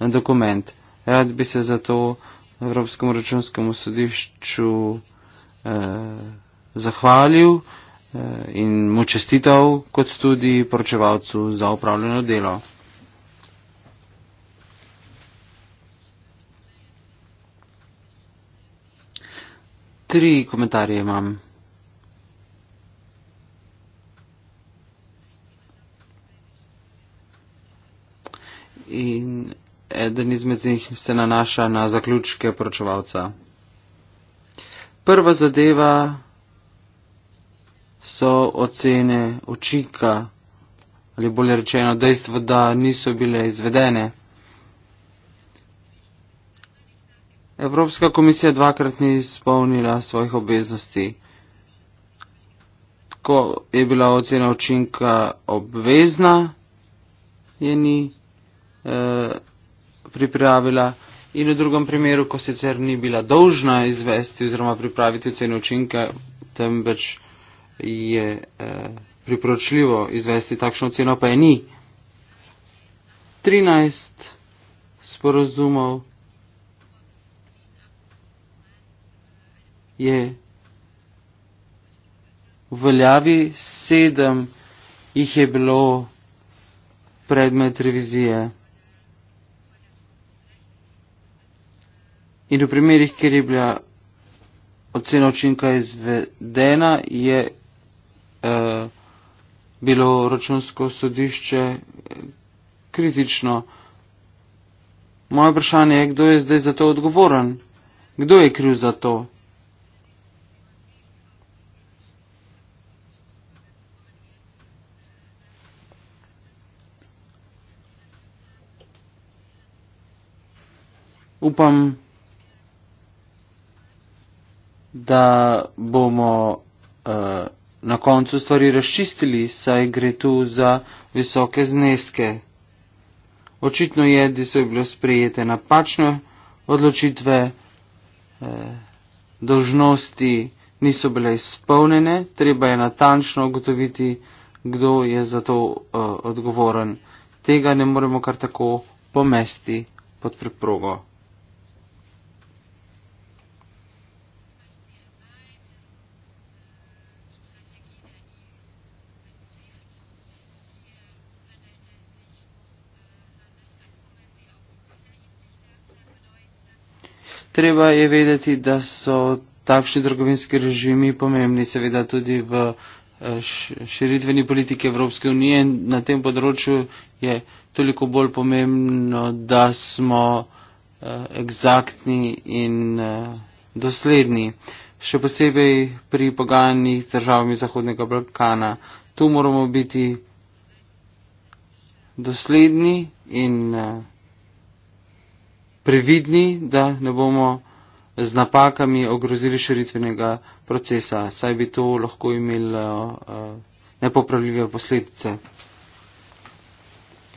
D: eh, dokument. Rad bi se zato Evropskemu računskemu sodišču eh, zahvalil eh, in mu čestital, kot tudi poročevalcu za upravljeno delo. Tri komentarje imam. in eden izmed njih se nanaša na zaključke poročevalca. Prva zadeva so ocene očika ali bolje rečeno dejstvo, da niso bile izvedene. Evropska komisija dvakrat ni izpolnila svojih obveznosti. Ko je bila ocena učinka obvezna, je ni Eh, pripravila in v drugem primeru, ko sicer ni bila dolžna izvesti oziroma pripraviti ocene učinka, temveč je eh, priporočljivo izvesti takšno oceno, pa je ni. 13 sporozumov je v veljavi, 7 jih je bilo predmet revizije. In v primerih, kjer je bila ocena učinka izvedena, je eh, bilo računsko sodišče eh, kritično. Moje vprašanje je, kdo je zdaj za to odgovoren? Kdo je kriv za to? Upam, da bomo uh, na koncu stvari razčistili, saj gre tu za visoke zneske. Očitno je, da so bile sprejete napačne odločitve, uh, eh, dožnosti niso bile izpolnjene, treba je natančno ugotoviti, kdo je za to uh, odgovoren. Tega ne moremo kar tako pomesti pod preprogo. treba je vedeti, da so takšni trgovinski režimi pomembni seveda tudi v eh, širitveni politiki Evropske unije in na tem področju je toliko bolj pomembno, da smo egzaktni eh, in eh, dosledni, še posebej pri pogajanjih državami Zahodnega Balkana. Tu moramo biti dosledni in uh, previdni, da ne bomo z napakami ogrozili širitvenega procesa, saj bi to lahko imelo eh, nepopravljive posledice.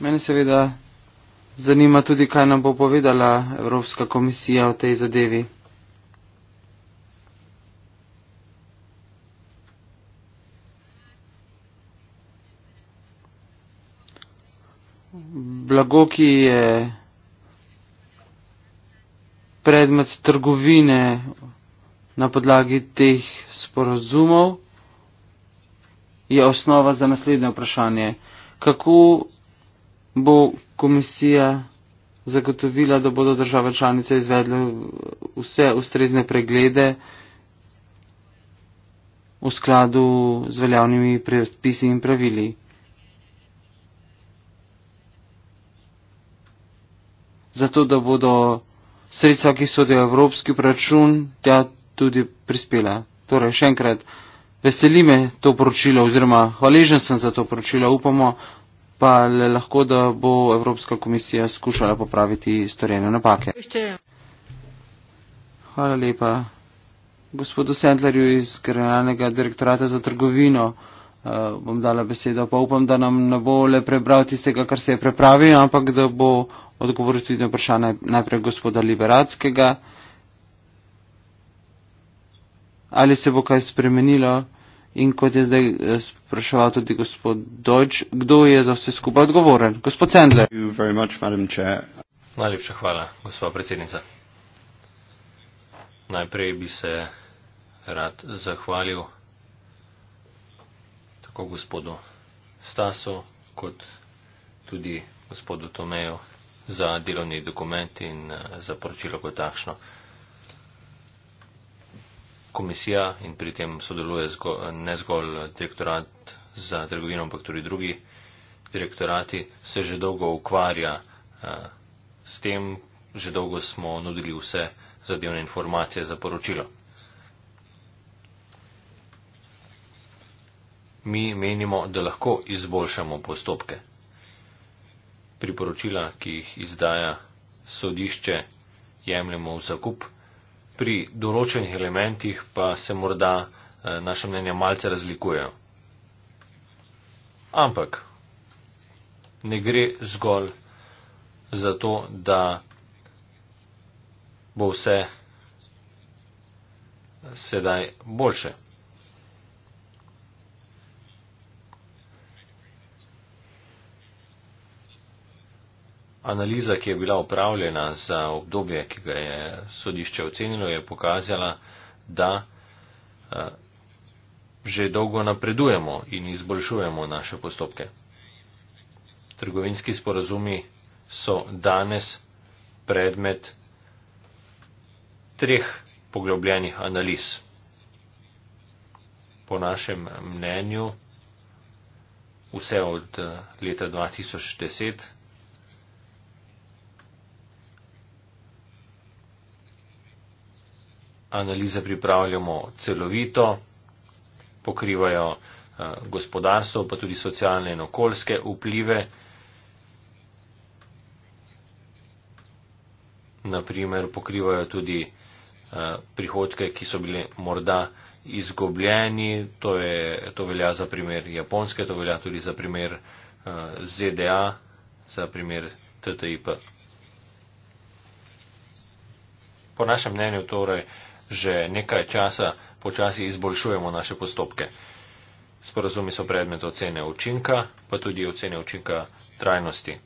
D: Mene seveda zanima tudi, kaj nam bo povedala Evropska komisija o tej zadevi. Blago, ki je predmet trgovine na podlagi teh sporozumov, je osnova za naslednje vprašanje. Kako bo komisija zagotovila, da bodo države članice izvedle vse ustrezne preglede v skladu z veljavnimi predpisi in pravili? Zato, da bodo sredstva, ki sodijo evropski proračun, tja tudi prispela. Torej, še enkrat, veseli me to poročilo oziroma hvaležen sem za to poročilo, upamo pa le lahko, da bo Evropska komisija skušala popraviti storjene napake. Hvala lepa gospodu Sendlerju iz Generalnega direktorata za trgovino uh, bom dala besedo, pa upam, da nam ne bo le prebral tistega, kar se je prepravil, ampak da bo odgovoril tudi na vprašanje najprej gospoda Liberatskega. Ali se bo kaj spremenilo in kot je zdaj eh, spraševal tudi gospod Dodž, kdo je za vse skupaj odgovoren? Gospod Sendler.
E: Najlepša hvala, gospod predsednica. Najprej bi se rad zahvalil tako gospodu Staso, kot tudi gospodu Tomeju za delovni dokument in eh, za poročilo kot takšno. Komisija in pri tem sodeluje zgo, ne zgolj direktorat za trgovino, ampak tudi drugi direktorati, se že dolgo ukvarja a, eh, s tem, že dolgo smo nudili vse zadevne informacije za poročilo. mi menimo, da lahko izboljšamo postopke. Priporočila, ki jih izdaja sodišče, jemljemo v zakup, pri določenih elementih pa se morda eh, naše mnenje malce razlikujejo. Ampak ne gre zgolj za to, da bo vse sedaj boljše. Analiza, ki je bila upravljena za obdobje, ki ga je sodišče ocenilo, je pokazala, da eh, že dolgo napredujemo in izboljšujemo naše postopke. Trgovinski sporazumi so danes predmet treh poglobljenih analiz. Po našem mnenju, vse od eh, leta 2010, analize pripravljamo celovito, pokrivajo eh, gospodarstvo, pa tudi socialne in okoljske vplive. Naprimer, pokrivajo tudi eh, prihodke, ki so bili morda izgubljeni, to, je, to velja za primer Japonske, to velja tudi za primer eh, ZDA, za primer TTIP. Po našem mnenju torej že nekaj časa počasi izboljšujemo naše postopke. Sporazumi so predmet ocene učinka, pa tudi ocene učinka trajnosti.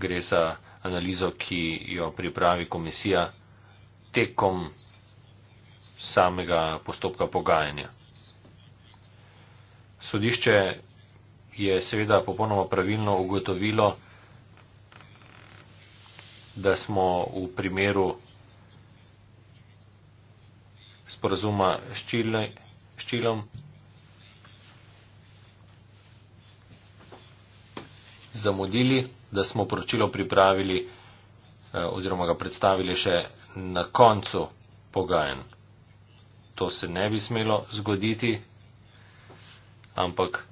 E: Gre za analizo, ki jo pripravi komisija tekom samega postopka pogajanja. Sodišče je seveda popolnoma pravilno ugotovilo, da smo v primeru sporazuma s Čilom. Zamudili, da smo poročilo pripravili eh, oziroma ga predstavili še na koncu pogajen. To se ne bi smelo zgoditi, ampak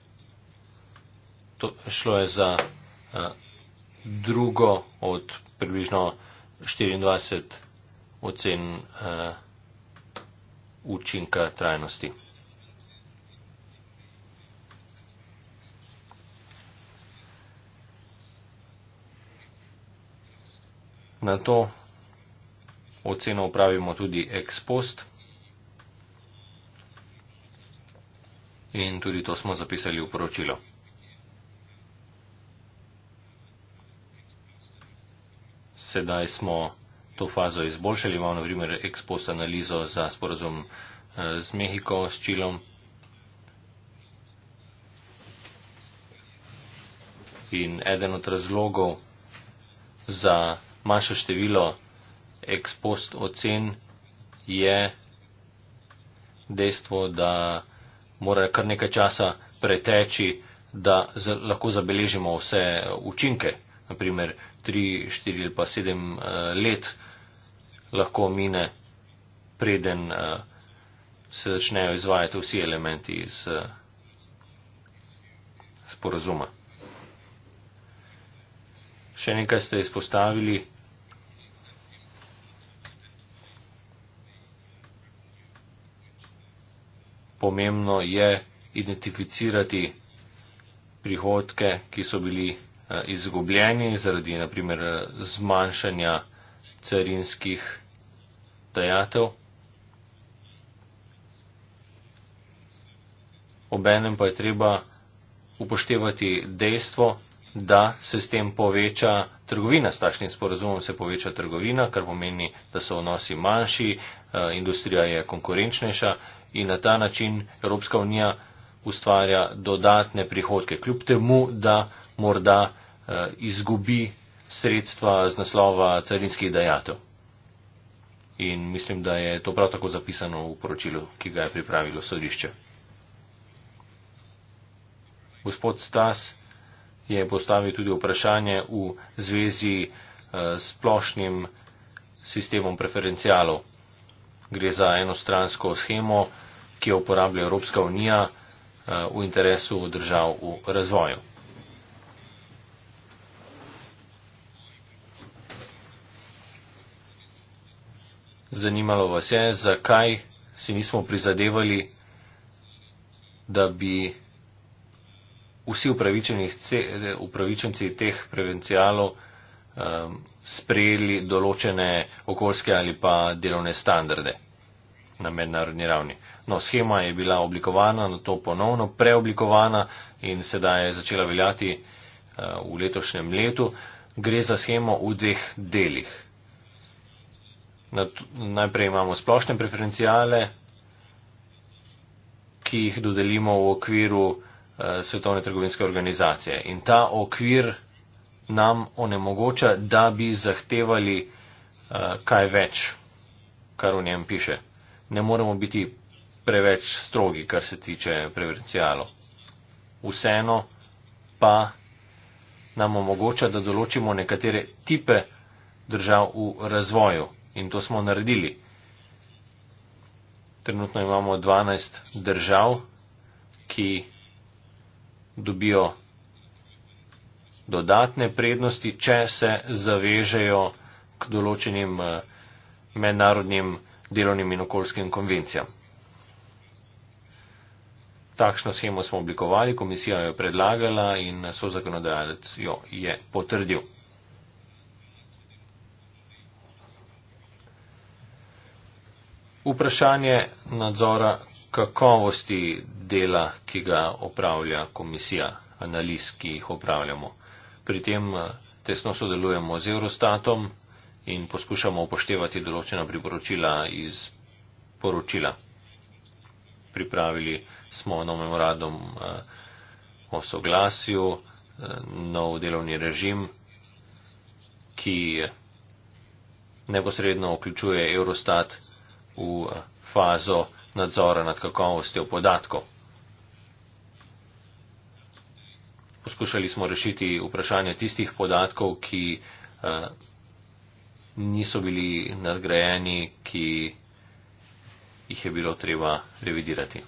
E: to šlo je za eh, drugo od približno 24 ocen. Eh, učinka trajnosti. Na to oceno upravimo tudi ex post in tudi to smo zapisali v poročilo. Sedaj smo to fazo izboljšali. Imamo na primer ex post analizo za sporozum eh, z Mehiko, s Čilom. In eden od razlogov za manjšo število ex post ocen je dejstvo, da mora kar nekaj časa preteči, da lahko zabeležimo vse učinke, naprimer 3, 4 ali pa 7 eh, let lahko mine, preden uh, se začnejo izvajati vsi elementi iz uh, eh, sporozuma. Še nekaj ste izpostavili. Pomembno je identificirati prihodke, ki so bili eh, izgubljeni zaradi naprimer zmanjšanja carinskih dejatev, obenem pa je treba upoštevati dejstvo, da se s tem poveča trgovina, s takšnim sporozumom se poveča trgovina, kar pomeni, da so vnosi manjši, eh, industrija je konkurenčnejša in na ta način Evropska unija ustvarja dodatne prihodke, kljub temu, da morda eh, izgubi sredstva z naslova carinskih dejatev in mislim, da je to prav tako zapisano v poročilu, ki ga je pripravilo sodišče. Gospod Stas je postavil tudi vprašanje v zvezi eh, s splošnim sistemom preferencialov. Gre za enostransko schemo, ki jo uporablja Evropska unija eh, v interesu držav v razvoju. zanimalo vas je, zakaj si nismo prizadevali, da bi vsi upravičenci teh prevencijalov um, sprejeli določene okoljske ali pa delovne standarde na mednarodni ravni. No, schema je bila oblikovana, na to ponovno preoblikovana in sedaj je začela veljati uh, v letošnjem letu. Gre za schemo v dveh delih. Najprej imamo splošne preferencijale, ki jih dodelimo v okviru eh, Svetovne trgovinske organizacije. In ta okvir nam onemogoča, da bi zahtevali eh, kaj več, kar v njem piše. Ne moremo biti preveč strogi, kar se tiče preferencijalo. Vseeno pa nam omogoča, da določimo nekatere tipe držav v razvoju. In to smo naredili. Trenutno imamo 12 držav, ki dobijo dodatne prednosti, če se zavežejo k določenim eh, mednarodnim delovnim in okoljskim konvencijam. Takšno schemo smo oblikovali, komisija jo je predlagala in eh, so zakonodajalec jo je potrdil. Vprašanje nadzora kakovosti dela, ki ga opravlja komisija, analiz, ki jih opravljamo. Pri tem eh, tesno sodelujemo z Eurostatom in poskušamo upoštevati določena priporočila iz poročila. Pripravili smo nov memorandum eh, o soglasju, eh, nov delovni režim, ki neposredno vključuje Eurostat v fazo nadzora nad kakovostjo podatkov. Poskušali smo rešiti vprašanje tistih podatkov, ki eh, niso bili nadgrajeni, ki jih je bilo treba revidirati.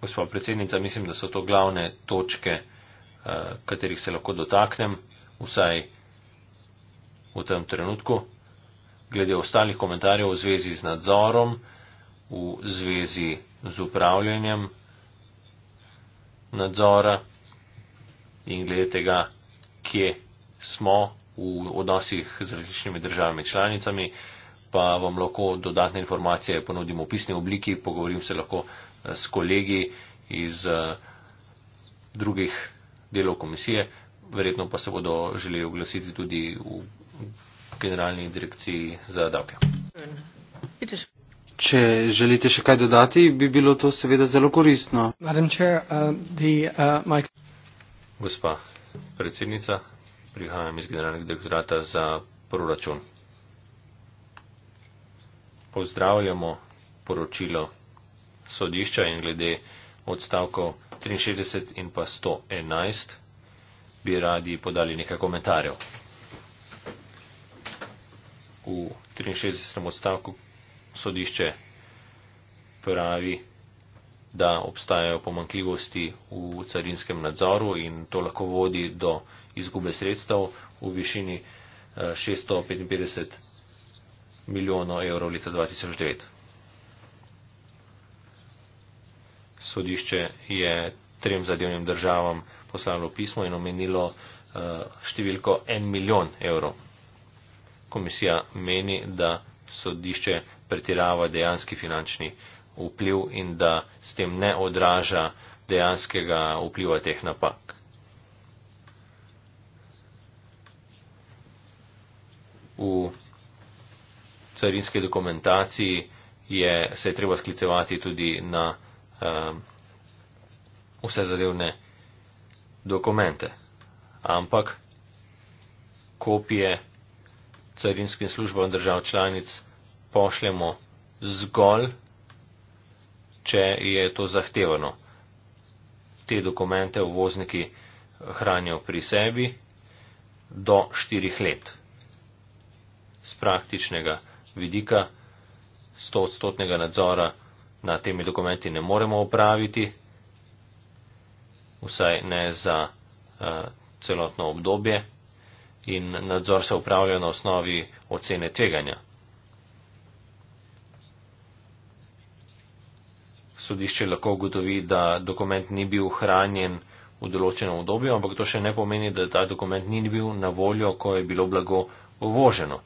E: Gospa predsednica, mislim, da so to glavne točke, eh, katerih se lahko dotaknem, vsaj v tem trenutku. Glede ostalih komentarjev v zvezi z nadzorom, v zvezi z upravljanjem nadzora in glede tega, kje smo v odnosih z različnimi državami članicami, pa vam lahko dodatne informacije ponudim v pisni obliki, pogovorim se lahko eh, s kolegi iz eh, drugih delov komisije, verjetno pa se bodo želeli oglasiti tudi v generalni direkciji za
D: davke. Peter. Če želite še kaj dodati, bi bilo to seveda zelo koristno.
A: Chair, uh, the, uh,
D: Gospa
E: predsednica, prihajam iz generalnega direktorata za proračun. Pozdravljamo poročilo sodišča in glede odstavkov 63 in pa 111 bi radi podali nekaj komentarjev v 63. odstavku sodišče pravi, da obstajajo pomankljivosti v carinskem nadzoru in to lahko vodi do izgube sredstev v višini 655 eh, milijonov evrov leta 2009. Sodišče je trem zadevnim državam poslalo pismo in omenilo eh, številko 1 milijon evrov komisija meni, da sodišče pretirava dejanski finančni vpliv in da s tem ne odraža dejanskega vpliva teh napak. V carinski dokumentaciji je, se je treba sklicevati tudi na um, vse zadevne dokumente, ampak kopije carinskim službam držav članic pošljemo zgolj, če je to zahtevano. Te dokumente uvozniki hranijo pri sebi do štirih let. Z praktičnega vidika stoodstotnega nadzora nad temi dokumenti ne moremo opraviti, vsaj ne za uh, celotno obdobje in nadzor se upravlja na osnovi ocene tveganja. Sodišče lahko ugotovi, da dokument ni bil hranjen v določenem obdobju, ampak to še ne pomeni, da ta dokument ni bil na voljo, ko je bilo blago uvoženo.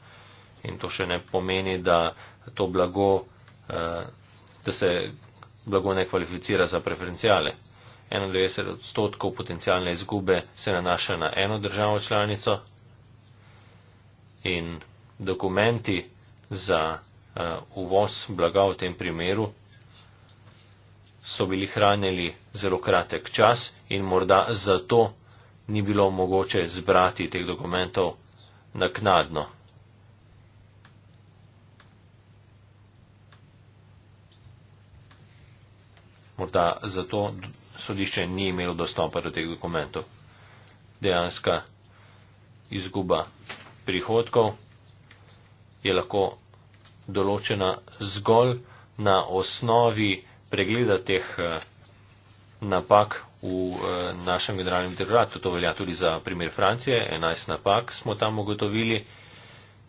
E: In to še ne pomeni, da, blago, eh, da se blago ne kvalificira za preferencijale. 91 odstotkov potencijalne izgube se nanaša na eno državo članico, in dokumenti za eh, uvoz blaga v tem primeru so bili hranili zelo kratek čas in morda zato ni bilo mogoče zbrati teh dokumentov naknadno. Morda zato sodišče ni imelo dostopa do teh dokumentov. Dejanska izguba prihodkov je lahko določena zgolj na osnovi pregleda teh eh, napak v eh, našem generalnem teroratu. To velja tudi za primer Francije. 11 napak smo tam ugotovili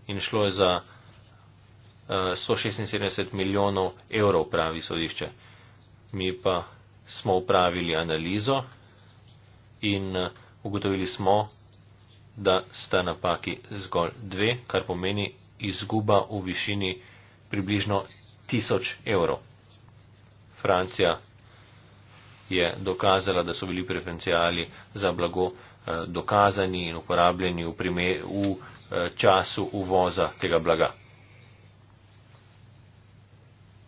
E: in šlo je za 176 eh, milijonov evrov, pravi sodišče. Mi pa smo upravili analizo in ugotovili smo, da sta napaki zgolj dve, kar pomeni izguba v višini približno 1000 evrov. Francija je dokazala, da so bili preferencijali za blago eh, dokazani in uporabljeni v, prime, v eh, času uvoza tega blaga.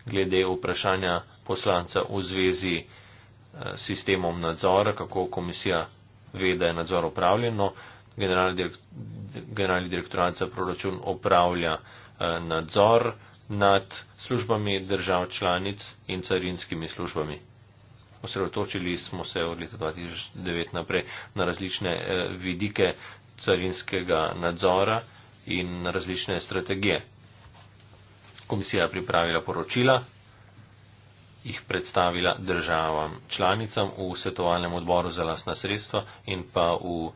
E: Glede vprašanja poslanca v zvezi eh, s sistemom nadzora, kako komisija ve, da je nadzor upravljeno, generalni, direkt, generalni direktorat za proračun opravlja eh, nadzor nad službami držav članic in carinskimi službami. Osredotočili smo se od leta 2009 naprej na različne eh, vidike carinskega nadzora in na različne strategije. Komisija je pripravila poročila, jih predstavila državam članicam v svetovalnem odboru za lasna sredstva in pa v uh,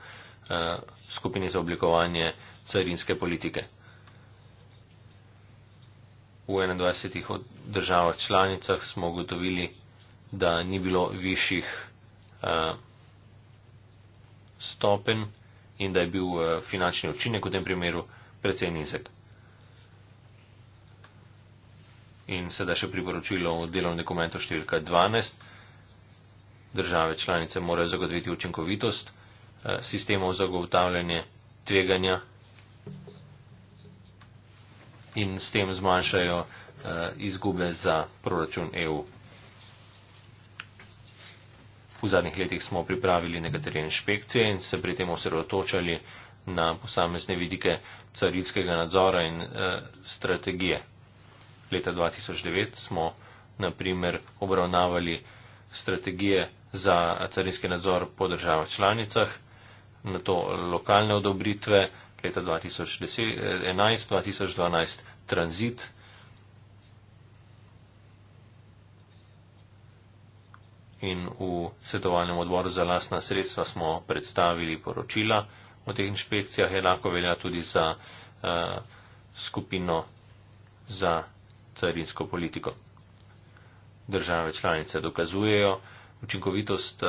E: Eh, skupini za oblikovanje carinske politike. V 21 državah članicah smo ugotovili, da ni bilo višjih eh, stopen in da je bil eh, finančni učinek v tem primeru precej nizek. In sedaj še priporočilo v delovnem dokumentu številka 12. Države članice morajo zagotoviti učinkovitost Eh, sistemov za ugotavljanje tveganja in s tem zmanjšajo eh, izgube za proračun EU. V zadnjih letih smo pripravili nekatere inšpekcije in se pri tem osredotočali na posamezne vidike carinskega nadzora in e, strategije. Leta 2009 smo na primer obravnavali strategije za carinski nadzor po državah članicah, na to lokalne odobritve leta 2011-2012 eh, tranzit. In v svetovalnem odboru za lasna sredstva smo predstavili poročila o teh inšpekcijah, enako velja tudi za uh, skupino za carinsko politiko. Države članice dokazujejo učinkovitost uh,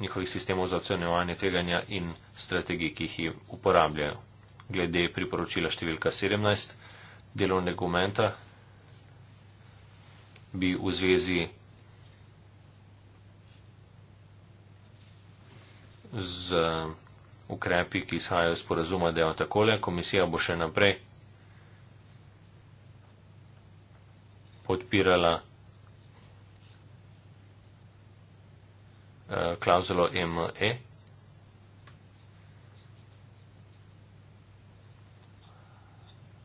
E: njihovih sistemov za ocenjevanje tveganja in strategij, ki jih uporabljajo. Glede priporočila številka 17 delovnega momenta bi v zvezi z ukrepi, ki izhajajo iz porazuma, da je takole, komisija bo še naprej podpirala Eh, klauzulo ME.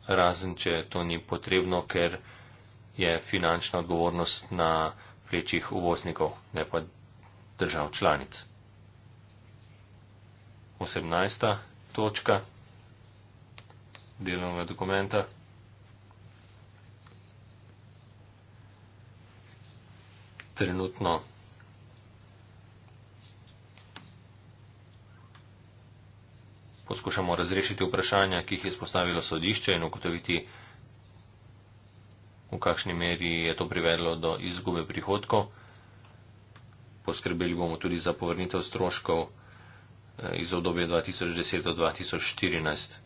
E: Razen, če to ni potrebno, ker je finančna odgovornost na plečih uvoznikov, ne pa držav članic. 18. točka delovnega dokumenta. Trenutno poskušamo razrešiti vprašanja, ki jih je spostavilo sodišče in ugotoviti, v kakšni meri je to privedlo do izgube prihodkov. Poskrbeli bomo tudi za povrnitev stroškov eh, iz obdobja 2010 do 2014.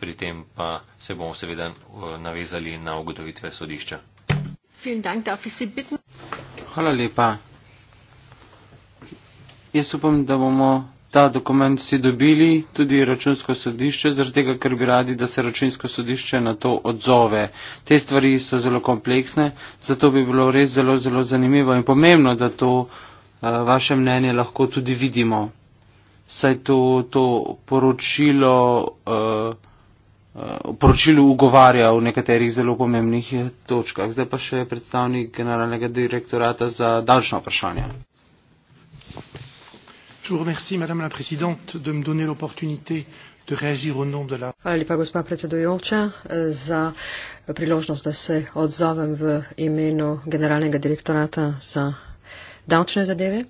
E: Pri tem pa se bomo seveda eh, navezali na ugotovitve sodišča.
D: Hvala lepa. Jaz upam, da bomo ta dokument si dobili tudi računsko sodišče, zaradi tega, ker bi radi, da se računsko sodišče na to odzove. Te stvari so zelo kompleksne, zato bi bilo res zelo, zelo zanimivo in pomembno, da to eh, vaše mnenje lahko tudi vidimo. Saj to, to poročilo, uh, uh, poročilo ugovarja v nekaterih zelo pomembnih točkah. Zdaj pa še predstavnik generalnega direktorata za davčno vprašanje.
C: Thank you. Je vous remercie, Madame la Présidente, de me donner l'opportunité de réagir au nom de la. Hvala lepa, gospa predsedujoča, za priložnost, da se odzovem v imenu generalnega direktorata za davčne zadeve.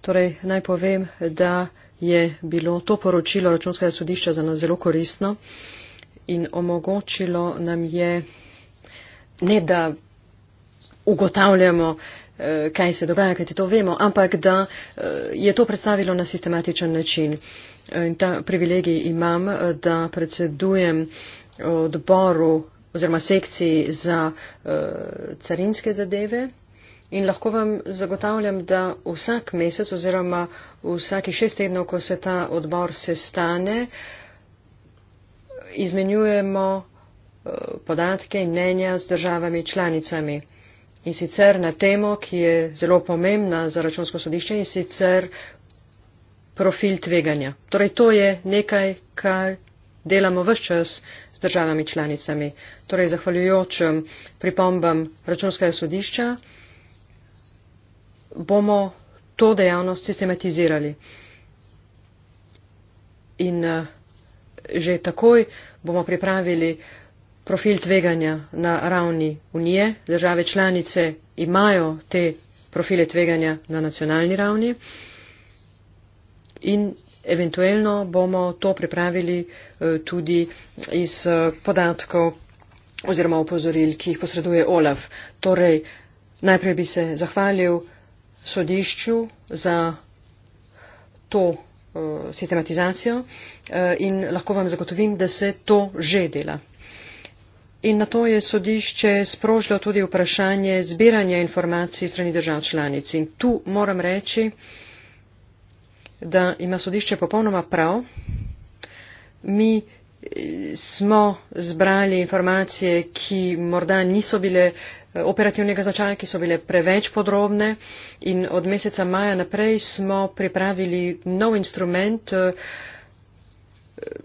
C: Torej, naj povem, da je bilo to poročilo računskega sodišča za nas zelo koristno in omogočilo nam je ne da ugotavljamo Eh, kaj se dogaja, kajti to vemo, ampak da eh, je to predstavilo na sistematičen način. In ta privilegij imam, eh, da predsedujem odboru oziroma sekciji za carinske zadeve. In lahko vam zagotavljam, da vsak mesec oziroma vsaki šest tednov, ko se ta odbor sestane, izmenjujemo podatke in mnenja z državami članicami in sicer na temo, ki je zelo pomembna za računsko sodišče in sicer profil tveganja. Torej, to je nekaj, kar delamo vse čas z državami članicami. Torej, zahvaljujoč pripombam računskega sodišča bomo to dejavnost sistematizirali. In uh, že takoj bomo pripravili uh, profil tveganja na ravni unije. Države članice imajo te profile tveganja na nacionalni ravni in eventualno bomo to pripravili eh, tudi iz eh, podatkov oziroma upozoril, ki jih posreduje OLAF. Torej, najprej bi se zahvalil sodišču za to eh, sistematizacijo in lahko vam zagotovim, da se to že dela. In na to je sodišče sprožilo tudi vprašanje zbiranja informacij strani držav članic. In tu moram reči, da ima sodišče popolnoma prav. Mi eh, smo zbrali informacije, ki morda niso bile eh, operativnega značaja, ki so bile preveč podrobne in od meseca maja naprej smo pripravili nov instrument, uh,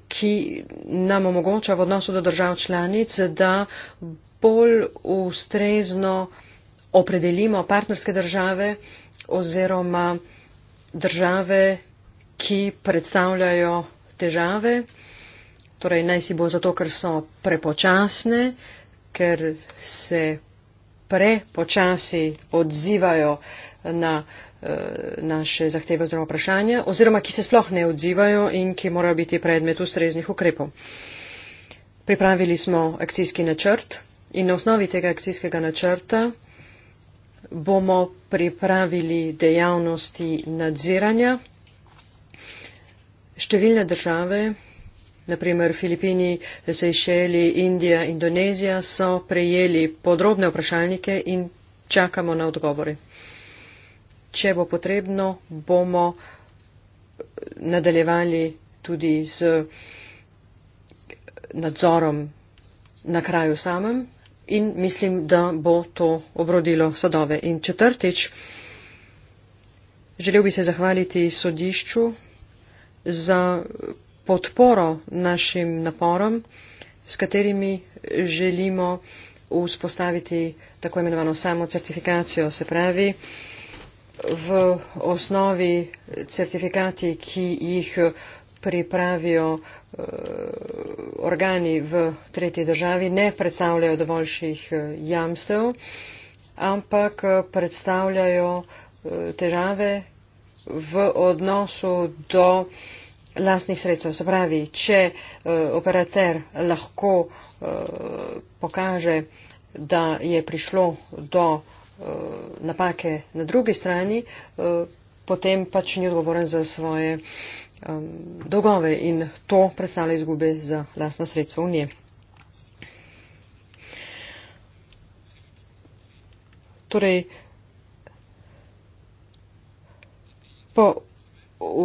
C: ki nam omogoča v odnosu do držav članic, da bolj ustrezno opredelimo partnerske države oziroma države, ki predstavljajo težave, torej naj si bo zato, ker so prepočasne, ker se prepočasi odzivajo na uh, Eh, naše zahteve oziroma vprašanja oziroma ki se sploh ne odzivajo in ki morajo biti predmet ustreznih ukrepov. Pripravili smo akcijski načrt in na osnovi tega akcijskega načrta bomo pripravili dejavnosti nadziranja. Številne države, naprimer Filipini, Sejšeli, Indija, Indonezija, so prejeli podrobne vprašalnike in čakamo na odgovore če bo potrebno, bomo nadaljevali tudi z nadzorom na kraju samem in mislim, da bo to obrodilo sadove. In četrtič, želel bi se zahvaliti sodišču za podporo našim naporom, s katerimi želimo vzpostaviti tako imenovano samo certifikacijo, se pravi, uh, v osnovi certifikati, ki jih pripravijo eh, organi v tretji državi, ne predstavljajo dovoljših eh, jamstev, ampak eh, predstavljajo težave v odnosu do lastnih sredstev. Se pravi, če operater lahko pokaže, da je prišlo do Eh, napake na drugi strani, eh, potem pač ni odgovoren za svoje dolgove in to predstavlja izgube za lastna sredstva unije. Torej, po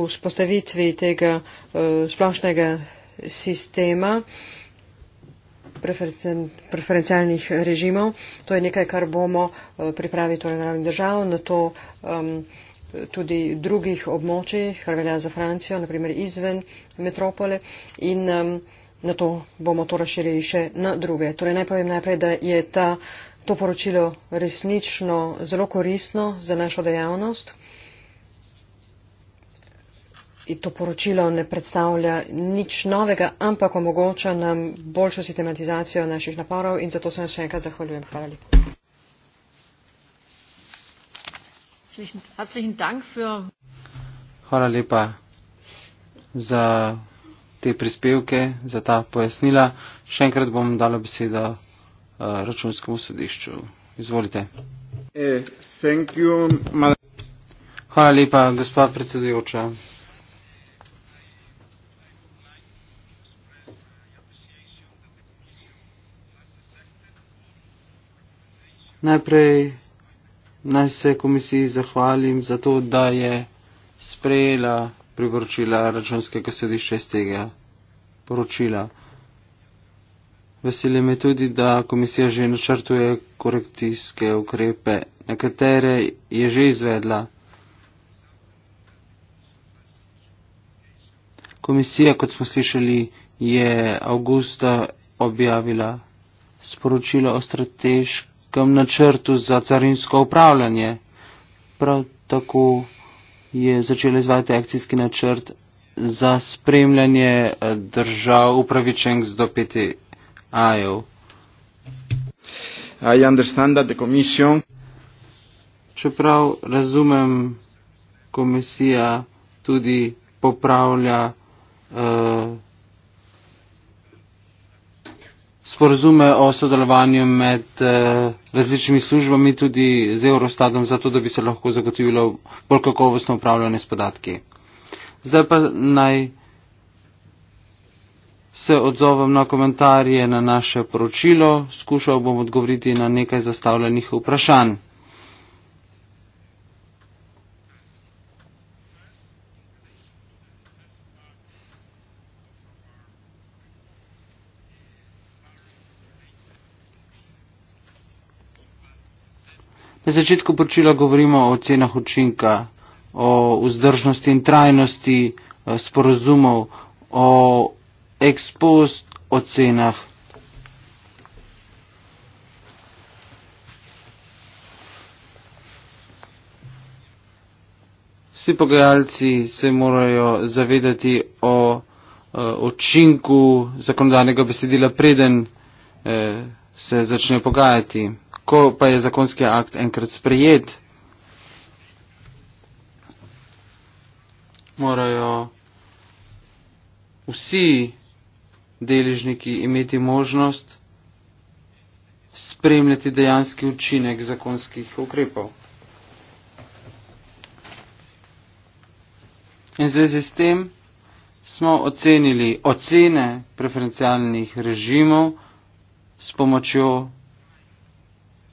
C: vzpostavitvi tega uh, splošnega sistema uh, preferencialnih režimov. To je nekaj, kar bomo eh, pripravili torej na ravni držav, na to um, tudi drugih območij, kar velja za Francijo, naprimer izven metropole in um, na to bomo to razširili še na druge. Torej naj povem najprej, da je ta, to poročilo resnično zelo koristno za našo dejavnost to poročilo ne predstavlja nič novega, ampak omogoča nam boljšo sistematizacijo naših naporov in zato se vam še enkrat zahvaljujem. Hvala lepa.
D: Hvala lepa za te prispevke, za ta pojasnila. Še enkrat bom dala besedo eh, računskemu sodišču. Izvolite. Eh, Hvala lepa, gospod predsedujoča. Najprej naj se komisiji zahvalim za to, da je sprejela priporočila računskega sodišča iz tega poročila. Veseli me tudi, da komisija že načrtuje korekcijske ukrepe, nekatere je že izvedla. Komisija, kot smo slišali, je avgusta objavila sporočilo o strateškem carinskem načrtu za carinsko upravljanje. Prav tako je začel izvajati akcijski načrt za spremljanje eh, držav upravičenk z do 5 ajev. I understand that the commission. Čeprav razumem, komisija tudi popravlja uh, sporozume o sodelovanju med eh, različnimi službami, tudi z Eurostatom, zato da bi se lahko zagotovilo bolj kakovostno upravljanje s podatki. Zdaj pa naj se odzovem na komentarje na naše poročilo, skušal bom odgovoriti na nekaj zastavljenih vprašanj. Na začetku poročila govorimo o cenah učinka, o vzdržnosti in trajnosti eh, sporozumov, o ekspost ocenah. Vsi pogajalci se morajo zavedati o, o eh, učinku zakonodajnega besedila, preden eh, se začne pogajati ko pa je zakonski akt enkrat sprejet, morajo vsi deležniki imeti možnost spremljati dejanski učinek zakonskih ukrepov. In zvezi s tem smo ocenili ocene preferencialnih režimov s pomočjo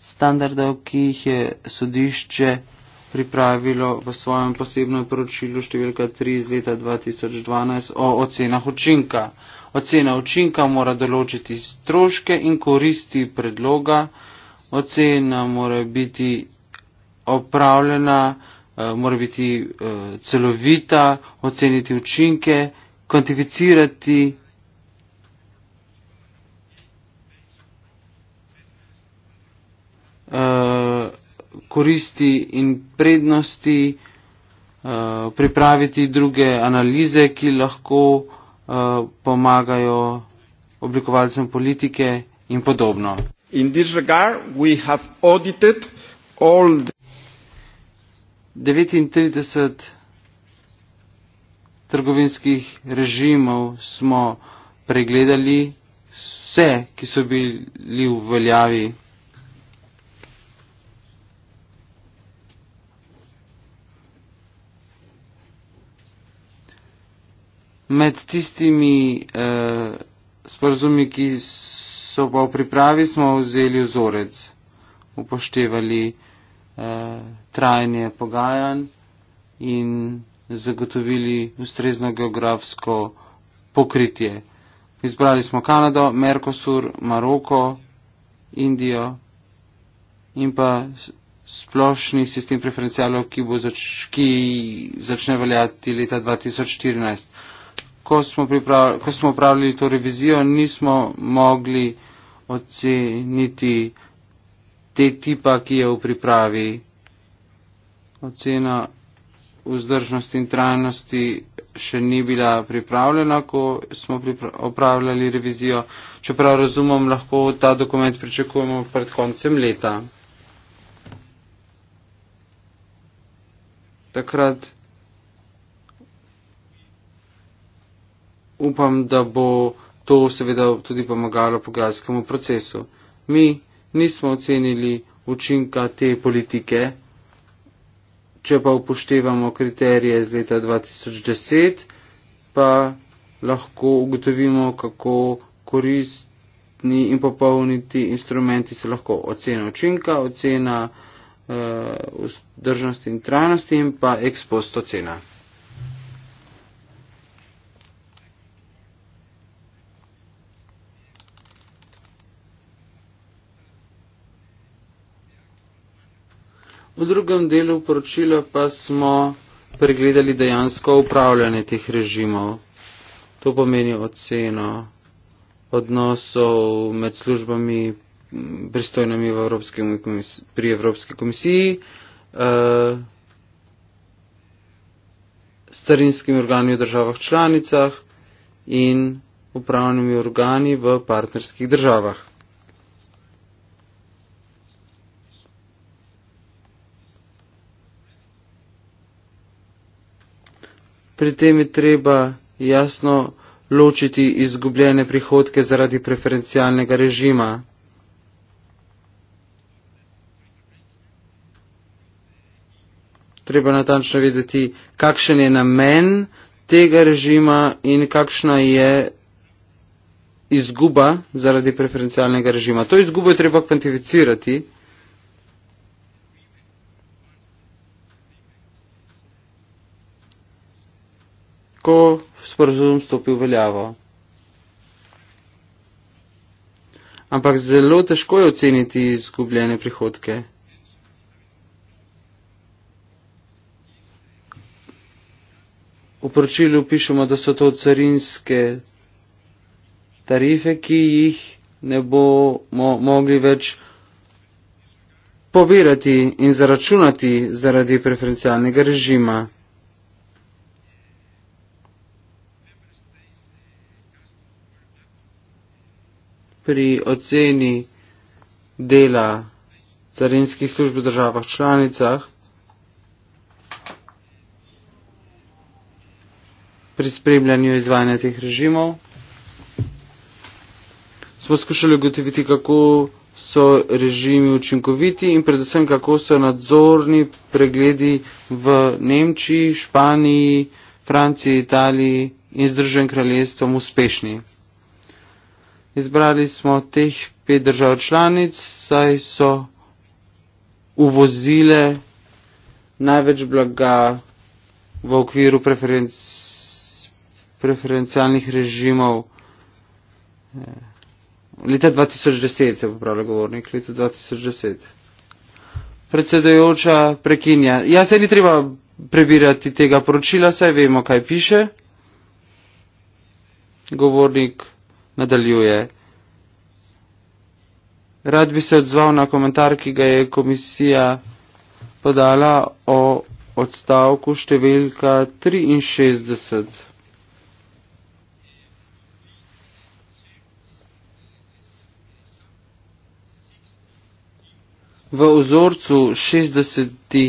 D: standardov, ki jih je sodišče pripravilo v svojem posebnem poročilu številka 3 iz leta 2012 o ocenah učinka. Ocena učinka mora določiti stroške in koristi predloga. Ocena mora biti opravljena, eh, mora biti eh, celovita, oceniti učinke, kvantificirati koristi in prednosti, eh, pripraviti druge analize, ki lahko eh, pomagajo oblikovalcem politike in podobno. Regard, 39 trgovinskih režimov smo pregledali, vse, ki so bili v veljavi. Med tistimi eh, sporozumi, ki so pa v pripravi, smo vzeli vzorec, upoštevali eh, trajanje pogajanj in zagotovili ustrezno geografsko pokritje. Izbrali smo Kanado, Merkosur, Maroko, Indijo in pa splošni sistem preferencialov, ki, zač ki začne veljati leta 2014 ko smo, ko smo upravljali to revizijo, nismo mogli oceniti te tipa, ki je v pripravi. Ocena vzdržnosti in trajnosti še ni bila pripravljena, ko smo opravljali revizijo. Čeprav razumem, lahko ta dokument pričakujemo pred koncem leta. Takrat upam, da bo to seveda tudi pomagalo pogajalskemu procesu. Mi nismo ocenili učinka te politike, če pa upoštevamo kriterije iz leta 2010, pa lahko ugotovimo, kako koristni in popolniti instrumenti se lahko ocena učinka, ocena eh, vzdržnosti uh, in trajnosti in pa ekspost ocena. V drugem delu poročila pa smo pregledali dejansko upravljanje teh režimov. To pomeni oceno odnosov med službami pristojnimi v Evropski komisi, pri Evropski komisiji, eh, starinskimi organi v državah članicah in upravnimi organi v partnerskih državah. Pri tem je treba jasno ločiti izgubljene prihodke zaradi preferencialnega režima. Treba natančno vedeti, kakšen je namen tega režima in kakšna je izguba zaradi preferencialnega režima. To izgubo je treba kvantificirati. ko sporozum stopil veljavo. Ampak zelo težko je oceniti izgubljene prihodke. V poročilu pišemo, da so to carinske tarife, ki jih ne bomo mogli več pobirati in zaračunati zaradi preferencialnega režima. pri oceni dela carinskih služb v državah članicah pri spremljanju izvajanja teh režimov. Smo skušali ugotoviti, kako so režimi učinkoviti in predvsem, kako so nadzorni pregledi v Nemčiji, Španiji, Franciji, Italiji in Združenem kraljestvom uspešni. Izbrali smo teh pet držav članic, saj so uvozile največ blaga v okviru preferenc, preferencialnih režimov. Eh, leta 2010 se je popravila govornik, leta 2010. Predsedojoča prekinja. Ja, se ni treba prebirati tega poročila, saj vemo, kaj piše. Govornik nadaljuje. Rad bi se odzval na komentar, ki ga je komisija podala o odstavku številka 63. V ozorcu 60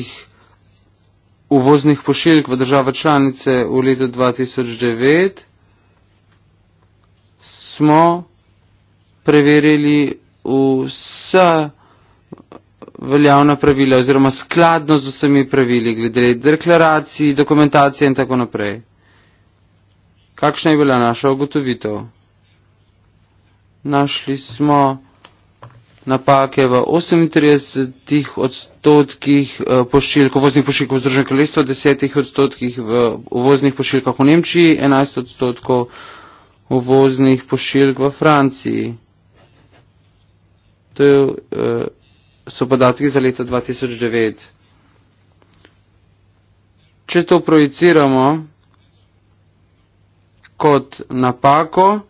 D: uvoznih pošiljk v država članice v letu 2009 smo preverili vsa veljavna pravila oziroma skladno z vsemi pravili, glede deklaracij, dokumentacije in tako naprej. Kakšna je bila naša ugotovitev? Našli smo napake v 38 odstotkih eh, pošiljk, uvoznih pošiljk v Združenem kraljestvu, 10 odstotkih v uvoznih pošiljkah v Nemčiji, 11 odstotkov uvoznih pošiljk v Franciji. To je, eh, so podatki za leto 2009. Če to projiciramo kot napako,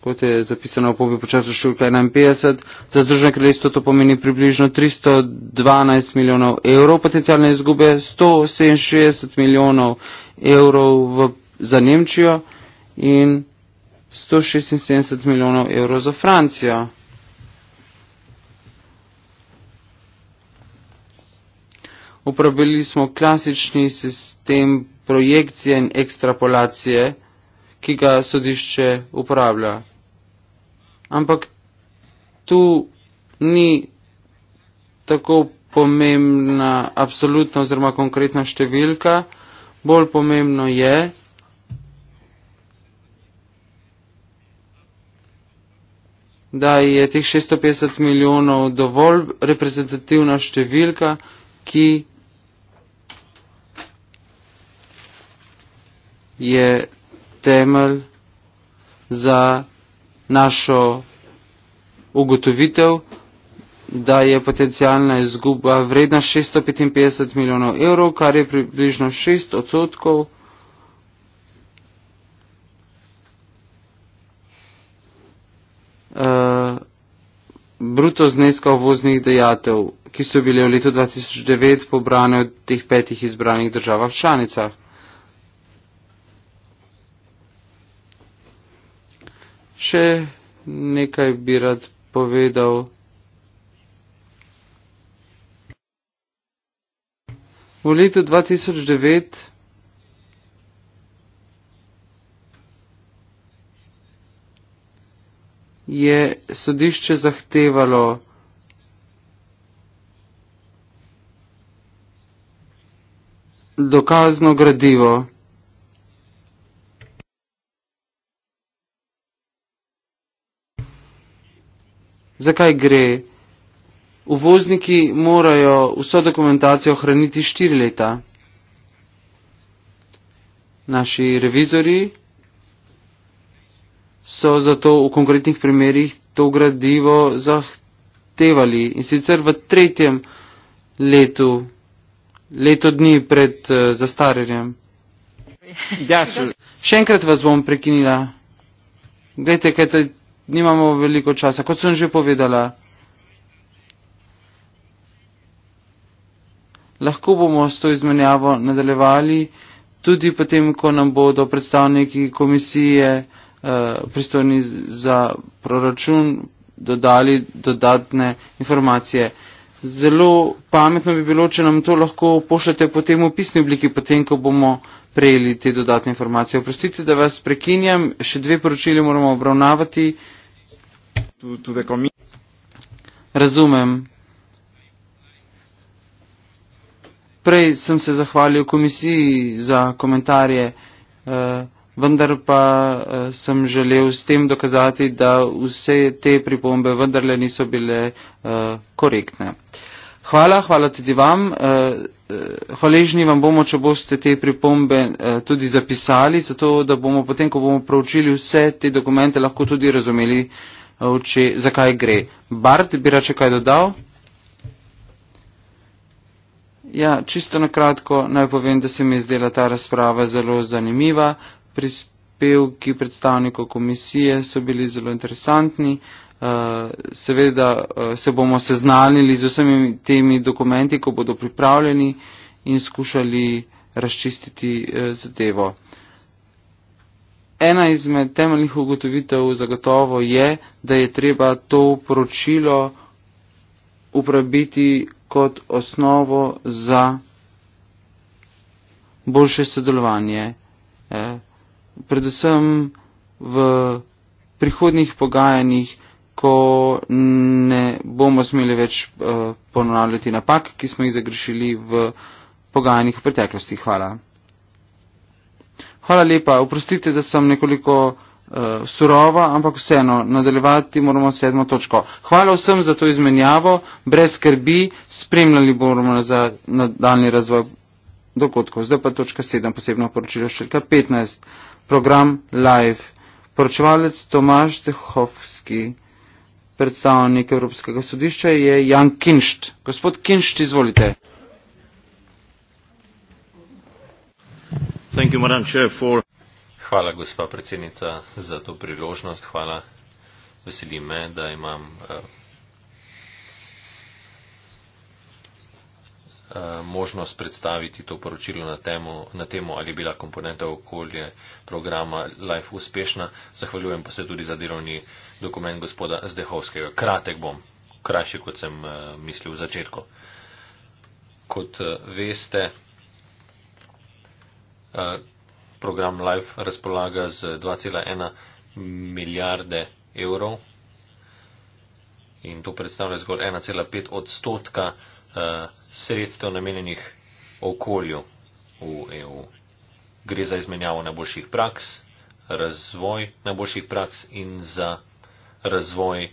D: kot je zapisano v pobi počasa šulka 51, za Združeno kraljestvo to pomeni približno 312 milijonov evrov potencialne izgube, 167 milijonov evrov v, za Nemčijo, in 176 milijonov evrov za Francijo. Uporabili smo klasični sistem projekcije in ekstrapolacije, ki ga sodišče uporablja. Ampak tu ni tako pomembna absolutna oziroma konkretna številka, bolj pomembno je, da je teh 650 milijonov dovolj reprezentativna številka, ki je temelj za našo ugotovitev, da je potencijalna izguba vredna 655 milijonov evrov, kar je približno 6 odstotkov bruto zneska uvoznih dejatev, ki so bile v letu 2009 pobrane od teh petih izbranih držav v članicah. Še nekaj bi rad povedal. V letu 2009 je sodišče zahtevalo dokazno gradivo. Zakaj gre? Uvozniki morajo vso dokumentacijo hraniti štiri leta. Naši revizori so zato v konkretnih primerjih to gradivo zahtevali in sicer v tretjem letu, leto dni pred uh, eh, zastarjanjem. Ja, še. še enkrat vas bom prekinila. Glejte, kaj te, nimamo veliko časa, kot sem že povedala. Lahko bomo s to izmenjavo nadaljevali tudi potem, ko nam bodo predstavniki komisije Eh, pristojni za proračun dodali dodatne informacije. Zelo pametno bi bilo, če nam to lahko pošljete potem v pisni obliki, potem, ko bomo prejeli te dodatne informacije. Oprostite, da vas prekinjam, še dve poročili moramo obravnavati. Razumem. Prej sem se zahvalil komisiji za komentarje. Uh, vendar pa eh, sem želel s tem dokazati, da vse te pripombe vendarle niso bile eh, korektne. Hvala, hvala tudi vam. Eh, hvaležni vam bomo, če boste te pripombe tudi zapisali, zato da bomo potem, ko bomo proučili vse te dokumente, lahko tudi razumeli, če, zakaj gre. Bart, bi rače kaj dodal? Ja, čisto na kratko naj povem, da se mi je zdela ta razprava zelo zanimiva prispevki predstavnikov komisije so bili zelo interesantni. Eh, seveda eh, se bomo seznanili z vsemi temi dokumenti, ko bodo pripravljeni in skušali razčistiti eh, zadevo. Ena izmed temeljnih ugotovitev zagotovo je, da je treba to poročilo uporabiti kot osnovo za boljše sodelovanje. Eh, predvsem v prihodnih pogajanjih, ko ne bomo smeli več eh, ponavljati napak, ki smo jih zagrešili v pogajanjih v preteklosti. Hvala. Hvala lepa. Oprostite, da sem nekoliko uh, surova, ampak vseeno, nadaljevati moramo sedmo točko. Hvala vsem za to izmenjavo. Brez skrbi, spremljali bomo za nadaljni razvoj dogodkov. Zdaj pa točka sedem, posebno poročilo številka petnajst program Live. Poročevalec Tomaš Tehovski, predstavnik Evropskega sodišča, je Jan Kinšt. Gospod Kinšt, izvolite.
E: Hvala, gospa predsednica, za to priložnost. Hvala. Veseli me, da imam eh, Eh, možnost predstaviti to poročilo na, temu, na temo, ali je bila komponenta okolje programa Life uspešna. Zahvaljujem pa se tudi za delovni dokument gospoda Zdehovskega. Kratek bom, krajši kot sem eh, mislil v začetku. Kot eh, veste, program Life razpolaga z 2,1 milijarde evrov in to predstavlja zgolj 1,5 odstotka Eh, sredstev namenjenih okolju v EU. Gre za izmenjavo najboljših praks, razvoj najboljših praks in za razvoj eh,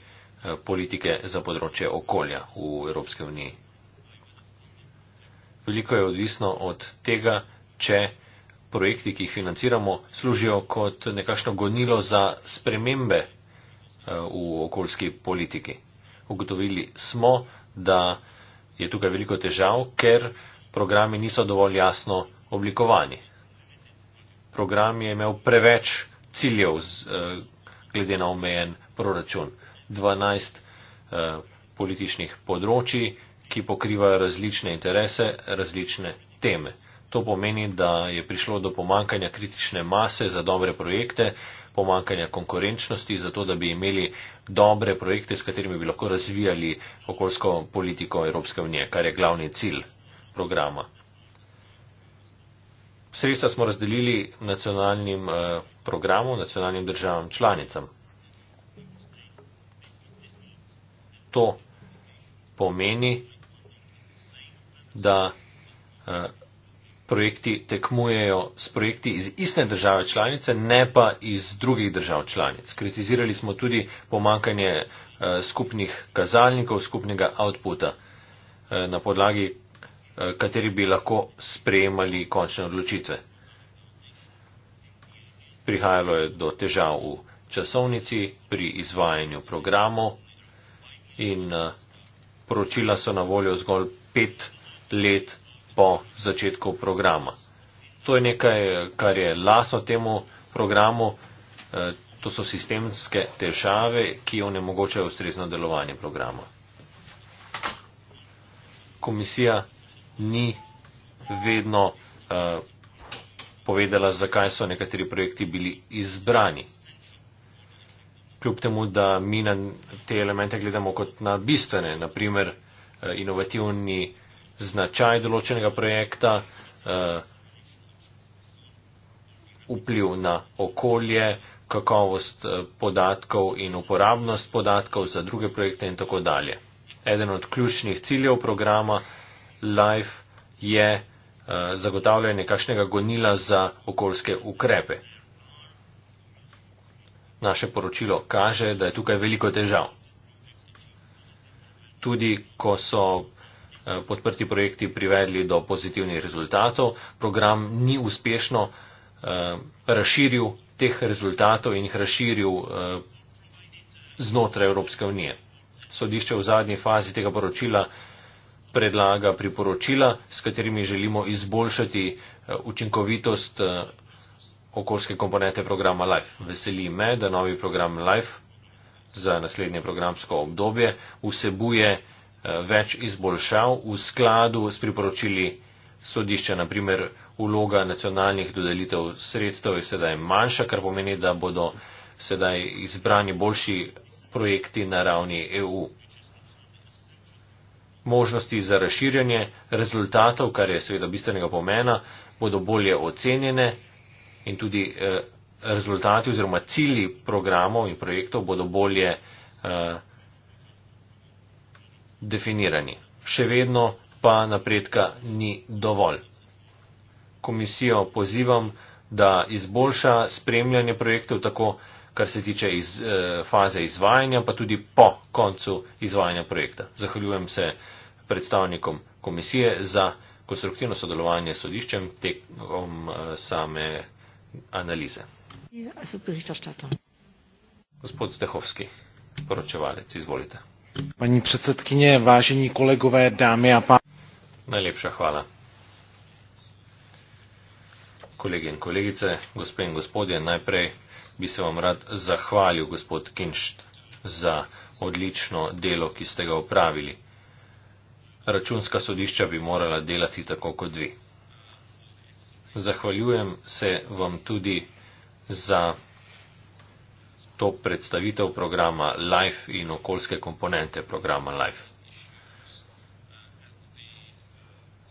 E: politike za področje okolja v Evropske unije. Veliko je odvisno od tega, če projekti, ki jih financiramo, služijo kot nekakšno gonilo za spremembe eh, v okoljski politiki. Ugotovili smo, da je tukaj veliko težav, ker programi niso dovolj jasno oblikovani. Program je imel preveč ciljev z, eh, glede na omejen proračun. 12 eh, političnih področji, ki pokrivajo različne interese, različne teme. To pomeni, da je prišlo do pomankanja kritične mase za dobre projekte, pomankanja konkurenčnosti, zato da bi imeli dobre projekte, s katerimi bi lahko razvijali okoljsko politiko Evropske unije, kar je glavni cilj programa. Sredstva smo razdelili nacionalnim eh, programom, nacionalnim državam članicam. To pomeni, da eh, projekti tekmujejo s projekti iz iste države članice, ne pa iz drugih držav članic. Kritizirali smo tudi pomankanje eh, skupnih kazalnikov, skupnega outputa, eh, na podlagi eh, kateri bi lahko sprejemali končne odločitve. Prihajalo je do težav v časovnici pri izvajanju programov in poročila so na voljo zgolj pet let po začetku programa. To je nekaj, kar je laso temu programu, e, to so sistemske težave, ki onemogočajo ustrezno delovanje programa. Komisija ni vedno e, povedala, zakaj so nekateri projekti bili izbrani. Kljub temu, da mi na te elemente gledamo kot na bistvene, naprimer e, inovativni projekti, značaj določenega projekta, eh, vpliv na okolje, kakovost eh, podatkov in uporabnost podatkov za druge projekte in tako dalje. Eden od ključnih ciljev programa LIFE je eh, zagotavljanje kakšnega gonila za okoljske ukrepe. Naše poročilo kaže, da je tukaj veliko težav. Tudi ko so Eh, podprti projekti privedli do pozitivnih rezultatov. Program ni uspešno eh, razširil teh rezultatov in jih razširil eh, znotraj Evropske unije. Sodišče v zadnji fazi tega poročila predlaga priporočila, s katerimi želimo izboljšati učinkovitost okoljske komponente programa LIFE. Veseli me, da novi program LIFE za naslednje programsko obdobje vsebuje Eh, več izboljšav v skladu s priporočili sodišča. Naprimer, uloga nacionalnih dodelitev sredstev je sedaj manjša, kar pomeni, da bodo sedaj izbrani boljši projekti na ravni EU. Možnosti za razširjanje rezultatov, kar je seveda bistvenega pomena, bodo bolje ocenjene in tudi eh, rezultati oziroma cili programov in projektov bodo bolje eh, definirani. Še vedno pa napredka ni dovolj. Komisijo pozivam, da izboljša spremljanje projektov tako, kar se tiče iz, e, faze izvajanja, pa tudi po koncu izvajanja projekta. Zahvaljujem se predstavnikom komisije za konstruktivno sodelovanje s sodiščem tekom e, same analize. Ja, Gospod Stehovski, poročevalec, izvolite.
D: Paní předsedkyně, vážení kolegové, dámy a pánové.
E: Najlepša hvala. Kolegi in kolegice, gospe in gospodje, najprej bi se vam rad zahvalil, gospod Kinšt, za odlično delo, ki ste ga upravili. Računska sodišča bi morala delati tako kot vi. Zahvaljujem se vam tudi za to predstavitev programa LIFE in okoljske komponente programa LIFE.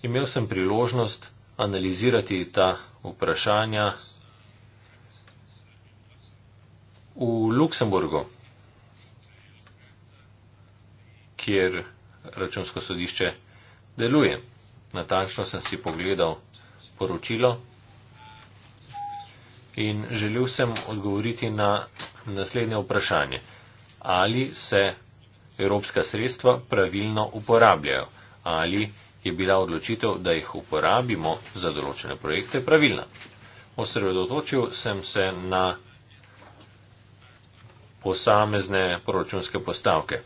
E: Imel sem priložnost analizirati ta vprašanja v Luksemburgu, kjer računsko sodišče deluje. Natančno sem si pogledal poročilo in želel sem odgovoriti na naslednje vprašanje. Ali se evropska sredstva pravilno uporabljajo? Ali je bila odločitev, da jih uporabimo za določene projekte pravilna? Osredotočil sem se na posamezne proračunske postavke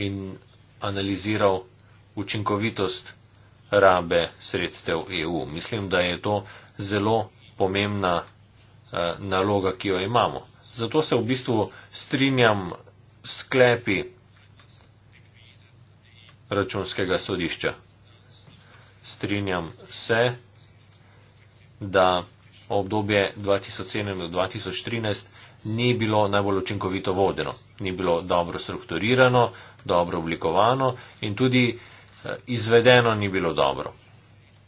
E: in analiziral učinkovitost rabe sredstev EU. Mislim, da je to zelo pomembna eh, naloga, ki jo imamo. Zato se v bistvu strinjam sklepi računskega sodišča. Strinjam se, da obdobje 2007 do 2013 ni bilo najbolj učinkovito vodeno, ni bilo dobro strukturirano, dobro oblikovano in tudi eh, izvedeno ni bilo dobro.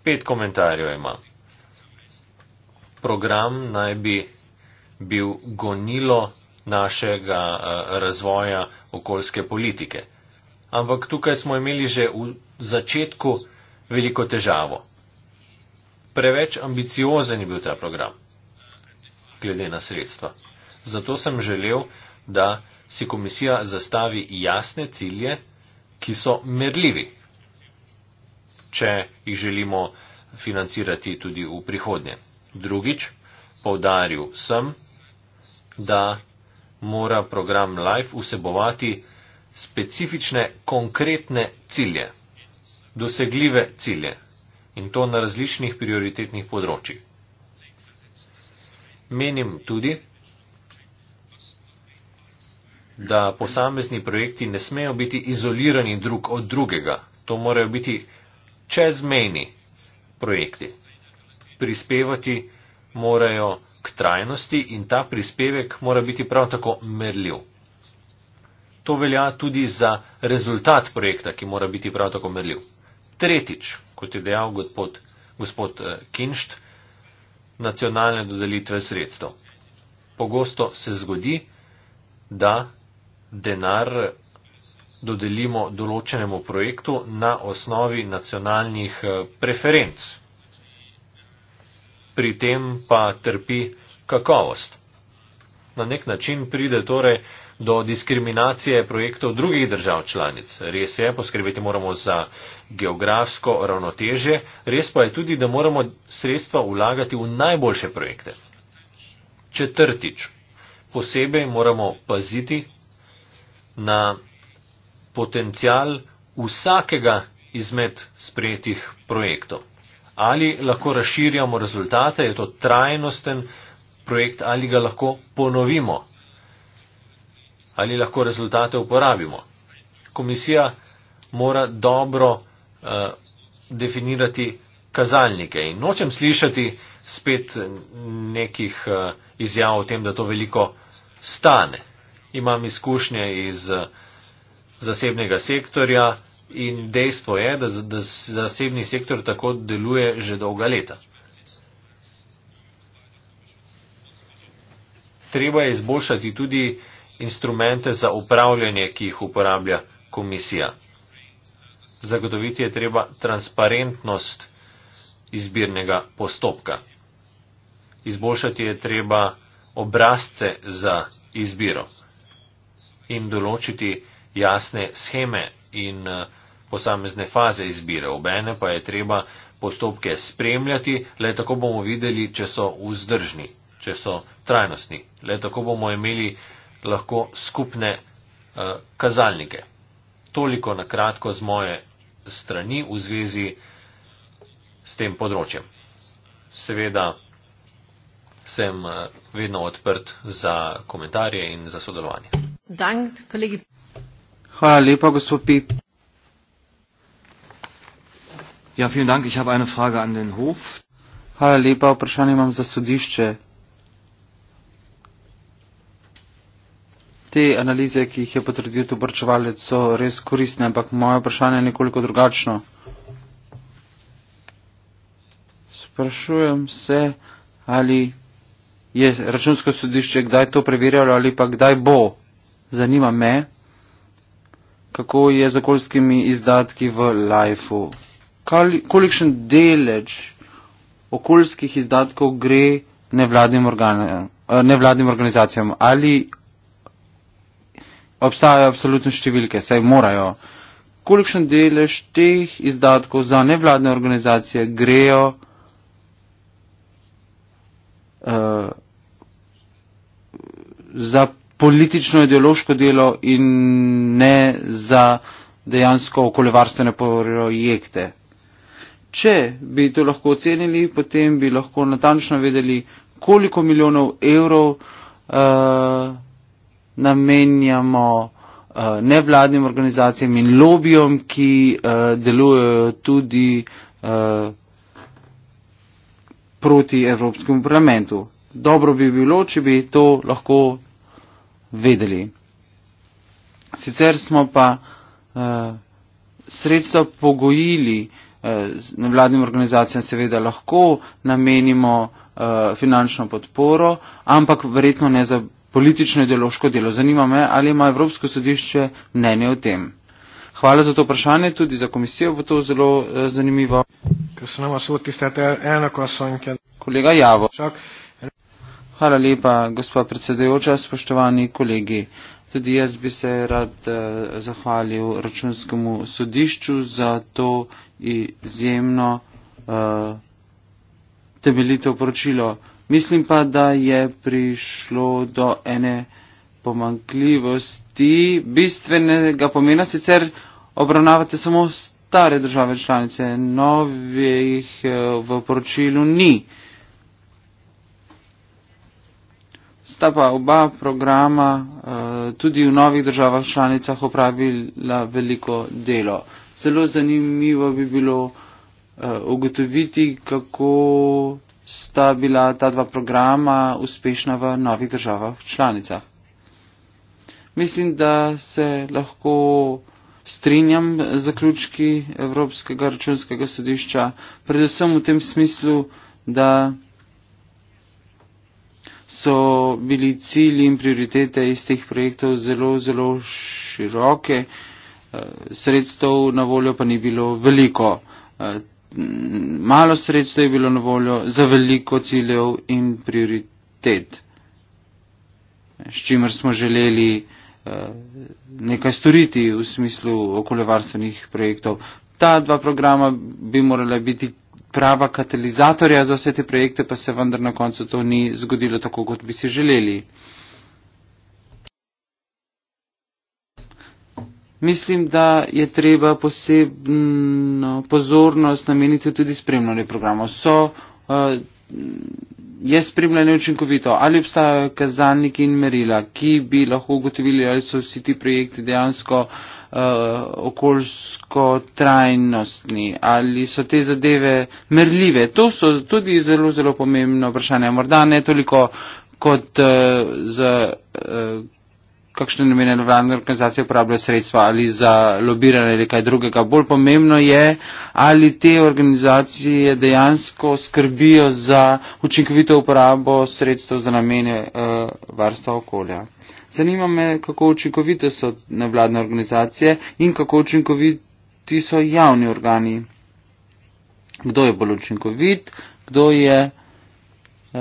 E: Pet komentarjev imam program naj bi bil gonilo našega eh, razvoja okoljske politike. Ampak tukaj smo imeli že v začetku veliko težavo. Preveč ambiciozen je bil ta program, glede na sredstva. Zato sem želel, da si komisija zastavi jasne cilje, ki so merljivi, če jih želimo financirati tudi v prihodnje. Drugič, povdaril sem, da mora program Life vsebovati specifične, konkretne cilje, dosegljive cilje in to na različnih prioritetnih področjih. Menim tudi, da posamezni projekti ne smejo biti izolirani drug od drugega. To morajo biti čezmejni projekti prispevati morajo k trajnosti in ta prispevek mora biti prav tako merljiv. To velja tudi za rezultat projekta, ki mora biti prav tako merljiv. Tretjič, kot je dejal gospod, gospod eh, Kinšt, nacionalne dodelitve sredstev. Pogosto se zgodi, da denar dodelimo določenemu projektu na osnovi nacionalnih eh, preferenc pri tem pa trpi kakovost. Na nek način pride torej do diskriminacije projektov drugih držav članic. Res je, poskrbeti moramo za geografsko ravnotežje, res pa je tudi, da moramo sredstva vlagati v najboljše projekte. Četrtič, posebej moramo paziti na potencial vsakega izmed sprejetih projektov ali lahko razširjamo rezultate, je to trajnosten projekt ali ga lahko ponovimo, ali lahko rezultate uporabimo. Komisija mora dobro uh, definirati kazalnike in nočem slišati spet nekih uh, izjav o tem, da to veliko stane. Imam izkušnje iz uh, zasebnega sektorja, In dejstvo je, da, da zasebni sektor tako deluje že dolga leta. Treba je izboljšati tudi instrumente za upravljanje, ki jih uporablja komisija. Zagotoviti je treba transparentnost izbirnega postopka. Izboljšati je treba obrazce za izbiro in določiti jasne scheme in uh, posamezne faze izbire. Obene pa je treba postopke spremljati, le tako bomo videli, če so vzdržni, če so trajnostni. Le tako bomo imeli lahko skupne uh, kazalnike. Toliko na kratko z moje strani v zvezi s tem področjem. Seveda sem eh, vedno odprt za komentarje in za sodelovanje.
A: Dank,
D: Hvala lepa, gospod Pip. Ja, vielen Dank. Ich habe eine Frage an den Hof. Hvala lepa, vprašanje imam za sodišče. Te analize, ki jih je potrdil obrčevalec, so res koristne, ampak moje vprašanje je nekoliko drugačno. Sprašujem se, ali je računsko sodišče kdaj to preverjalo ali pa kdaj bo. Zanima me, kako je z okoljskimi izdatki v LIFE-u kolikšen delež okoljskih izdatkov gre nevladnim, organe, eh, nevladnim organizacijam? Ali obstajajo absolutne številke, saj morajo? Kolikšen delež teh izdatkov za nevladne organizacije grejo uh, za politično ideološko delo in ne za dejansko okoljevarstvene projekte. Če bi to lahko ocenili, potem bi lahko natančno vedeli, koliko milijonov evrov uh, namenjamo uh, nevladnim organizacijam in lobijom, ki uh, delujejo tudi uh, proti Evropskemu parlamentu. Dobro bi bilo, če bi to lahko vedeli. Sicer smo pa uh, sredstva pogojili uh, Eh, nevladnim organizacijam seveda lahko namenimo eh, finančno podporo, ampak verjetno ne za politično ideološko delo. Zanima me, ali ima Evropsko sodišče mnenje o tem. Hvala za to vprašanje, tudi za komisijo bo to zelo eh, zanimivo. Kolega Javo. Hvala lepa, gospa predsedajoča, spoštovani kolegi. Tudi jaz bi se rad zahvalil računskemu sodišču za to, izjemno uh, temeljito poročilo. Mislim pa, da je prišlo do ene pomankljivosti bistvenega pomena, sicer obravnavate samo stare države članice, novih eh, v poročilu ni. Sta pa oba programa eh, tudi v novih državah članicah opravila veliko delo zelo zanimivo bi bilo uh, ugotoviti, kako sta bila ta dva programa uspešna v novih državah članicah. Mislim, da se lahko strinjam zaključki Evropskega računskega sodišča, predvsem v tem smislu, da so bili cilji in prioritete iz teh projektov zelo, zelo široke. Uh, Eh, sredstev na voljo pa ni bilo veliko. Eh, malo sredstev je bilo na voljo za veliko ciljev in prioritet, s čimer smo želeli eh, nekaj storiti v smislu okoljevarstvenih projektov. Ta dva programa bi morala biti prava katalizatorja za vse te projekte, pa se vendar na koncu to ni zgodilo tako, kot bi si želeli. mislim, da je treba posebno pozornost nameniti tudi spremljanju programov. So, eh, je spremljanje učinkovito? Ali obstajajo kazalniki in merila, ki bi lahko ugotovili, ali so vsi ti projekti dejansko eh, okoljsko trajnostni, ali so te zadeve merljive? To so tudi zelo, zelo pomembno vprašanje. Morda ne toliko kot eh, z kakšne namene nevladne organizacije uporabljajo sredstva ali za lobiranje ali kaj drugega. Bolj pomembno je, ali te organizacije dejansko skrbijo za učinkovito uporabo sredstev za namene uh, varstva okolja. Zanima me, kako učinkovite so nevladne organizacije in kako učinkoviti so javni organi. Kdo je bolj učinkovit, kdo je uh,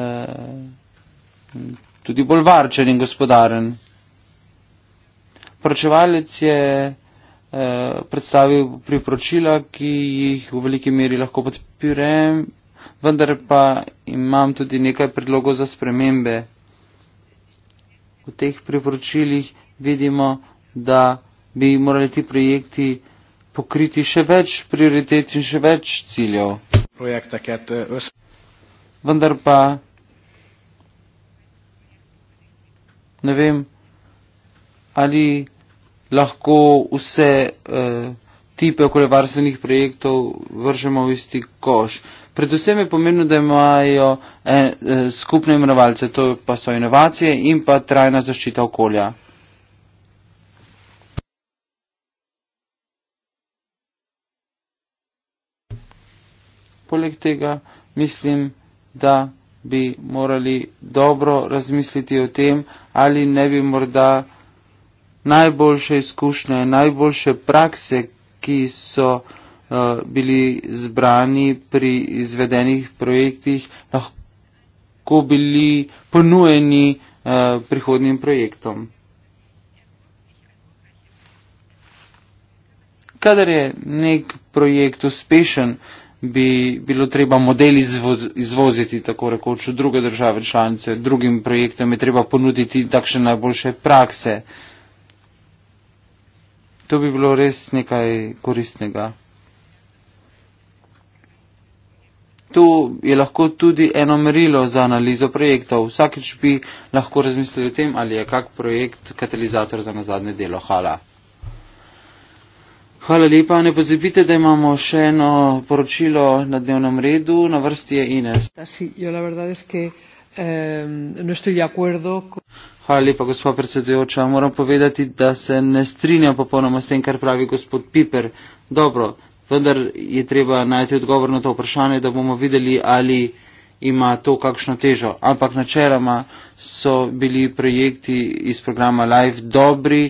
D: tudi bolj varčen in gospodaren. Pročevalec je eh, predstavil priporočila, ki jih v veliki meri lahko podpirem, vendar pa imam tudi nekaj predlogov za spremembe. V teh priporočilih vidimo, da bi morali ti projekti pokriti še več prioritet in še več ciljev. Eh, vendar pa ne vem, ali lahko vse eh, tipe okoljevarstvenih projektov vržemo v isti koš. Predvsem je pomembno, da imajo en, eh, eh, skupne imenovalce, to pa so inovacije in pa trajna zaščita okolja. Poleg tega mislim, da bi morali dobro razmisliti o tem, ali ne bi morda najboljše izkušnje, najboljše prakse, ki so uh, bili zbrani pri izvedenih projektih, lahko bili ponujeni uh, eh, prihodnim projektom. Kadar je nek projekt uspešen, bi bilo treba model izvoziti tako rekoč v druge države članice, drugim projektom je treba ponuditi takšne najboljše prakse. Uh, To bi bilo res nekaj koristnega. To je lahko tudi eno merilo za analizo projektov. Vsakič bi lahko razmislili o tem, ali je kak projekt katalizator za nazadnje delo. Hvala. Hvala lepa. Ne pozabite, da imamo še eno poročilo na dnevnem redu. Na vrsti je Ines.
C: Ja, si, jo, ne strinja akordo.
D: Hvala lepa, gospa predsedujoča. Moram povedati, da se ne strinjam popolnoma s tem, kar pravi gospod Piper. Dobro, vendar je treba najti odgovor na to vprašanje, da bomo videli, ali ima to kakšno težo. Ampak načeloma so bili projekti iz programa Live dobri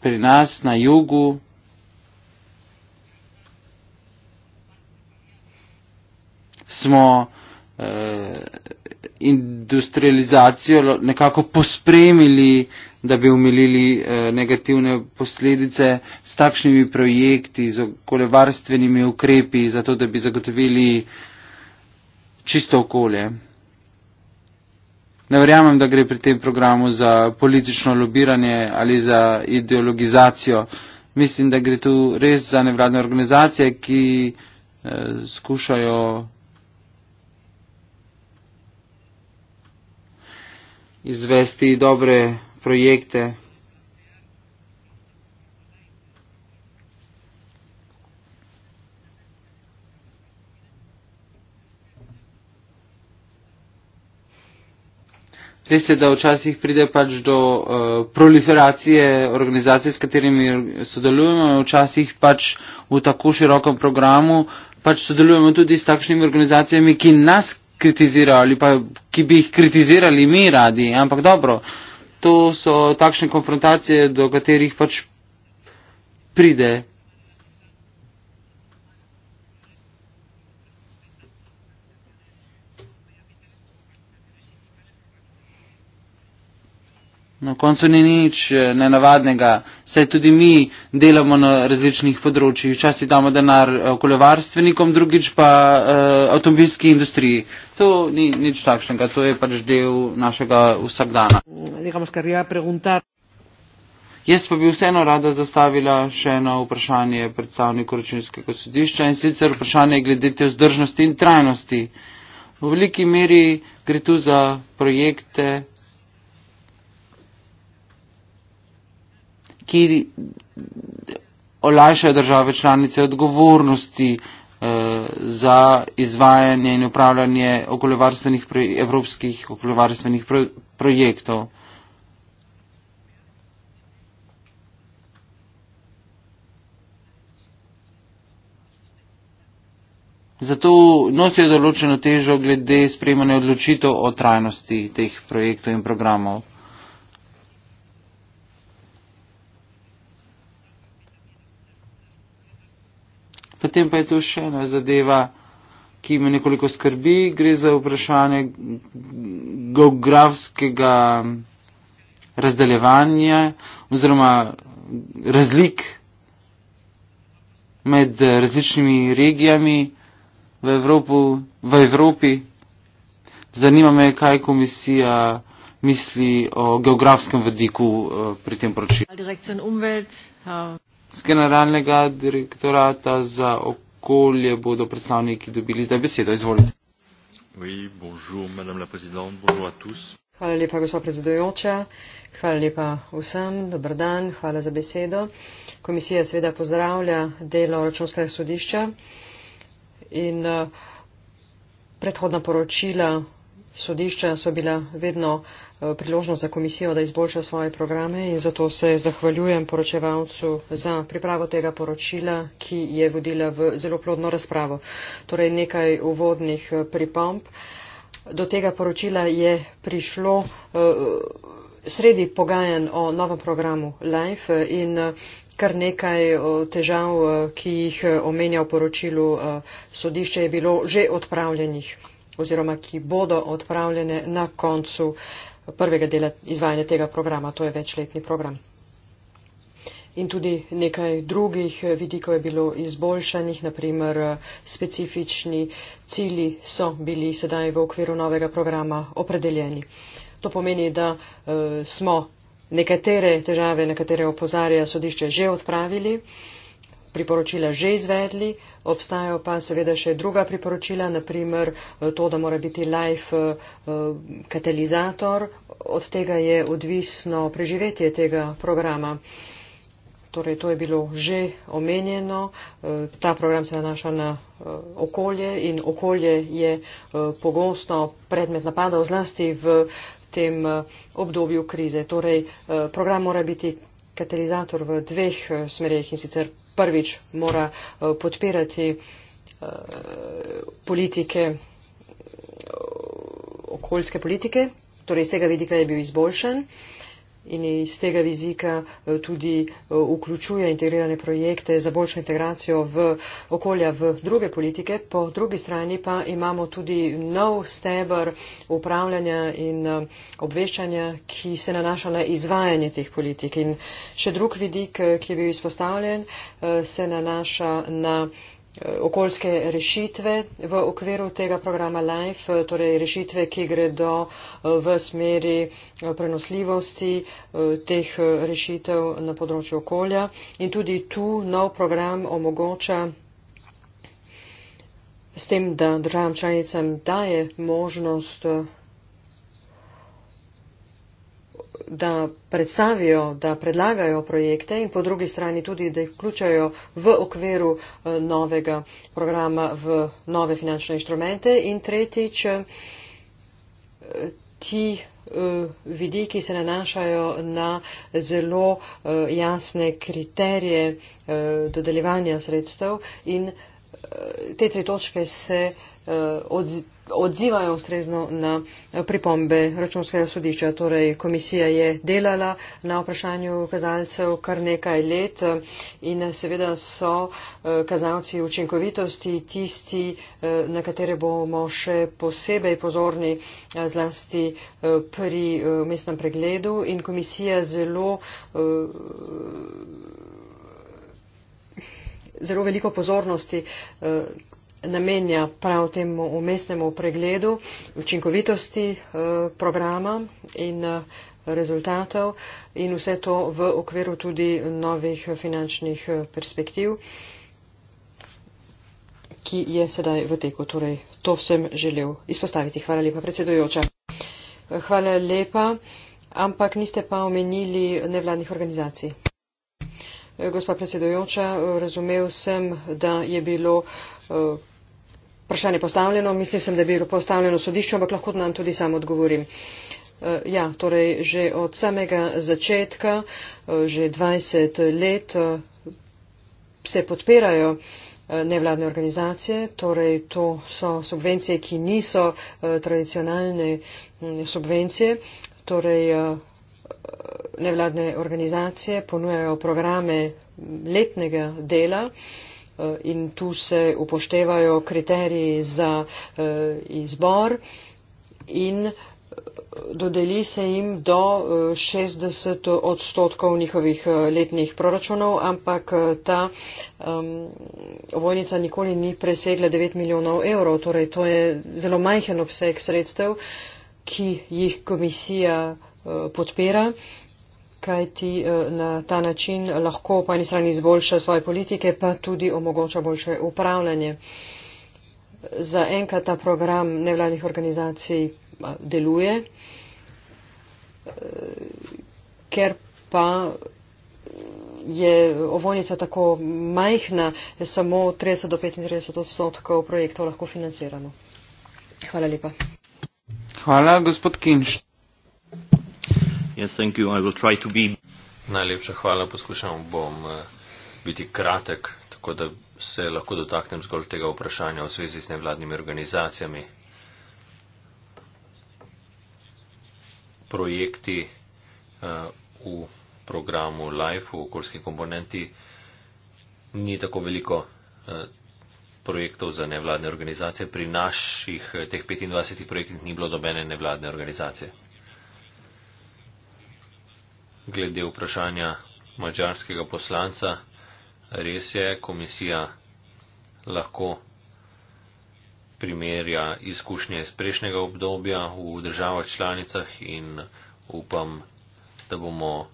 D: pri nas na jugu. smo eh, industrializacijo nekako pospremili, da bi umilili eh, negativne posledice s takšnimi projekti, z okoljevarstvenimi ukrepi, zato da bi zagotovili čisto okolje. Ne verjamem, da gre pri tem programu za politično lobiranje ali za ideologizacijo. Mislim, da gre tu res za nevladne organizacije, ki eh, skušajo izvesti dobre projekte. Res je, da včasih pride pač do uh, proliferacije organizacij, s katerimi sodelujemo, včasih pač v tako širokem programu pač sodelujemo tudi s takšnimi organizacijami, ki nas kritizirajo ali pa ki bi jih kritizirali mi radi. Ampak dobro, to so takšne konfrontacije, do katerih pač pride Na koncu ni nič eh, nenavadnega, saj tudi mi delamo na različnih področjih. Včasih damo denar eh, okoljevarstvenikom, drugič pa eh, avtomobilski industriji. To ni nič takšnega, to je pač del našega vsakdana. Jaz pa bi vseeno rada zastavila še eno vprašanje predstavniku računskega sodišča in sicer vprašanje glede te vzdržnosti in trajnosti. V veliki meri gre tu za projekte, ki olajšajo države članice odgovornosti eh, za izvajanje in upravljanje okoljevarstvenih evropskih okoljevarstvenih projektov. Zato nosijo določeno težo glede sprejemanja odločitev o trajnosti teh projektov in programov. Potem pa je tu še ena zadeva, ki me nekoliko skrbi, gre za vprašanje geografskega razdaljevanja oziroma razlik med različnimi regijami v, Evropu, v Evropi. Zanima me, kaj komisija misli o geografskem vodiku eh, pri tem poročilu. Z generalnega direktorata za okolje bodo predstavniki dobili zdaj besedo. Izvolite.
C: Hvala lepa, gospod predsedujoča. Hvala lepa vsem. Dobar dan. Hvala za besedo. Komisija seveda pozdravlja delo računskega sodišča in eh, predhodna poročila Sodišča so bila vedno eh, priložnost za komisijo, da izboljša svoje programe in zato se zahvaljujem poročevalcu za pripravo tega poročila, ki je vodila v zelo plodno razpravo. Torej nekaj uvodnih eh, pripomp. Do tega poročila je prišlo eh, sredi pogajan o novem programu LIFE in kar nekaj težav, ki jih omenja v poročilu sodišče, je bilo že odpravljenih oziroma ki bodo odpravljene na koncu prvega dela izvajanja tega programa, to je večletni program. In tudi nekaj drugih vidikov je bilo izboljšanih, naprimer specifični cili so bili sedaj v okviru novega programa opredeljeni. To pomeni, da eh, smo nekatere težave, na katere opozarja sodišče, že odpravili priporočila že izvedli, obstajajo pa seveda še druga priporočila, naprimer eh, to, da mora biti life eh, katalizator, od tega je odvisno preživetje tega programa. Torej, to je bilo že omenjeno. Eh, ta program se nanaša na okolje in okolje je pogosto predmet napadov, zlasti v tem obdobju krize. Torej, program mora biti katalizator v dveh smerih in sicer prvič mora eh, podpirati eh, politike, eh, okoljske politike, torej iz tega vidika je bil izboljšen in iz tega vizika eh, tudi eh, vključuje integrirane projekte za boljšo integracijo v okolja v druge politike. Po drugi strani pa imamo tudi nov stebr upravljanja in eh, obveščanja, ki se nanaša na izvajanje teh politik. In še drug vidik, ki je bil izpostavljen, se nanaša na okoljske rešitve v okviru tega programa LIFE, torej rešitve, ki gredo eh, v smeri eh, prenosljivosti eh, teh rešitev na področju okolja. In tudi tu nov program omogoča s tem, da državam članicam daje možnost da predstavijo, da predlagajo projekte in po drugi strani tudi, da jih vključajo v okviru eh, novega programa v nove finančne inštrumente. In tretjič, eh, ti eh, vidiki se nanašajo na zelo jasne kriterije dodeljevanja sredstev in te tri točke se odzivajo odzivajo ustrezno na pripombe računskega sodišča. Torej, komisija je delala na vprašanju kazalcev kar nekaj let eh, in eh, seveda so eh, kazalci učinkovitosti tisti, na katere bomo še posebej pozorni zlasti pri mestnem pregledu in komisija zelo zelo veliko pozornosti namenja prav temu umestnemu pregledu učinkovitosti eh, programa in eh, rezultatov in vse to v okviru tudi novih finančnih eh, perspektiv, ki je sedaj v teku. Torej, to sem želel izpostaviti. Hvala lepa, predsedujoča. Hvala lepa, ampak niste pa omenili nevladnih organizacij. Gospa predsedujoča, razumev sem, da je bilo vprašanje postavljeno. Mislil sem, da je bilo postavljeno sodišče, ampak lahko nam tudi sam odgovorim. E, ja, torej že od samega začetka, e, že 20 let e, se podpirajo nevladne organizacije, torej to so subvencije, ki niso tradicionalne subvencije, torej nevladne organizacije ponujajo programe letnega dela. Eh, in tu se upoštevajo kriteriji za eh, izbor in eh, dodeli se jim do 60 odstotkov njihovih letnih proračunov, ampak ta um, vojnica nikoli ni presegla 9 milijonov evrov, torej to je zelo majhen obseg sredstev, ki jih komisija uh, podpira. Uh, kaj ti eh, na ta način lahko po eni strani izboljša svoje politike, pa tudi omogoča boljše upravljanje. Za enkrat ta program nevladnih organizacij deluje, eh, ker pa je ovojnica tako majhna, da samo 30 do 35 odstotkov projektov lahko financiramo. Hvala lepa.
D: Hvala, gospod Kinš.
E: Yes, thank you. I will try to be. Najlepša hvala, poskušam bom eh, biti kratek, tako da se lahko dotaknem zgolj tega vprašanja v zvezi z nevladnimi organizacijami. Projekti eh, v programu LIFE v okoljski komponenti ni tako veliko eh, projektov za nevladne organizacije. Pri naših teh 25 projektih ni bilo dobene nevladne organizacije glede vprašanja mačarskega poslanca. Res je, komisija lahko primerja izkušnje iz prejšnjega obdobja v državah članicah in upam, da bomo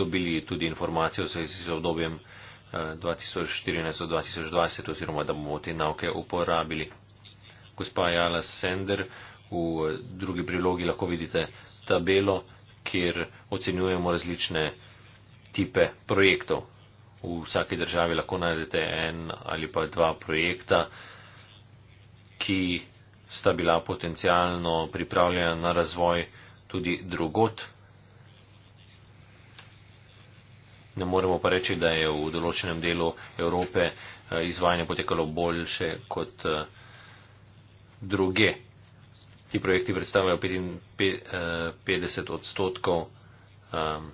E: dobili tudi informacije v zvezi z obdobjem 2014 eh, do 2020 oziroma da bomo te navke uporabili. Gospa Jala Sender. V eh, drugi prilogi lahko vidite tabelo, kjer ocenjujemo različne tipe projektov. V vsaki državi lahko najdete en ali pa dva projekta, ki sta bila potencialno pripravljena na razvoj tudi drugot. Ne moremo pa reči, da je v določenem delu Evrope eh, izvajanje potekalo boljše kot eh, druge ti projekti predstavljajo 55 eh, odstotkov um,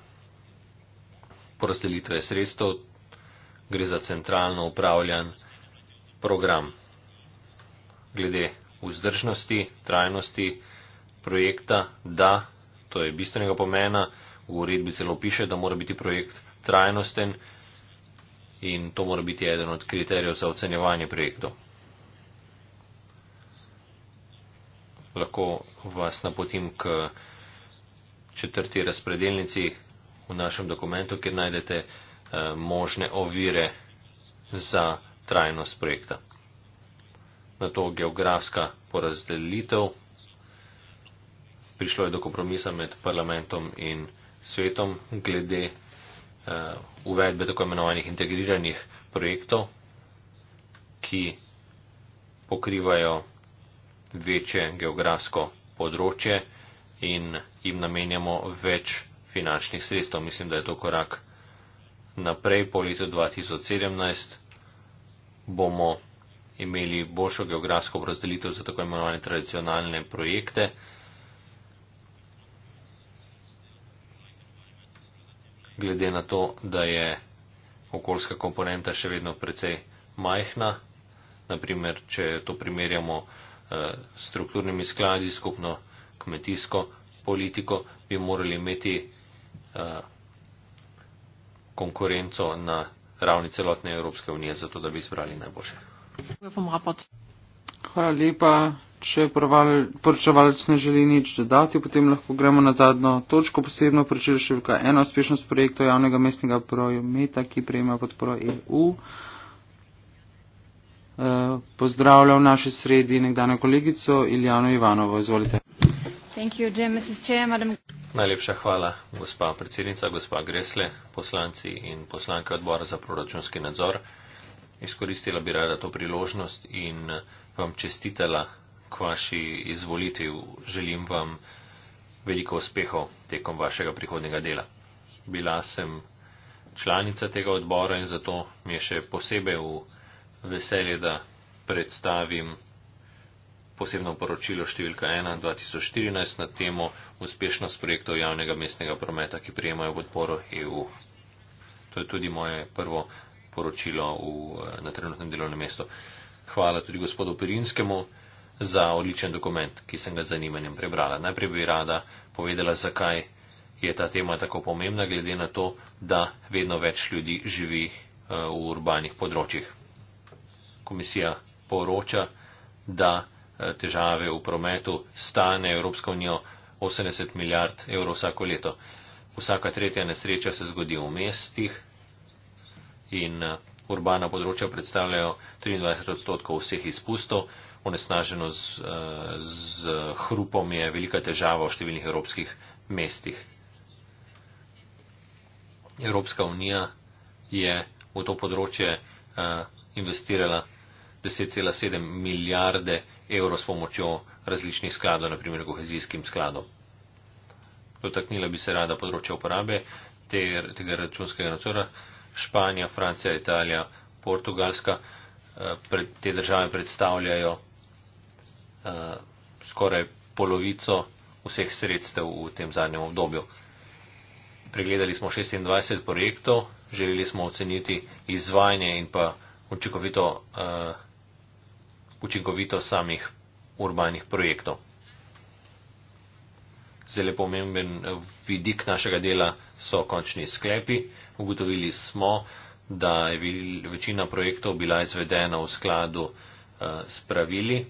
E: porazdelitve sredstev, gre za centralno upravljan program. Glede vzdržnosti, trajnosti projekta, da, to je bistvenega pomena, v uredbi celo piše, da mora biti projekt trajnosten in to mora biti eden od kriterijev za ocenjevanje projektov. lahko vas napotim k četrti razpredelnici v našem dokumentu, kjer najdete eh, možne ovire za trajnost projekta. Na to geografska porazdelitev. Prišlo je do kompromisa med parlamentom in svetom glede uh, uvedbe tako imenovanih integriranih projektov, ki pokrivajo večje geografsko področje in jim namenjamo več finančnih sredstev. Mislim, da je to korak naprej. Po letu 2017 bomo imeli boljšo geografsko razdelitev za tako imenovane tradicionalne projekte. Glede na to, da je okoljska komponenta še vedno precej majhna, naprimer, če to primerjamo Eh, strukturnimi skladi, skupno kmetijsko politiko, bi morali imeti eh, konkurenco na ravni celotne Evropske unije, zato da bi izbrali najboljše.
D: Hvala lepa. Če poročevalec ne želi nič dodati, potem lahko gremo na zadnjo točko, posebno poročilo številka ena, uspešnost projektov javnega mestnega projekta, ki prejema podporo EU. Eh, pozdravljal naši sredi nekdano kolegico Iljano Ivanovo. Izvolite.
B: You, Chair,
E: Najlepša hvala, gospa predsednica, gospa Gresle, poslanci in poslanke odbora za proračunski nadzor. Izkoristila bi rada to priložnost in vam čestitela k vaši izvolitvi. Želim vam veliko uspehov tekom vašega prihodnega dela. Bila sem članica tega odbora in zato mi je še posebej v veselje, da predstavim posebno poročilo številka 1 2014 na temo uspešnost projektov javnega mestnega prometa, ki prijemajo podporo EU. To je tudi moje prvo poročilo v, na trenutnem delovnem mestu. Hvala tudi gospodu Pirinskemu za odličen dokument, ki sem ga z zanimanjem prebrala. Najprej bi rada povedala, zakaj je ta tema tako pomembna, glede na to, da vedno več ljudi živi eh, v urbanih področjih komisija poroča, da eh, težave v prometu stane Evropsko unijo 80 milijard evrov vsako leto. Vsaka tretja nesreča se zgodi v mestih in eh, urbana področja predstavljajo 23 odstotkov vseh izpustov. Onesnaženo z, eh, z hrupom je velika težava v številnih evropskih mestih. Evropska unija je v to področje investirala 10,7 milijarde evrov s pomočjo različnih skladov, naprimer kohezijskim skladom. Dotaknila bi se rada področja uporabe ter, tega računskega nadzora. Španija, Francija, Italija, Portugalska, eh, pred, te države predstavljajo uh, skoraj polovico vseh sredstev v tem zadnjem obdobju. Pregledali smo 26 projektov, želeli smo oceniti izvajanje in pa učinkovito. Uh, učinkovitost samih urbanih projektov. Zelo pomemben eh, vidik našega dela so končni sklepi. Ugotovili smo, da je večina projektov bila izvedena v skladu eh, s pravili,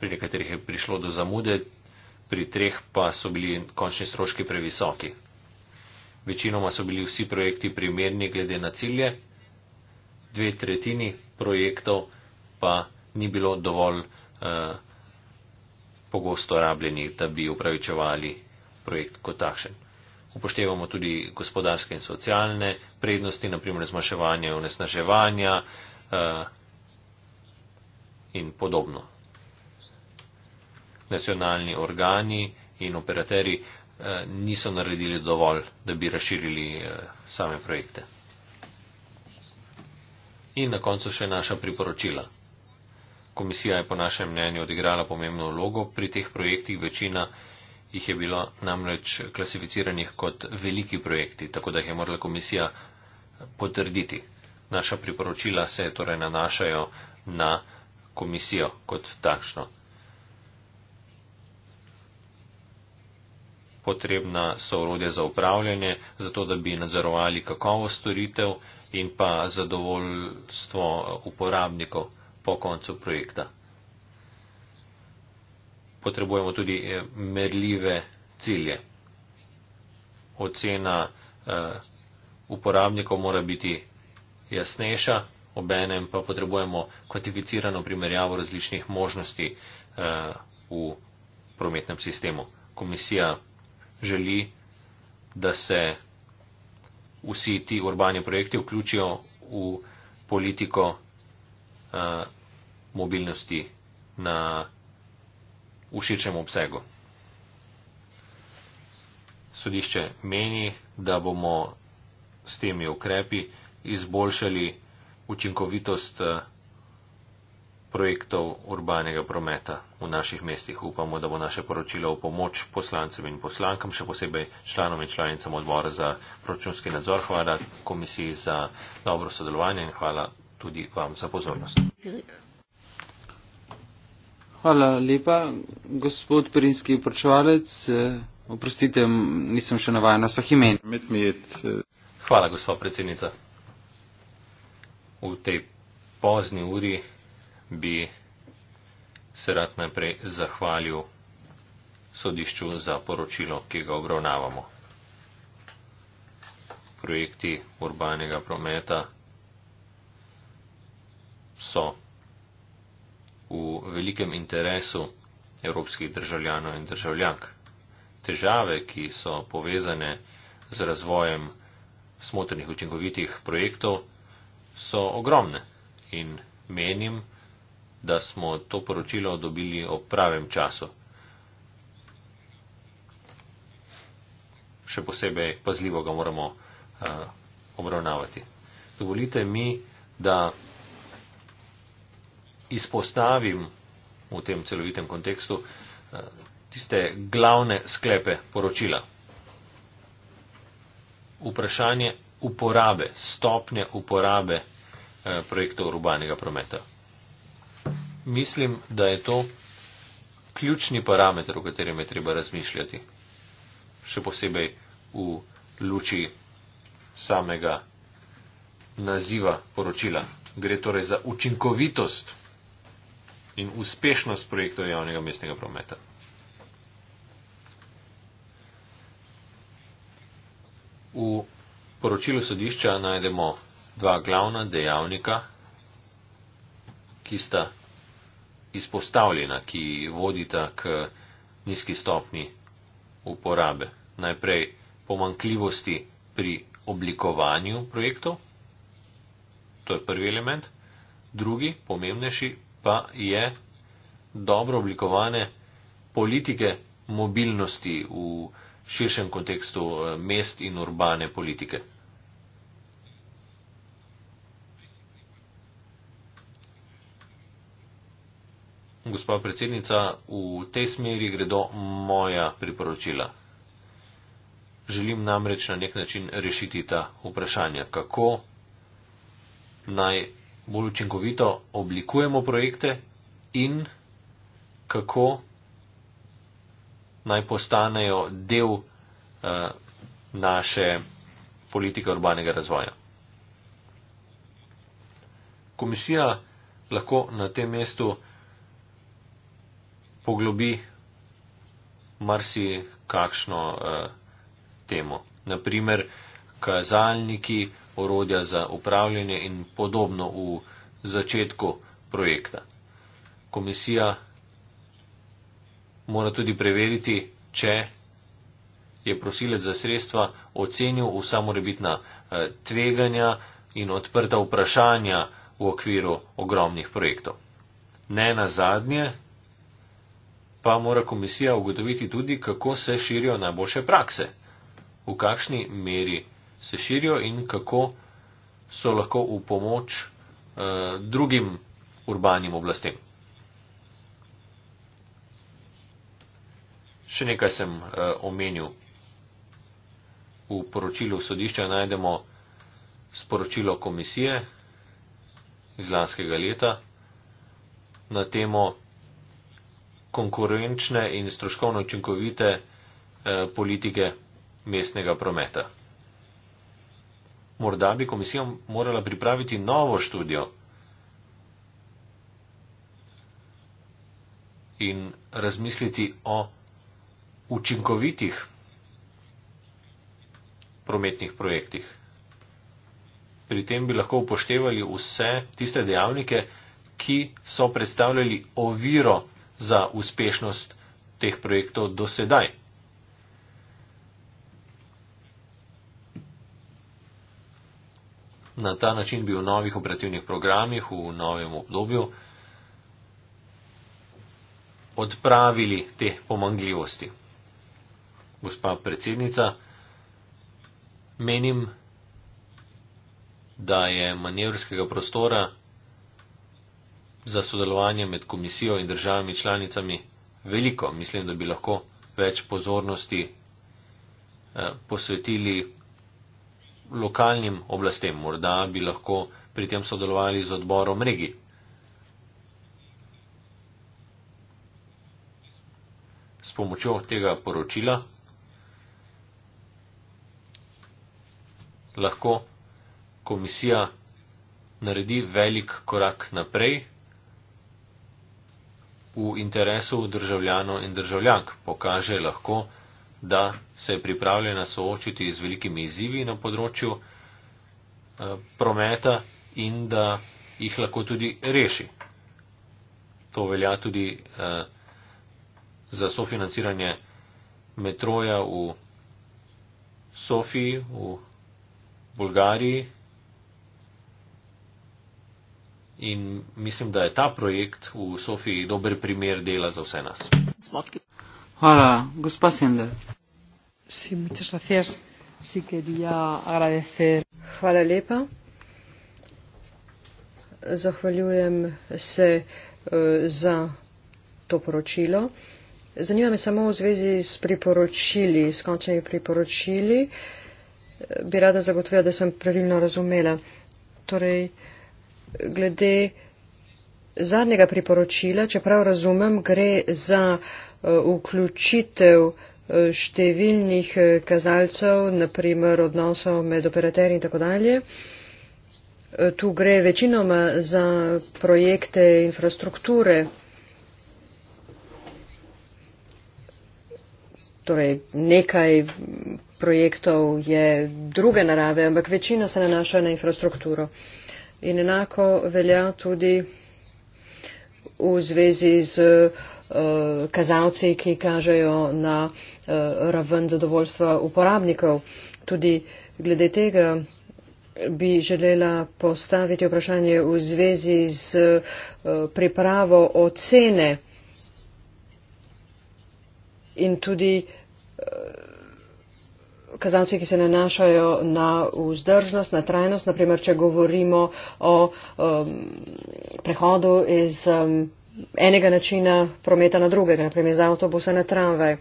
E: pri nekaterih je prišlo do zamude, pri treh pa so bili končni stroški previsoki. Večinoma so bili vsi projekti primerni glede na cilje, dve tretjini projektov pa ni bilo dovolj uh, pogosto rabljenih, da bi upravičevali projekt kot takšen. Upoštevamo tudi gospodarske in socialne prednosti, naprimer zmaševanje onesnaževanja uh, in podobno. Nacionalni organi in operateri uh, eh, niso naredili dovolj, da bi razširili uh, same projekte. In na koncu še naša priporočila. Komisija je po našem mnenju odigrala pomembno vlogo pri teh projektih, večina jih je bilo namreč klasificiranih kot veliki projekti, tako da jih je morala komisija potrditi. Naša priporočila se torej nanašajo na komisijo kot takšno. Potrebna so urodje za upravljanje, zato da bi nadzorovali kakovost storitev in pa zadovoljstvo uporabnikov po koncu projekta. Potrebujemo tudi eh, merljive cilje. Ocena eh, uporabnikov mora biti jasnejša, obenem pa potrebujemo kvantificirano primerjavo različnih možnosti eh, v prometnem sistemu. Komisija želi, da se vsi ti urbani projekti vključijo v politiko mobilnosti na všečem obsegu. Sodišče meni, da bomo s temi ukrepi izboljšali učinkovitost eh, projektov urbanega prometa v naših mestih. Upamo, da bo naše poročilo v pomoč poslancem in poslankam, še posebej članom in članicam odbora za proračunski nadzor. Hvala komisiji za dobro sodelovanje in hvala tudi vam za pozornost.
A: Hvala.
D: Hvala lepa, gospod Prinski vprašalec. Eh, oprostite, nisem še navajen na vseh imen. Hvala, gospa predsednica.
E: V tej pozni uri bi se rad najprej zahvalil sodišču za poročilo, ki ga obravnavamo. Projekti urbanega prometa so v velikem interesu evropskih državljanov in državljank. Težave, ki so povezane z razvojem smotrnih učinkovitih projektov, so ogromne in menim, da smo to poročilo dobili ob pravem času. Še posebej pazljivo ga moramo uh, obravnavati. Dovolite mi, da izpostavim v tem celovitem kontekstu eh, tiste glavne sklepe poročila. Vprašanje uporabe, stopnje uporabe eh, projektov urbanega prometa. Mislim, da je to ključni parameter, o katerem je treba razmišljati, še posebej v luči samega naziva poročila. Gre torej za učinkovitost in uspešnost projektov javnega mestnega prometa. V poročilu sodišča najdemo dva glavna dejavnika, ki sta izpostavljena, ki vodita k nizki stopni uporabe. Najprej pomankljivosti pri oblikovanju projektov, to je prvi element, drugi, pomembnejši, pa je dobro oblikovane politike mobilnosti v širšem kontekstu eh, mest in urbane politike. Gospa predsednica, v tej smeri gredo moja priporočila. Želim namreč na nek način rešiti ta vprašanja, kako naj bolj učinkovito oblikujemo projekte in kako naj postanejo del uh, naše politike urbanega razvoja. Komisija lahko na tem mestu poglobi marsi kakšno uh, temo. Naprimer, kazalniki orodja za upravljanje in podobno v začetku projekta. Komisija mora tudi preveriti, če je prosilec za sredstva ocenil vsa morebitna eh, tveganja in odprta vprašanja v okviru ogromnih projektov. Ne na zadnje, pa mora komisija ugotoviti tudi, kako se širijo najboljše prakse, v kakšni meri se širijo in kako so lahko v pomoč eh, drugim urbanim oblastem. Še nekaj sem eh, omenil. V poročilu sodišča najdemo sporočilo komisije iz lanskega leta na temo konkurenčne in stroškovno učinkovite eh, politike mestnega prometa. Morda bi komisija morala pripraviti novo študijo in razmisliti o učinkovitih prometnih projektih. Pri tem bi lahko upoštevali vse tiste dejavnike, ki so predstavljali oviro za uspešnost teh projektov do sedaj. Na ta način bi v novih operativnih programih v novem obdobju odpravili te pomangljivosti. Gospa predsednica, menim, da je manevrskega prostora za sodelovanje med komisijo in državami članicami veliko. Mislim, da bi lahko več pozornosti eh, posvetili lokalnim oblastem. Morda bi lahko pri tem sodelovali z odborom regi. S pomočjo tega poročila lahko komisija naredi velik korak naprej v interesu državljanov in državljank. Pokaže lahko, da se je pripravljena soočiti z velikimi izzivi na področju eh, prometa in da jih lahko tudi reši. To velja tudi eh, za sofinanciranje metroja v Sofiji, v Bulgariji. In mislim, da je ta projekt v Sofiji dober primer dela za vse nas.
D: Hvala, gospa Sender.
C: Hvala lepa. Zahvaljujem se eh, za to poročilo. Zanima me samo v zvezi s priporočili, s končnimi priporočili. Eh, bi rada zagotovila, da sem pravilno razumela. Torej, glede zadnjega priporočila, čeprav razumem, gre za eh, vključitev številnih eh, kazalcev, naprimer odnosov med operaterji in tako dalje. Eh, tu gre večinoma za projekte infrastrukture, torej nekaj projektov je druge narave, ampak večina se nanaša na infrastrukturo. In enako velja tudi v zvezi z uh, Eh, kazalci, ki kažejo na eh, raven zadovoljstva uporabnikov. Tudi glede tega bi želela postaviti vprašanje v zvezi z eh, pripravo ocene in tudi kazalci, ki se nanašajo na vzdržnost, na trajnost, naprimer, če govorimo o um, prehodu iz um, enega načina prometa na drugega, naprimer z avtobusa na tramvaj.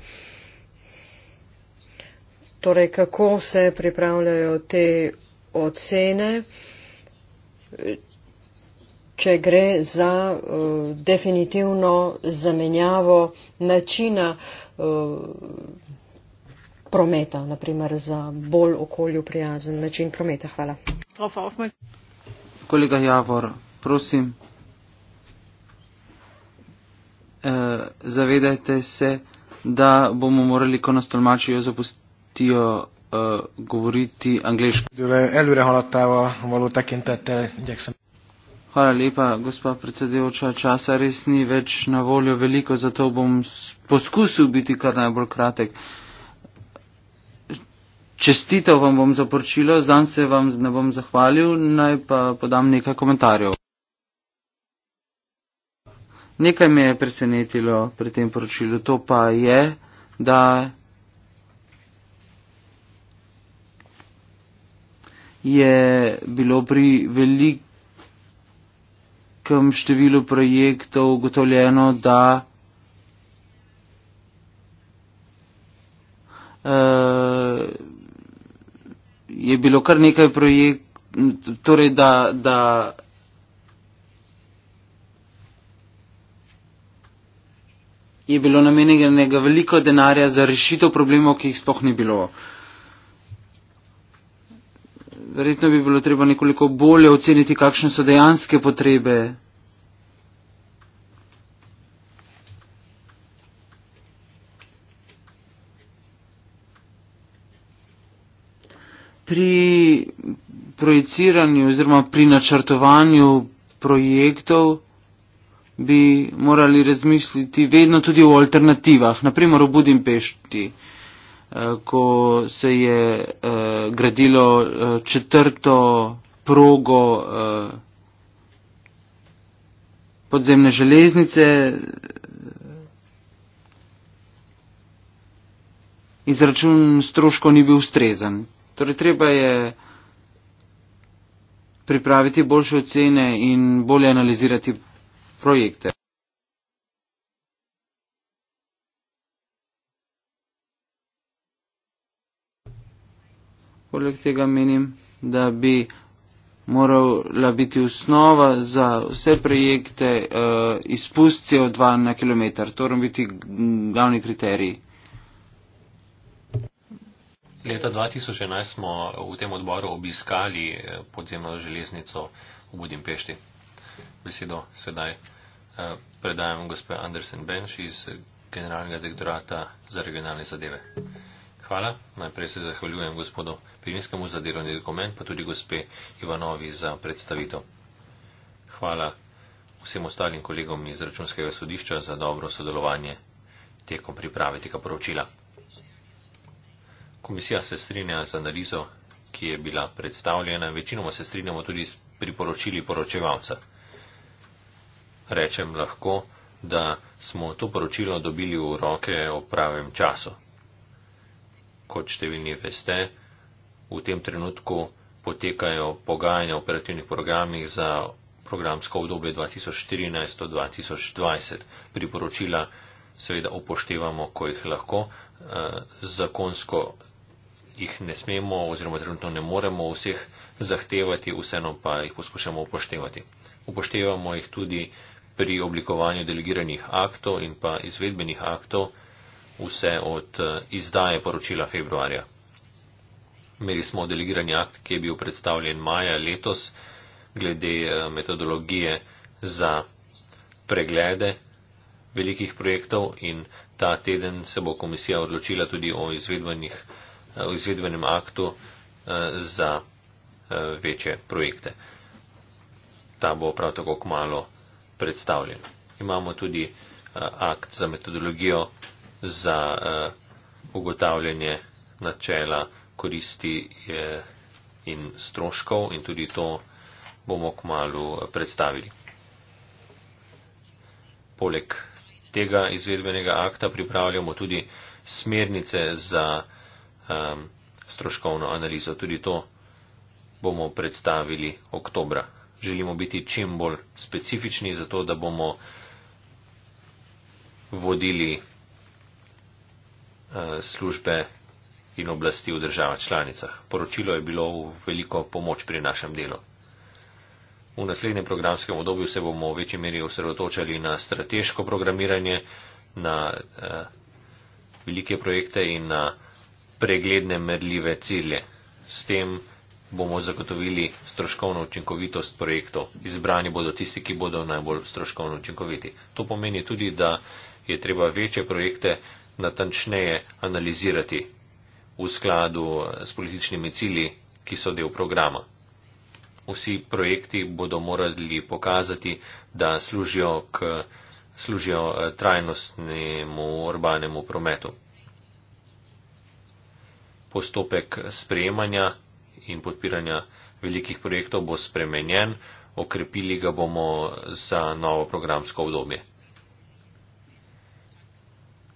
C: Torej, kako se pripravljajo te ocene, če gre za uh, definitivno zamenjavo načina uh, prometa, naprimer za bolj okolju prijazen način prometa. Hvala.
D: Kolega Javor, prosim eh, zavedajte se, da bomo morali, ko nas tolmačijo, zapustijo eh, govoriti angliško. Hvala lepa, gospa predsedujoča. Časa res ni več na voljo veliko, zato bom poskusil biti kar najbolj kratek. Čestitev vam bom zaporočila, zanj se vam ne bom zahvalil, naj pa podam nekaj komentarjev. Nekaj me je presenetilo pri tem poročilu, to pa je, da je bilo pri velikem številu projektov ugotovljeno, da uh, je bilo kar nekaj projektov, torej da. da je bilo namenjenega veliko denarja za rešitev problemov, ki jih spoh ni bilo. Verjetno bi bilo treba nekoliko bolje oceniti, kakšne so dejanske potrebe. Pri projiciranju oziroma pri načrtovanju projektov bi morali razmišljati vedno tudi o alternativah, naprimer v Budimpešti, eh, ko se je eh, gradilo eh, četrto progo podzemne železnice. Izračun stroškov ni bil ustrezan. Torej, treba je pripraviti boljše ocene in bolje analizirati projekte. Poleg tega menim, da bi morala biti osnova za vse projekte uh, izpust CO2 na kilometr. To moram biti glavni kriterij.
E: Leta 2011 smo v tem odboru obiskali eh, podzemno železnico v Budimpešti. Besedo sedaj predajam gospe Andersen Benš iz Generalnega direktorata za regionalne zadeve. Hvala. Najprej se zahvaljujem gospodu Pirinskemu za delovni dokument, pa tudi gospe Ivanovi za predstavitev. Hvala vsem ostalim kolegom iz Računskega sodišča za dobro sodelovanje tekom priprave tega poročila. Komisija se strinja z analizo, ki je bila predstavljena. Večinoma se strinjamo tudi s priporočili poročevalca rečem lahko, da smo to poročilo dobili v roke ob pravem času. Kot številni veste, v tem trenutku potekajo pogajanja operativnih programih za programsko obdobje 2014-2020. Priporočila seveda upoštevamo, ko jih lahko, eh, zakonsko jih ne smemo oziroma trenutno ne moremo vseh zahtevati, vseeno pa jih poskušamo upoštevati. Upoštevamo jih tudi pri oblikovanju delegiranih aktov in pa izvedbenih aktov vse od eh, izdaje poročila februarja. Meri smo delegirani akt, ki je bil predstavljen maja letos glede eh, metodologije za preglede velikih projektov in ta teden se bo komisija odločila tudi o, eh, o izvedbenem aktu za večje projekte. Ta bo prav tako k malo predstavljen. Imamo tudi eh, akt za metodologijo za eh, ugotavljanje načela koristi eh, in stroškov in tudi to bomo k malu predstavili. Poleg tega izvedbenega akta pripravljamo tudi smernice za stroškovno analizo. Tudi to bomo predstavili oktobra želimo biti čim bolj specifični, zato da bomo vodili eh, službe in oblasti v državah članicah. Poročilo je bilo v veliko pomoč pri našem delu. V naslednjem programskem obdobju se bomo v večji meri osredotočali na strateško programiranje, na eh, velike projekte in na pregledne merljive cilje. S tem bomo zagotovili stroškovno učinkovitost projektov. Izbrani bodo tisti, ki bodo najbolj stroškovno učinkoviti. To pomeni tudi, da je treba večje projekte natančneje analizirati v skladu eh, s političnimi cilji, ki so del programa. Vsi projekti bodo morali pokazati, da služijo, k, služijo eh, trajnostnemu urbanemu prometu. Postopek sprejemanja in podpiranja velikih projektov bo spremenjen, okrepili ga bomo za novo programsko obdobje.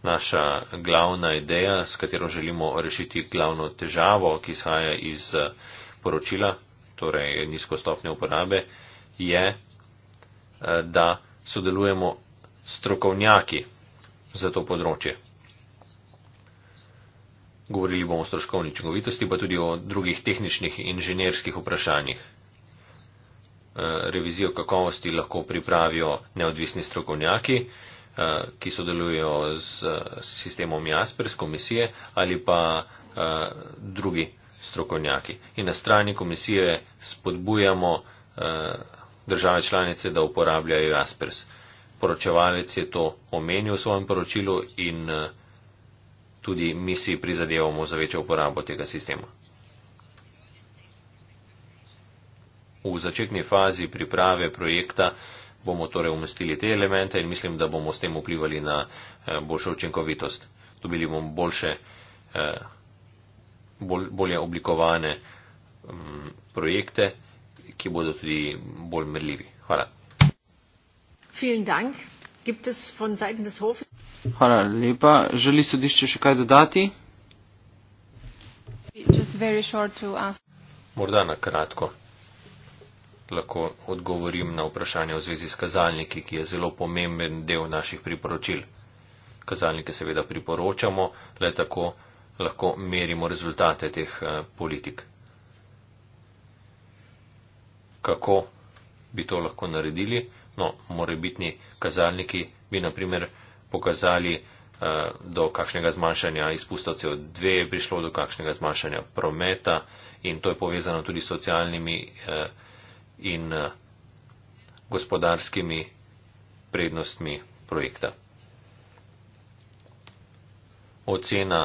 E: Naša glavna ideja, s katero želimo rešiti glavno težavo, ki izhaja iz eh, poročila, torej nizko stopnje uporabe, je, eh, da sodelujemo strokovnjaki za to področje. Govorili bomo o stroškovni učinkovitosti, pa tudi o drugih tehničnih inženirskih vprašanjih. Eh, revizijo kakovosti lahko pripravijo neodvisni strokovnjaki, eh, ki sodelujo z eh, sistemom Jasper, z komisije ali pa drugi strokovnjaki. In na strani komisije spodbujamo države članice, da uporabljajo Jaspers. Poročevalec je to omenil v svojem poročilu in uh, tudi mi si prizadevamo za večjo uporabo tega sistema. V začetni fazi priprave projekta bomo torej umestili te elemente in mislim, da bomo s tem vplivali na eh, boljšo učinkovitost. Dobili bomo boljše, eh, bolje oblikovane mm, projekte, ki bodo
D: tudi bolj merljivi. Hvala. Vielen Dank. Hvala lepa. Želi sodišče še kaj dodati? Morda na kratko
E: lahko odgovorim na vprašanje v zvezi s kazalniki, ki je zelo pomemben del naših priporočil. Kazalnike seveda priporočamo, le tako lahko merimo rezultate teh eh, politik. Kako bi to lahko naredili? No, morebitni kazalniki bi naprimer pokazali, eh, do kakšnega zmanjšanja izpustov CO2 je prišlo, do kakšnega zmanjšanja prometa in to je povezano tudi s socialnimi eh, in eh, gospodarskimi prednostmi projekta. Ocena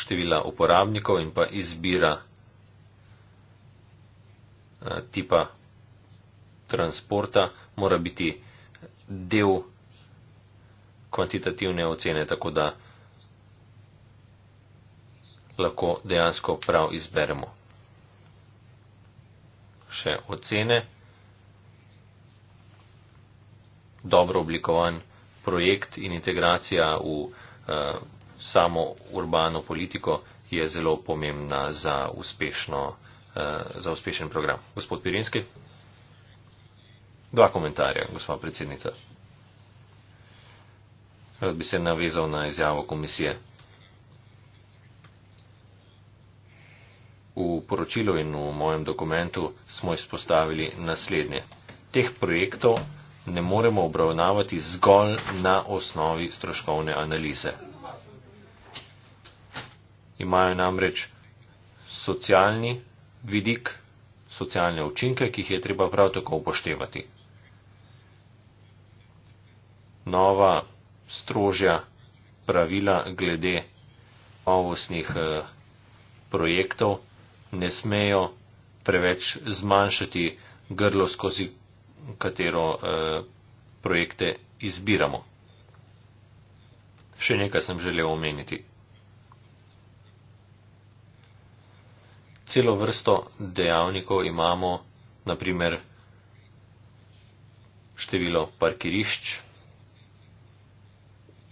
E: števila uporabnikov in pa izbira tipa transporta mora biti del kvantitativne ocene, tako da lahko dejansko prav izberemo. Še ocene. Dobro oblikovan projekt in integracija v eh, samo urbano politiko je zelo pomembna za, uspešno, eh, za uspešen program. Gospod Pirinski. Dva komentarja, gospod predsednica. Rad bi se navezal na izjavo komisije. V poročilu in v mojem dokumentu smo izpostavili naslednje. Teh projektov ne moremo obravnavati zgolj na osnovi stroškovne analize. Imajo namreč socialni vidik, socialne učinke, ki jih je treba prav tako upoštevati nova, strožja pravila glede ovusnih eh, projektov ne smejo preveč zmanjšati grlo, skozi katero eh, projekte izbiramo. Še nekaj sem želel omeniti. Celo vrsto dejavnikov imamo, naprimer, število parkirišč,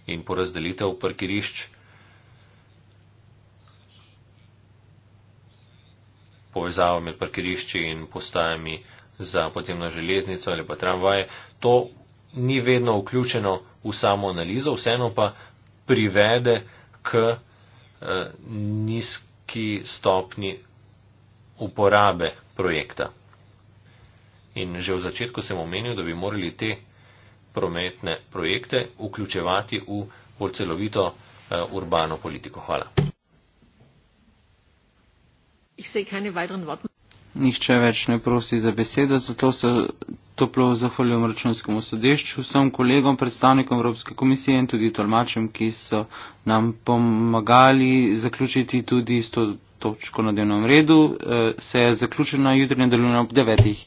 E: in porazdelitev parkirišč. Povezava med parkirišči in postajami za podzemno železnico ali pa tramvaje. To ni vedno vključeno v samo analizo, vseeno pa privede k eh, nizki stopni uporabe projekta. In že v začetku sem omenil, da bi morali te prometne projekte vključevati v bolj celovito uh, urbano politiko.
D: Hvala. Nihče več ne prosi za besedo, zato se toplo zahvaljujem računskemu sodišču, vsem kolegom, predstavnikom Evropske komisije in tudi tolmačem, ki so nam pomagali zaključiti tudi s to točko na dnevnem redu. Eh, se je zaključena jutranja deluna ob devetih.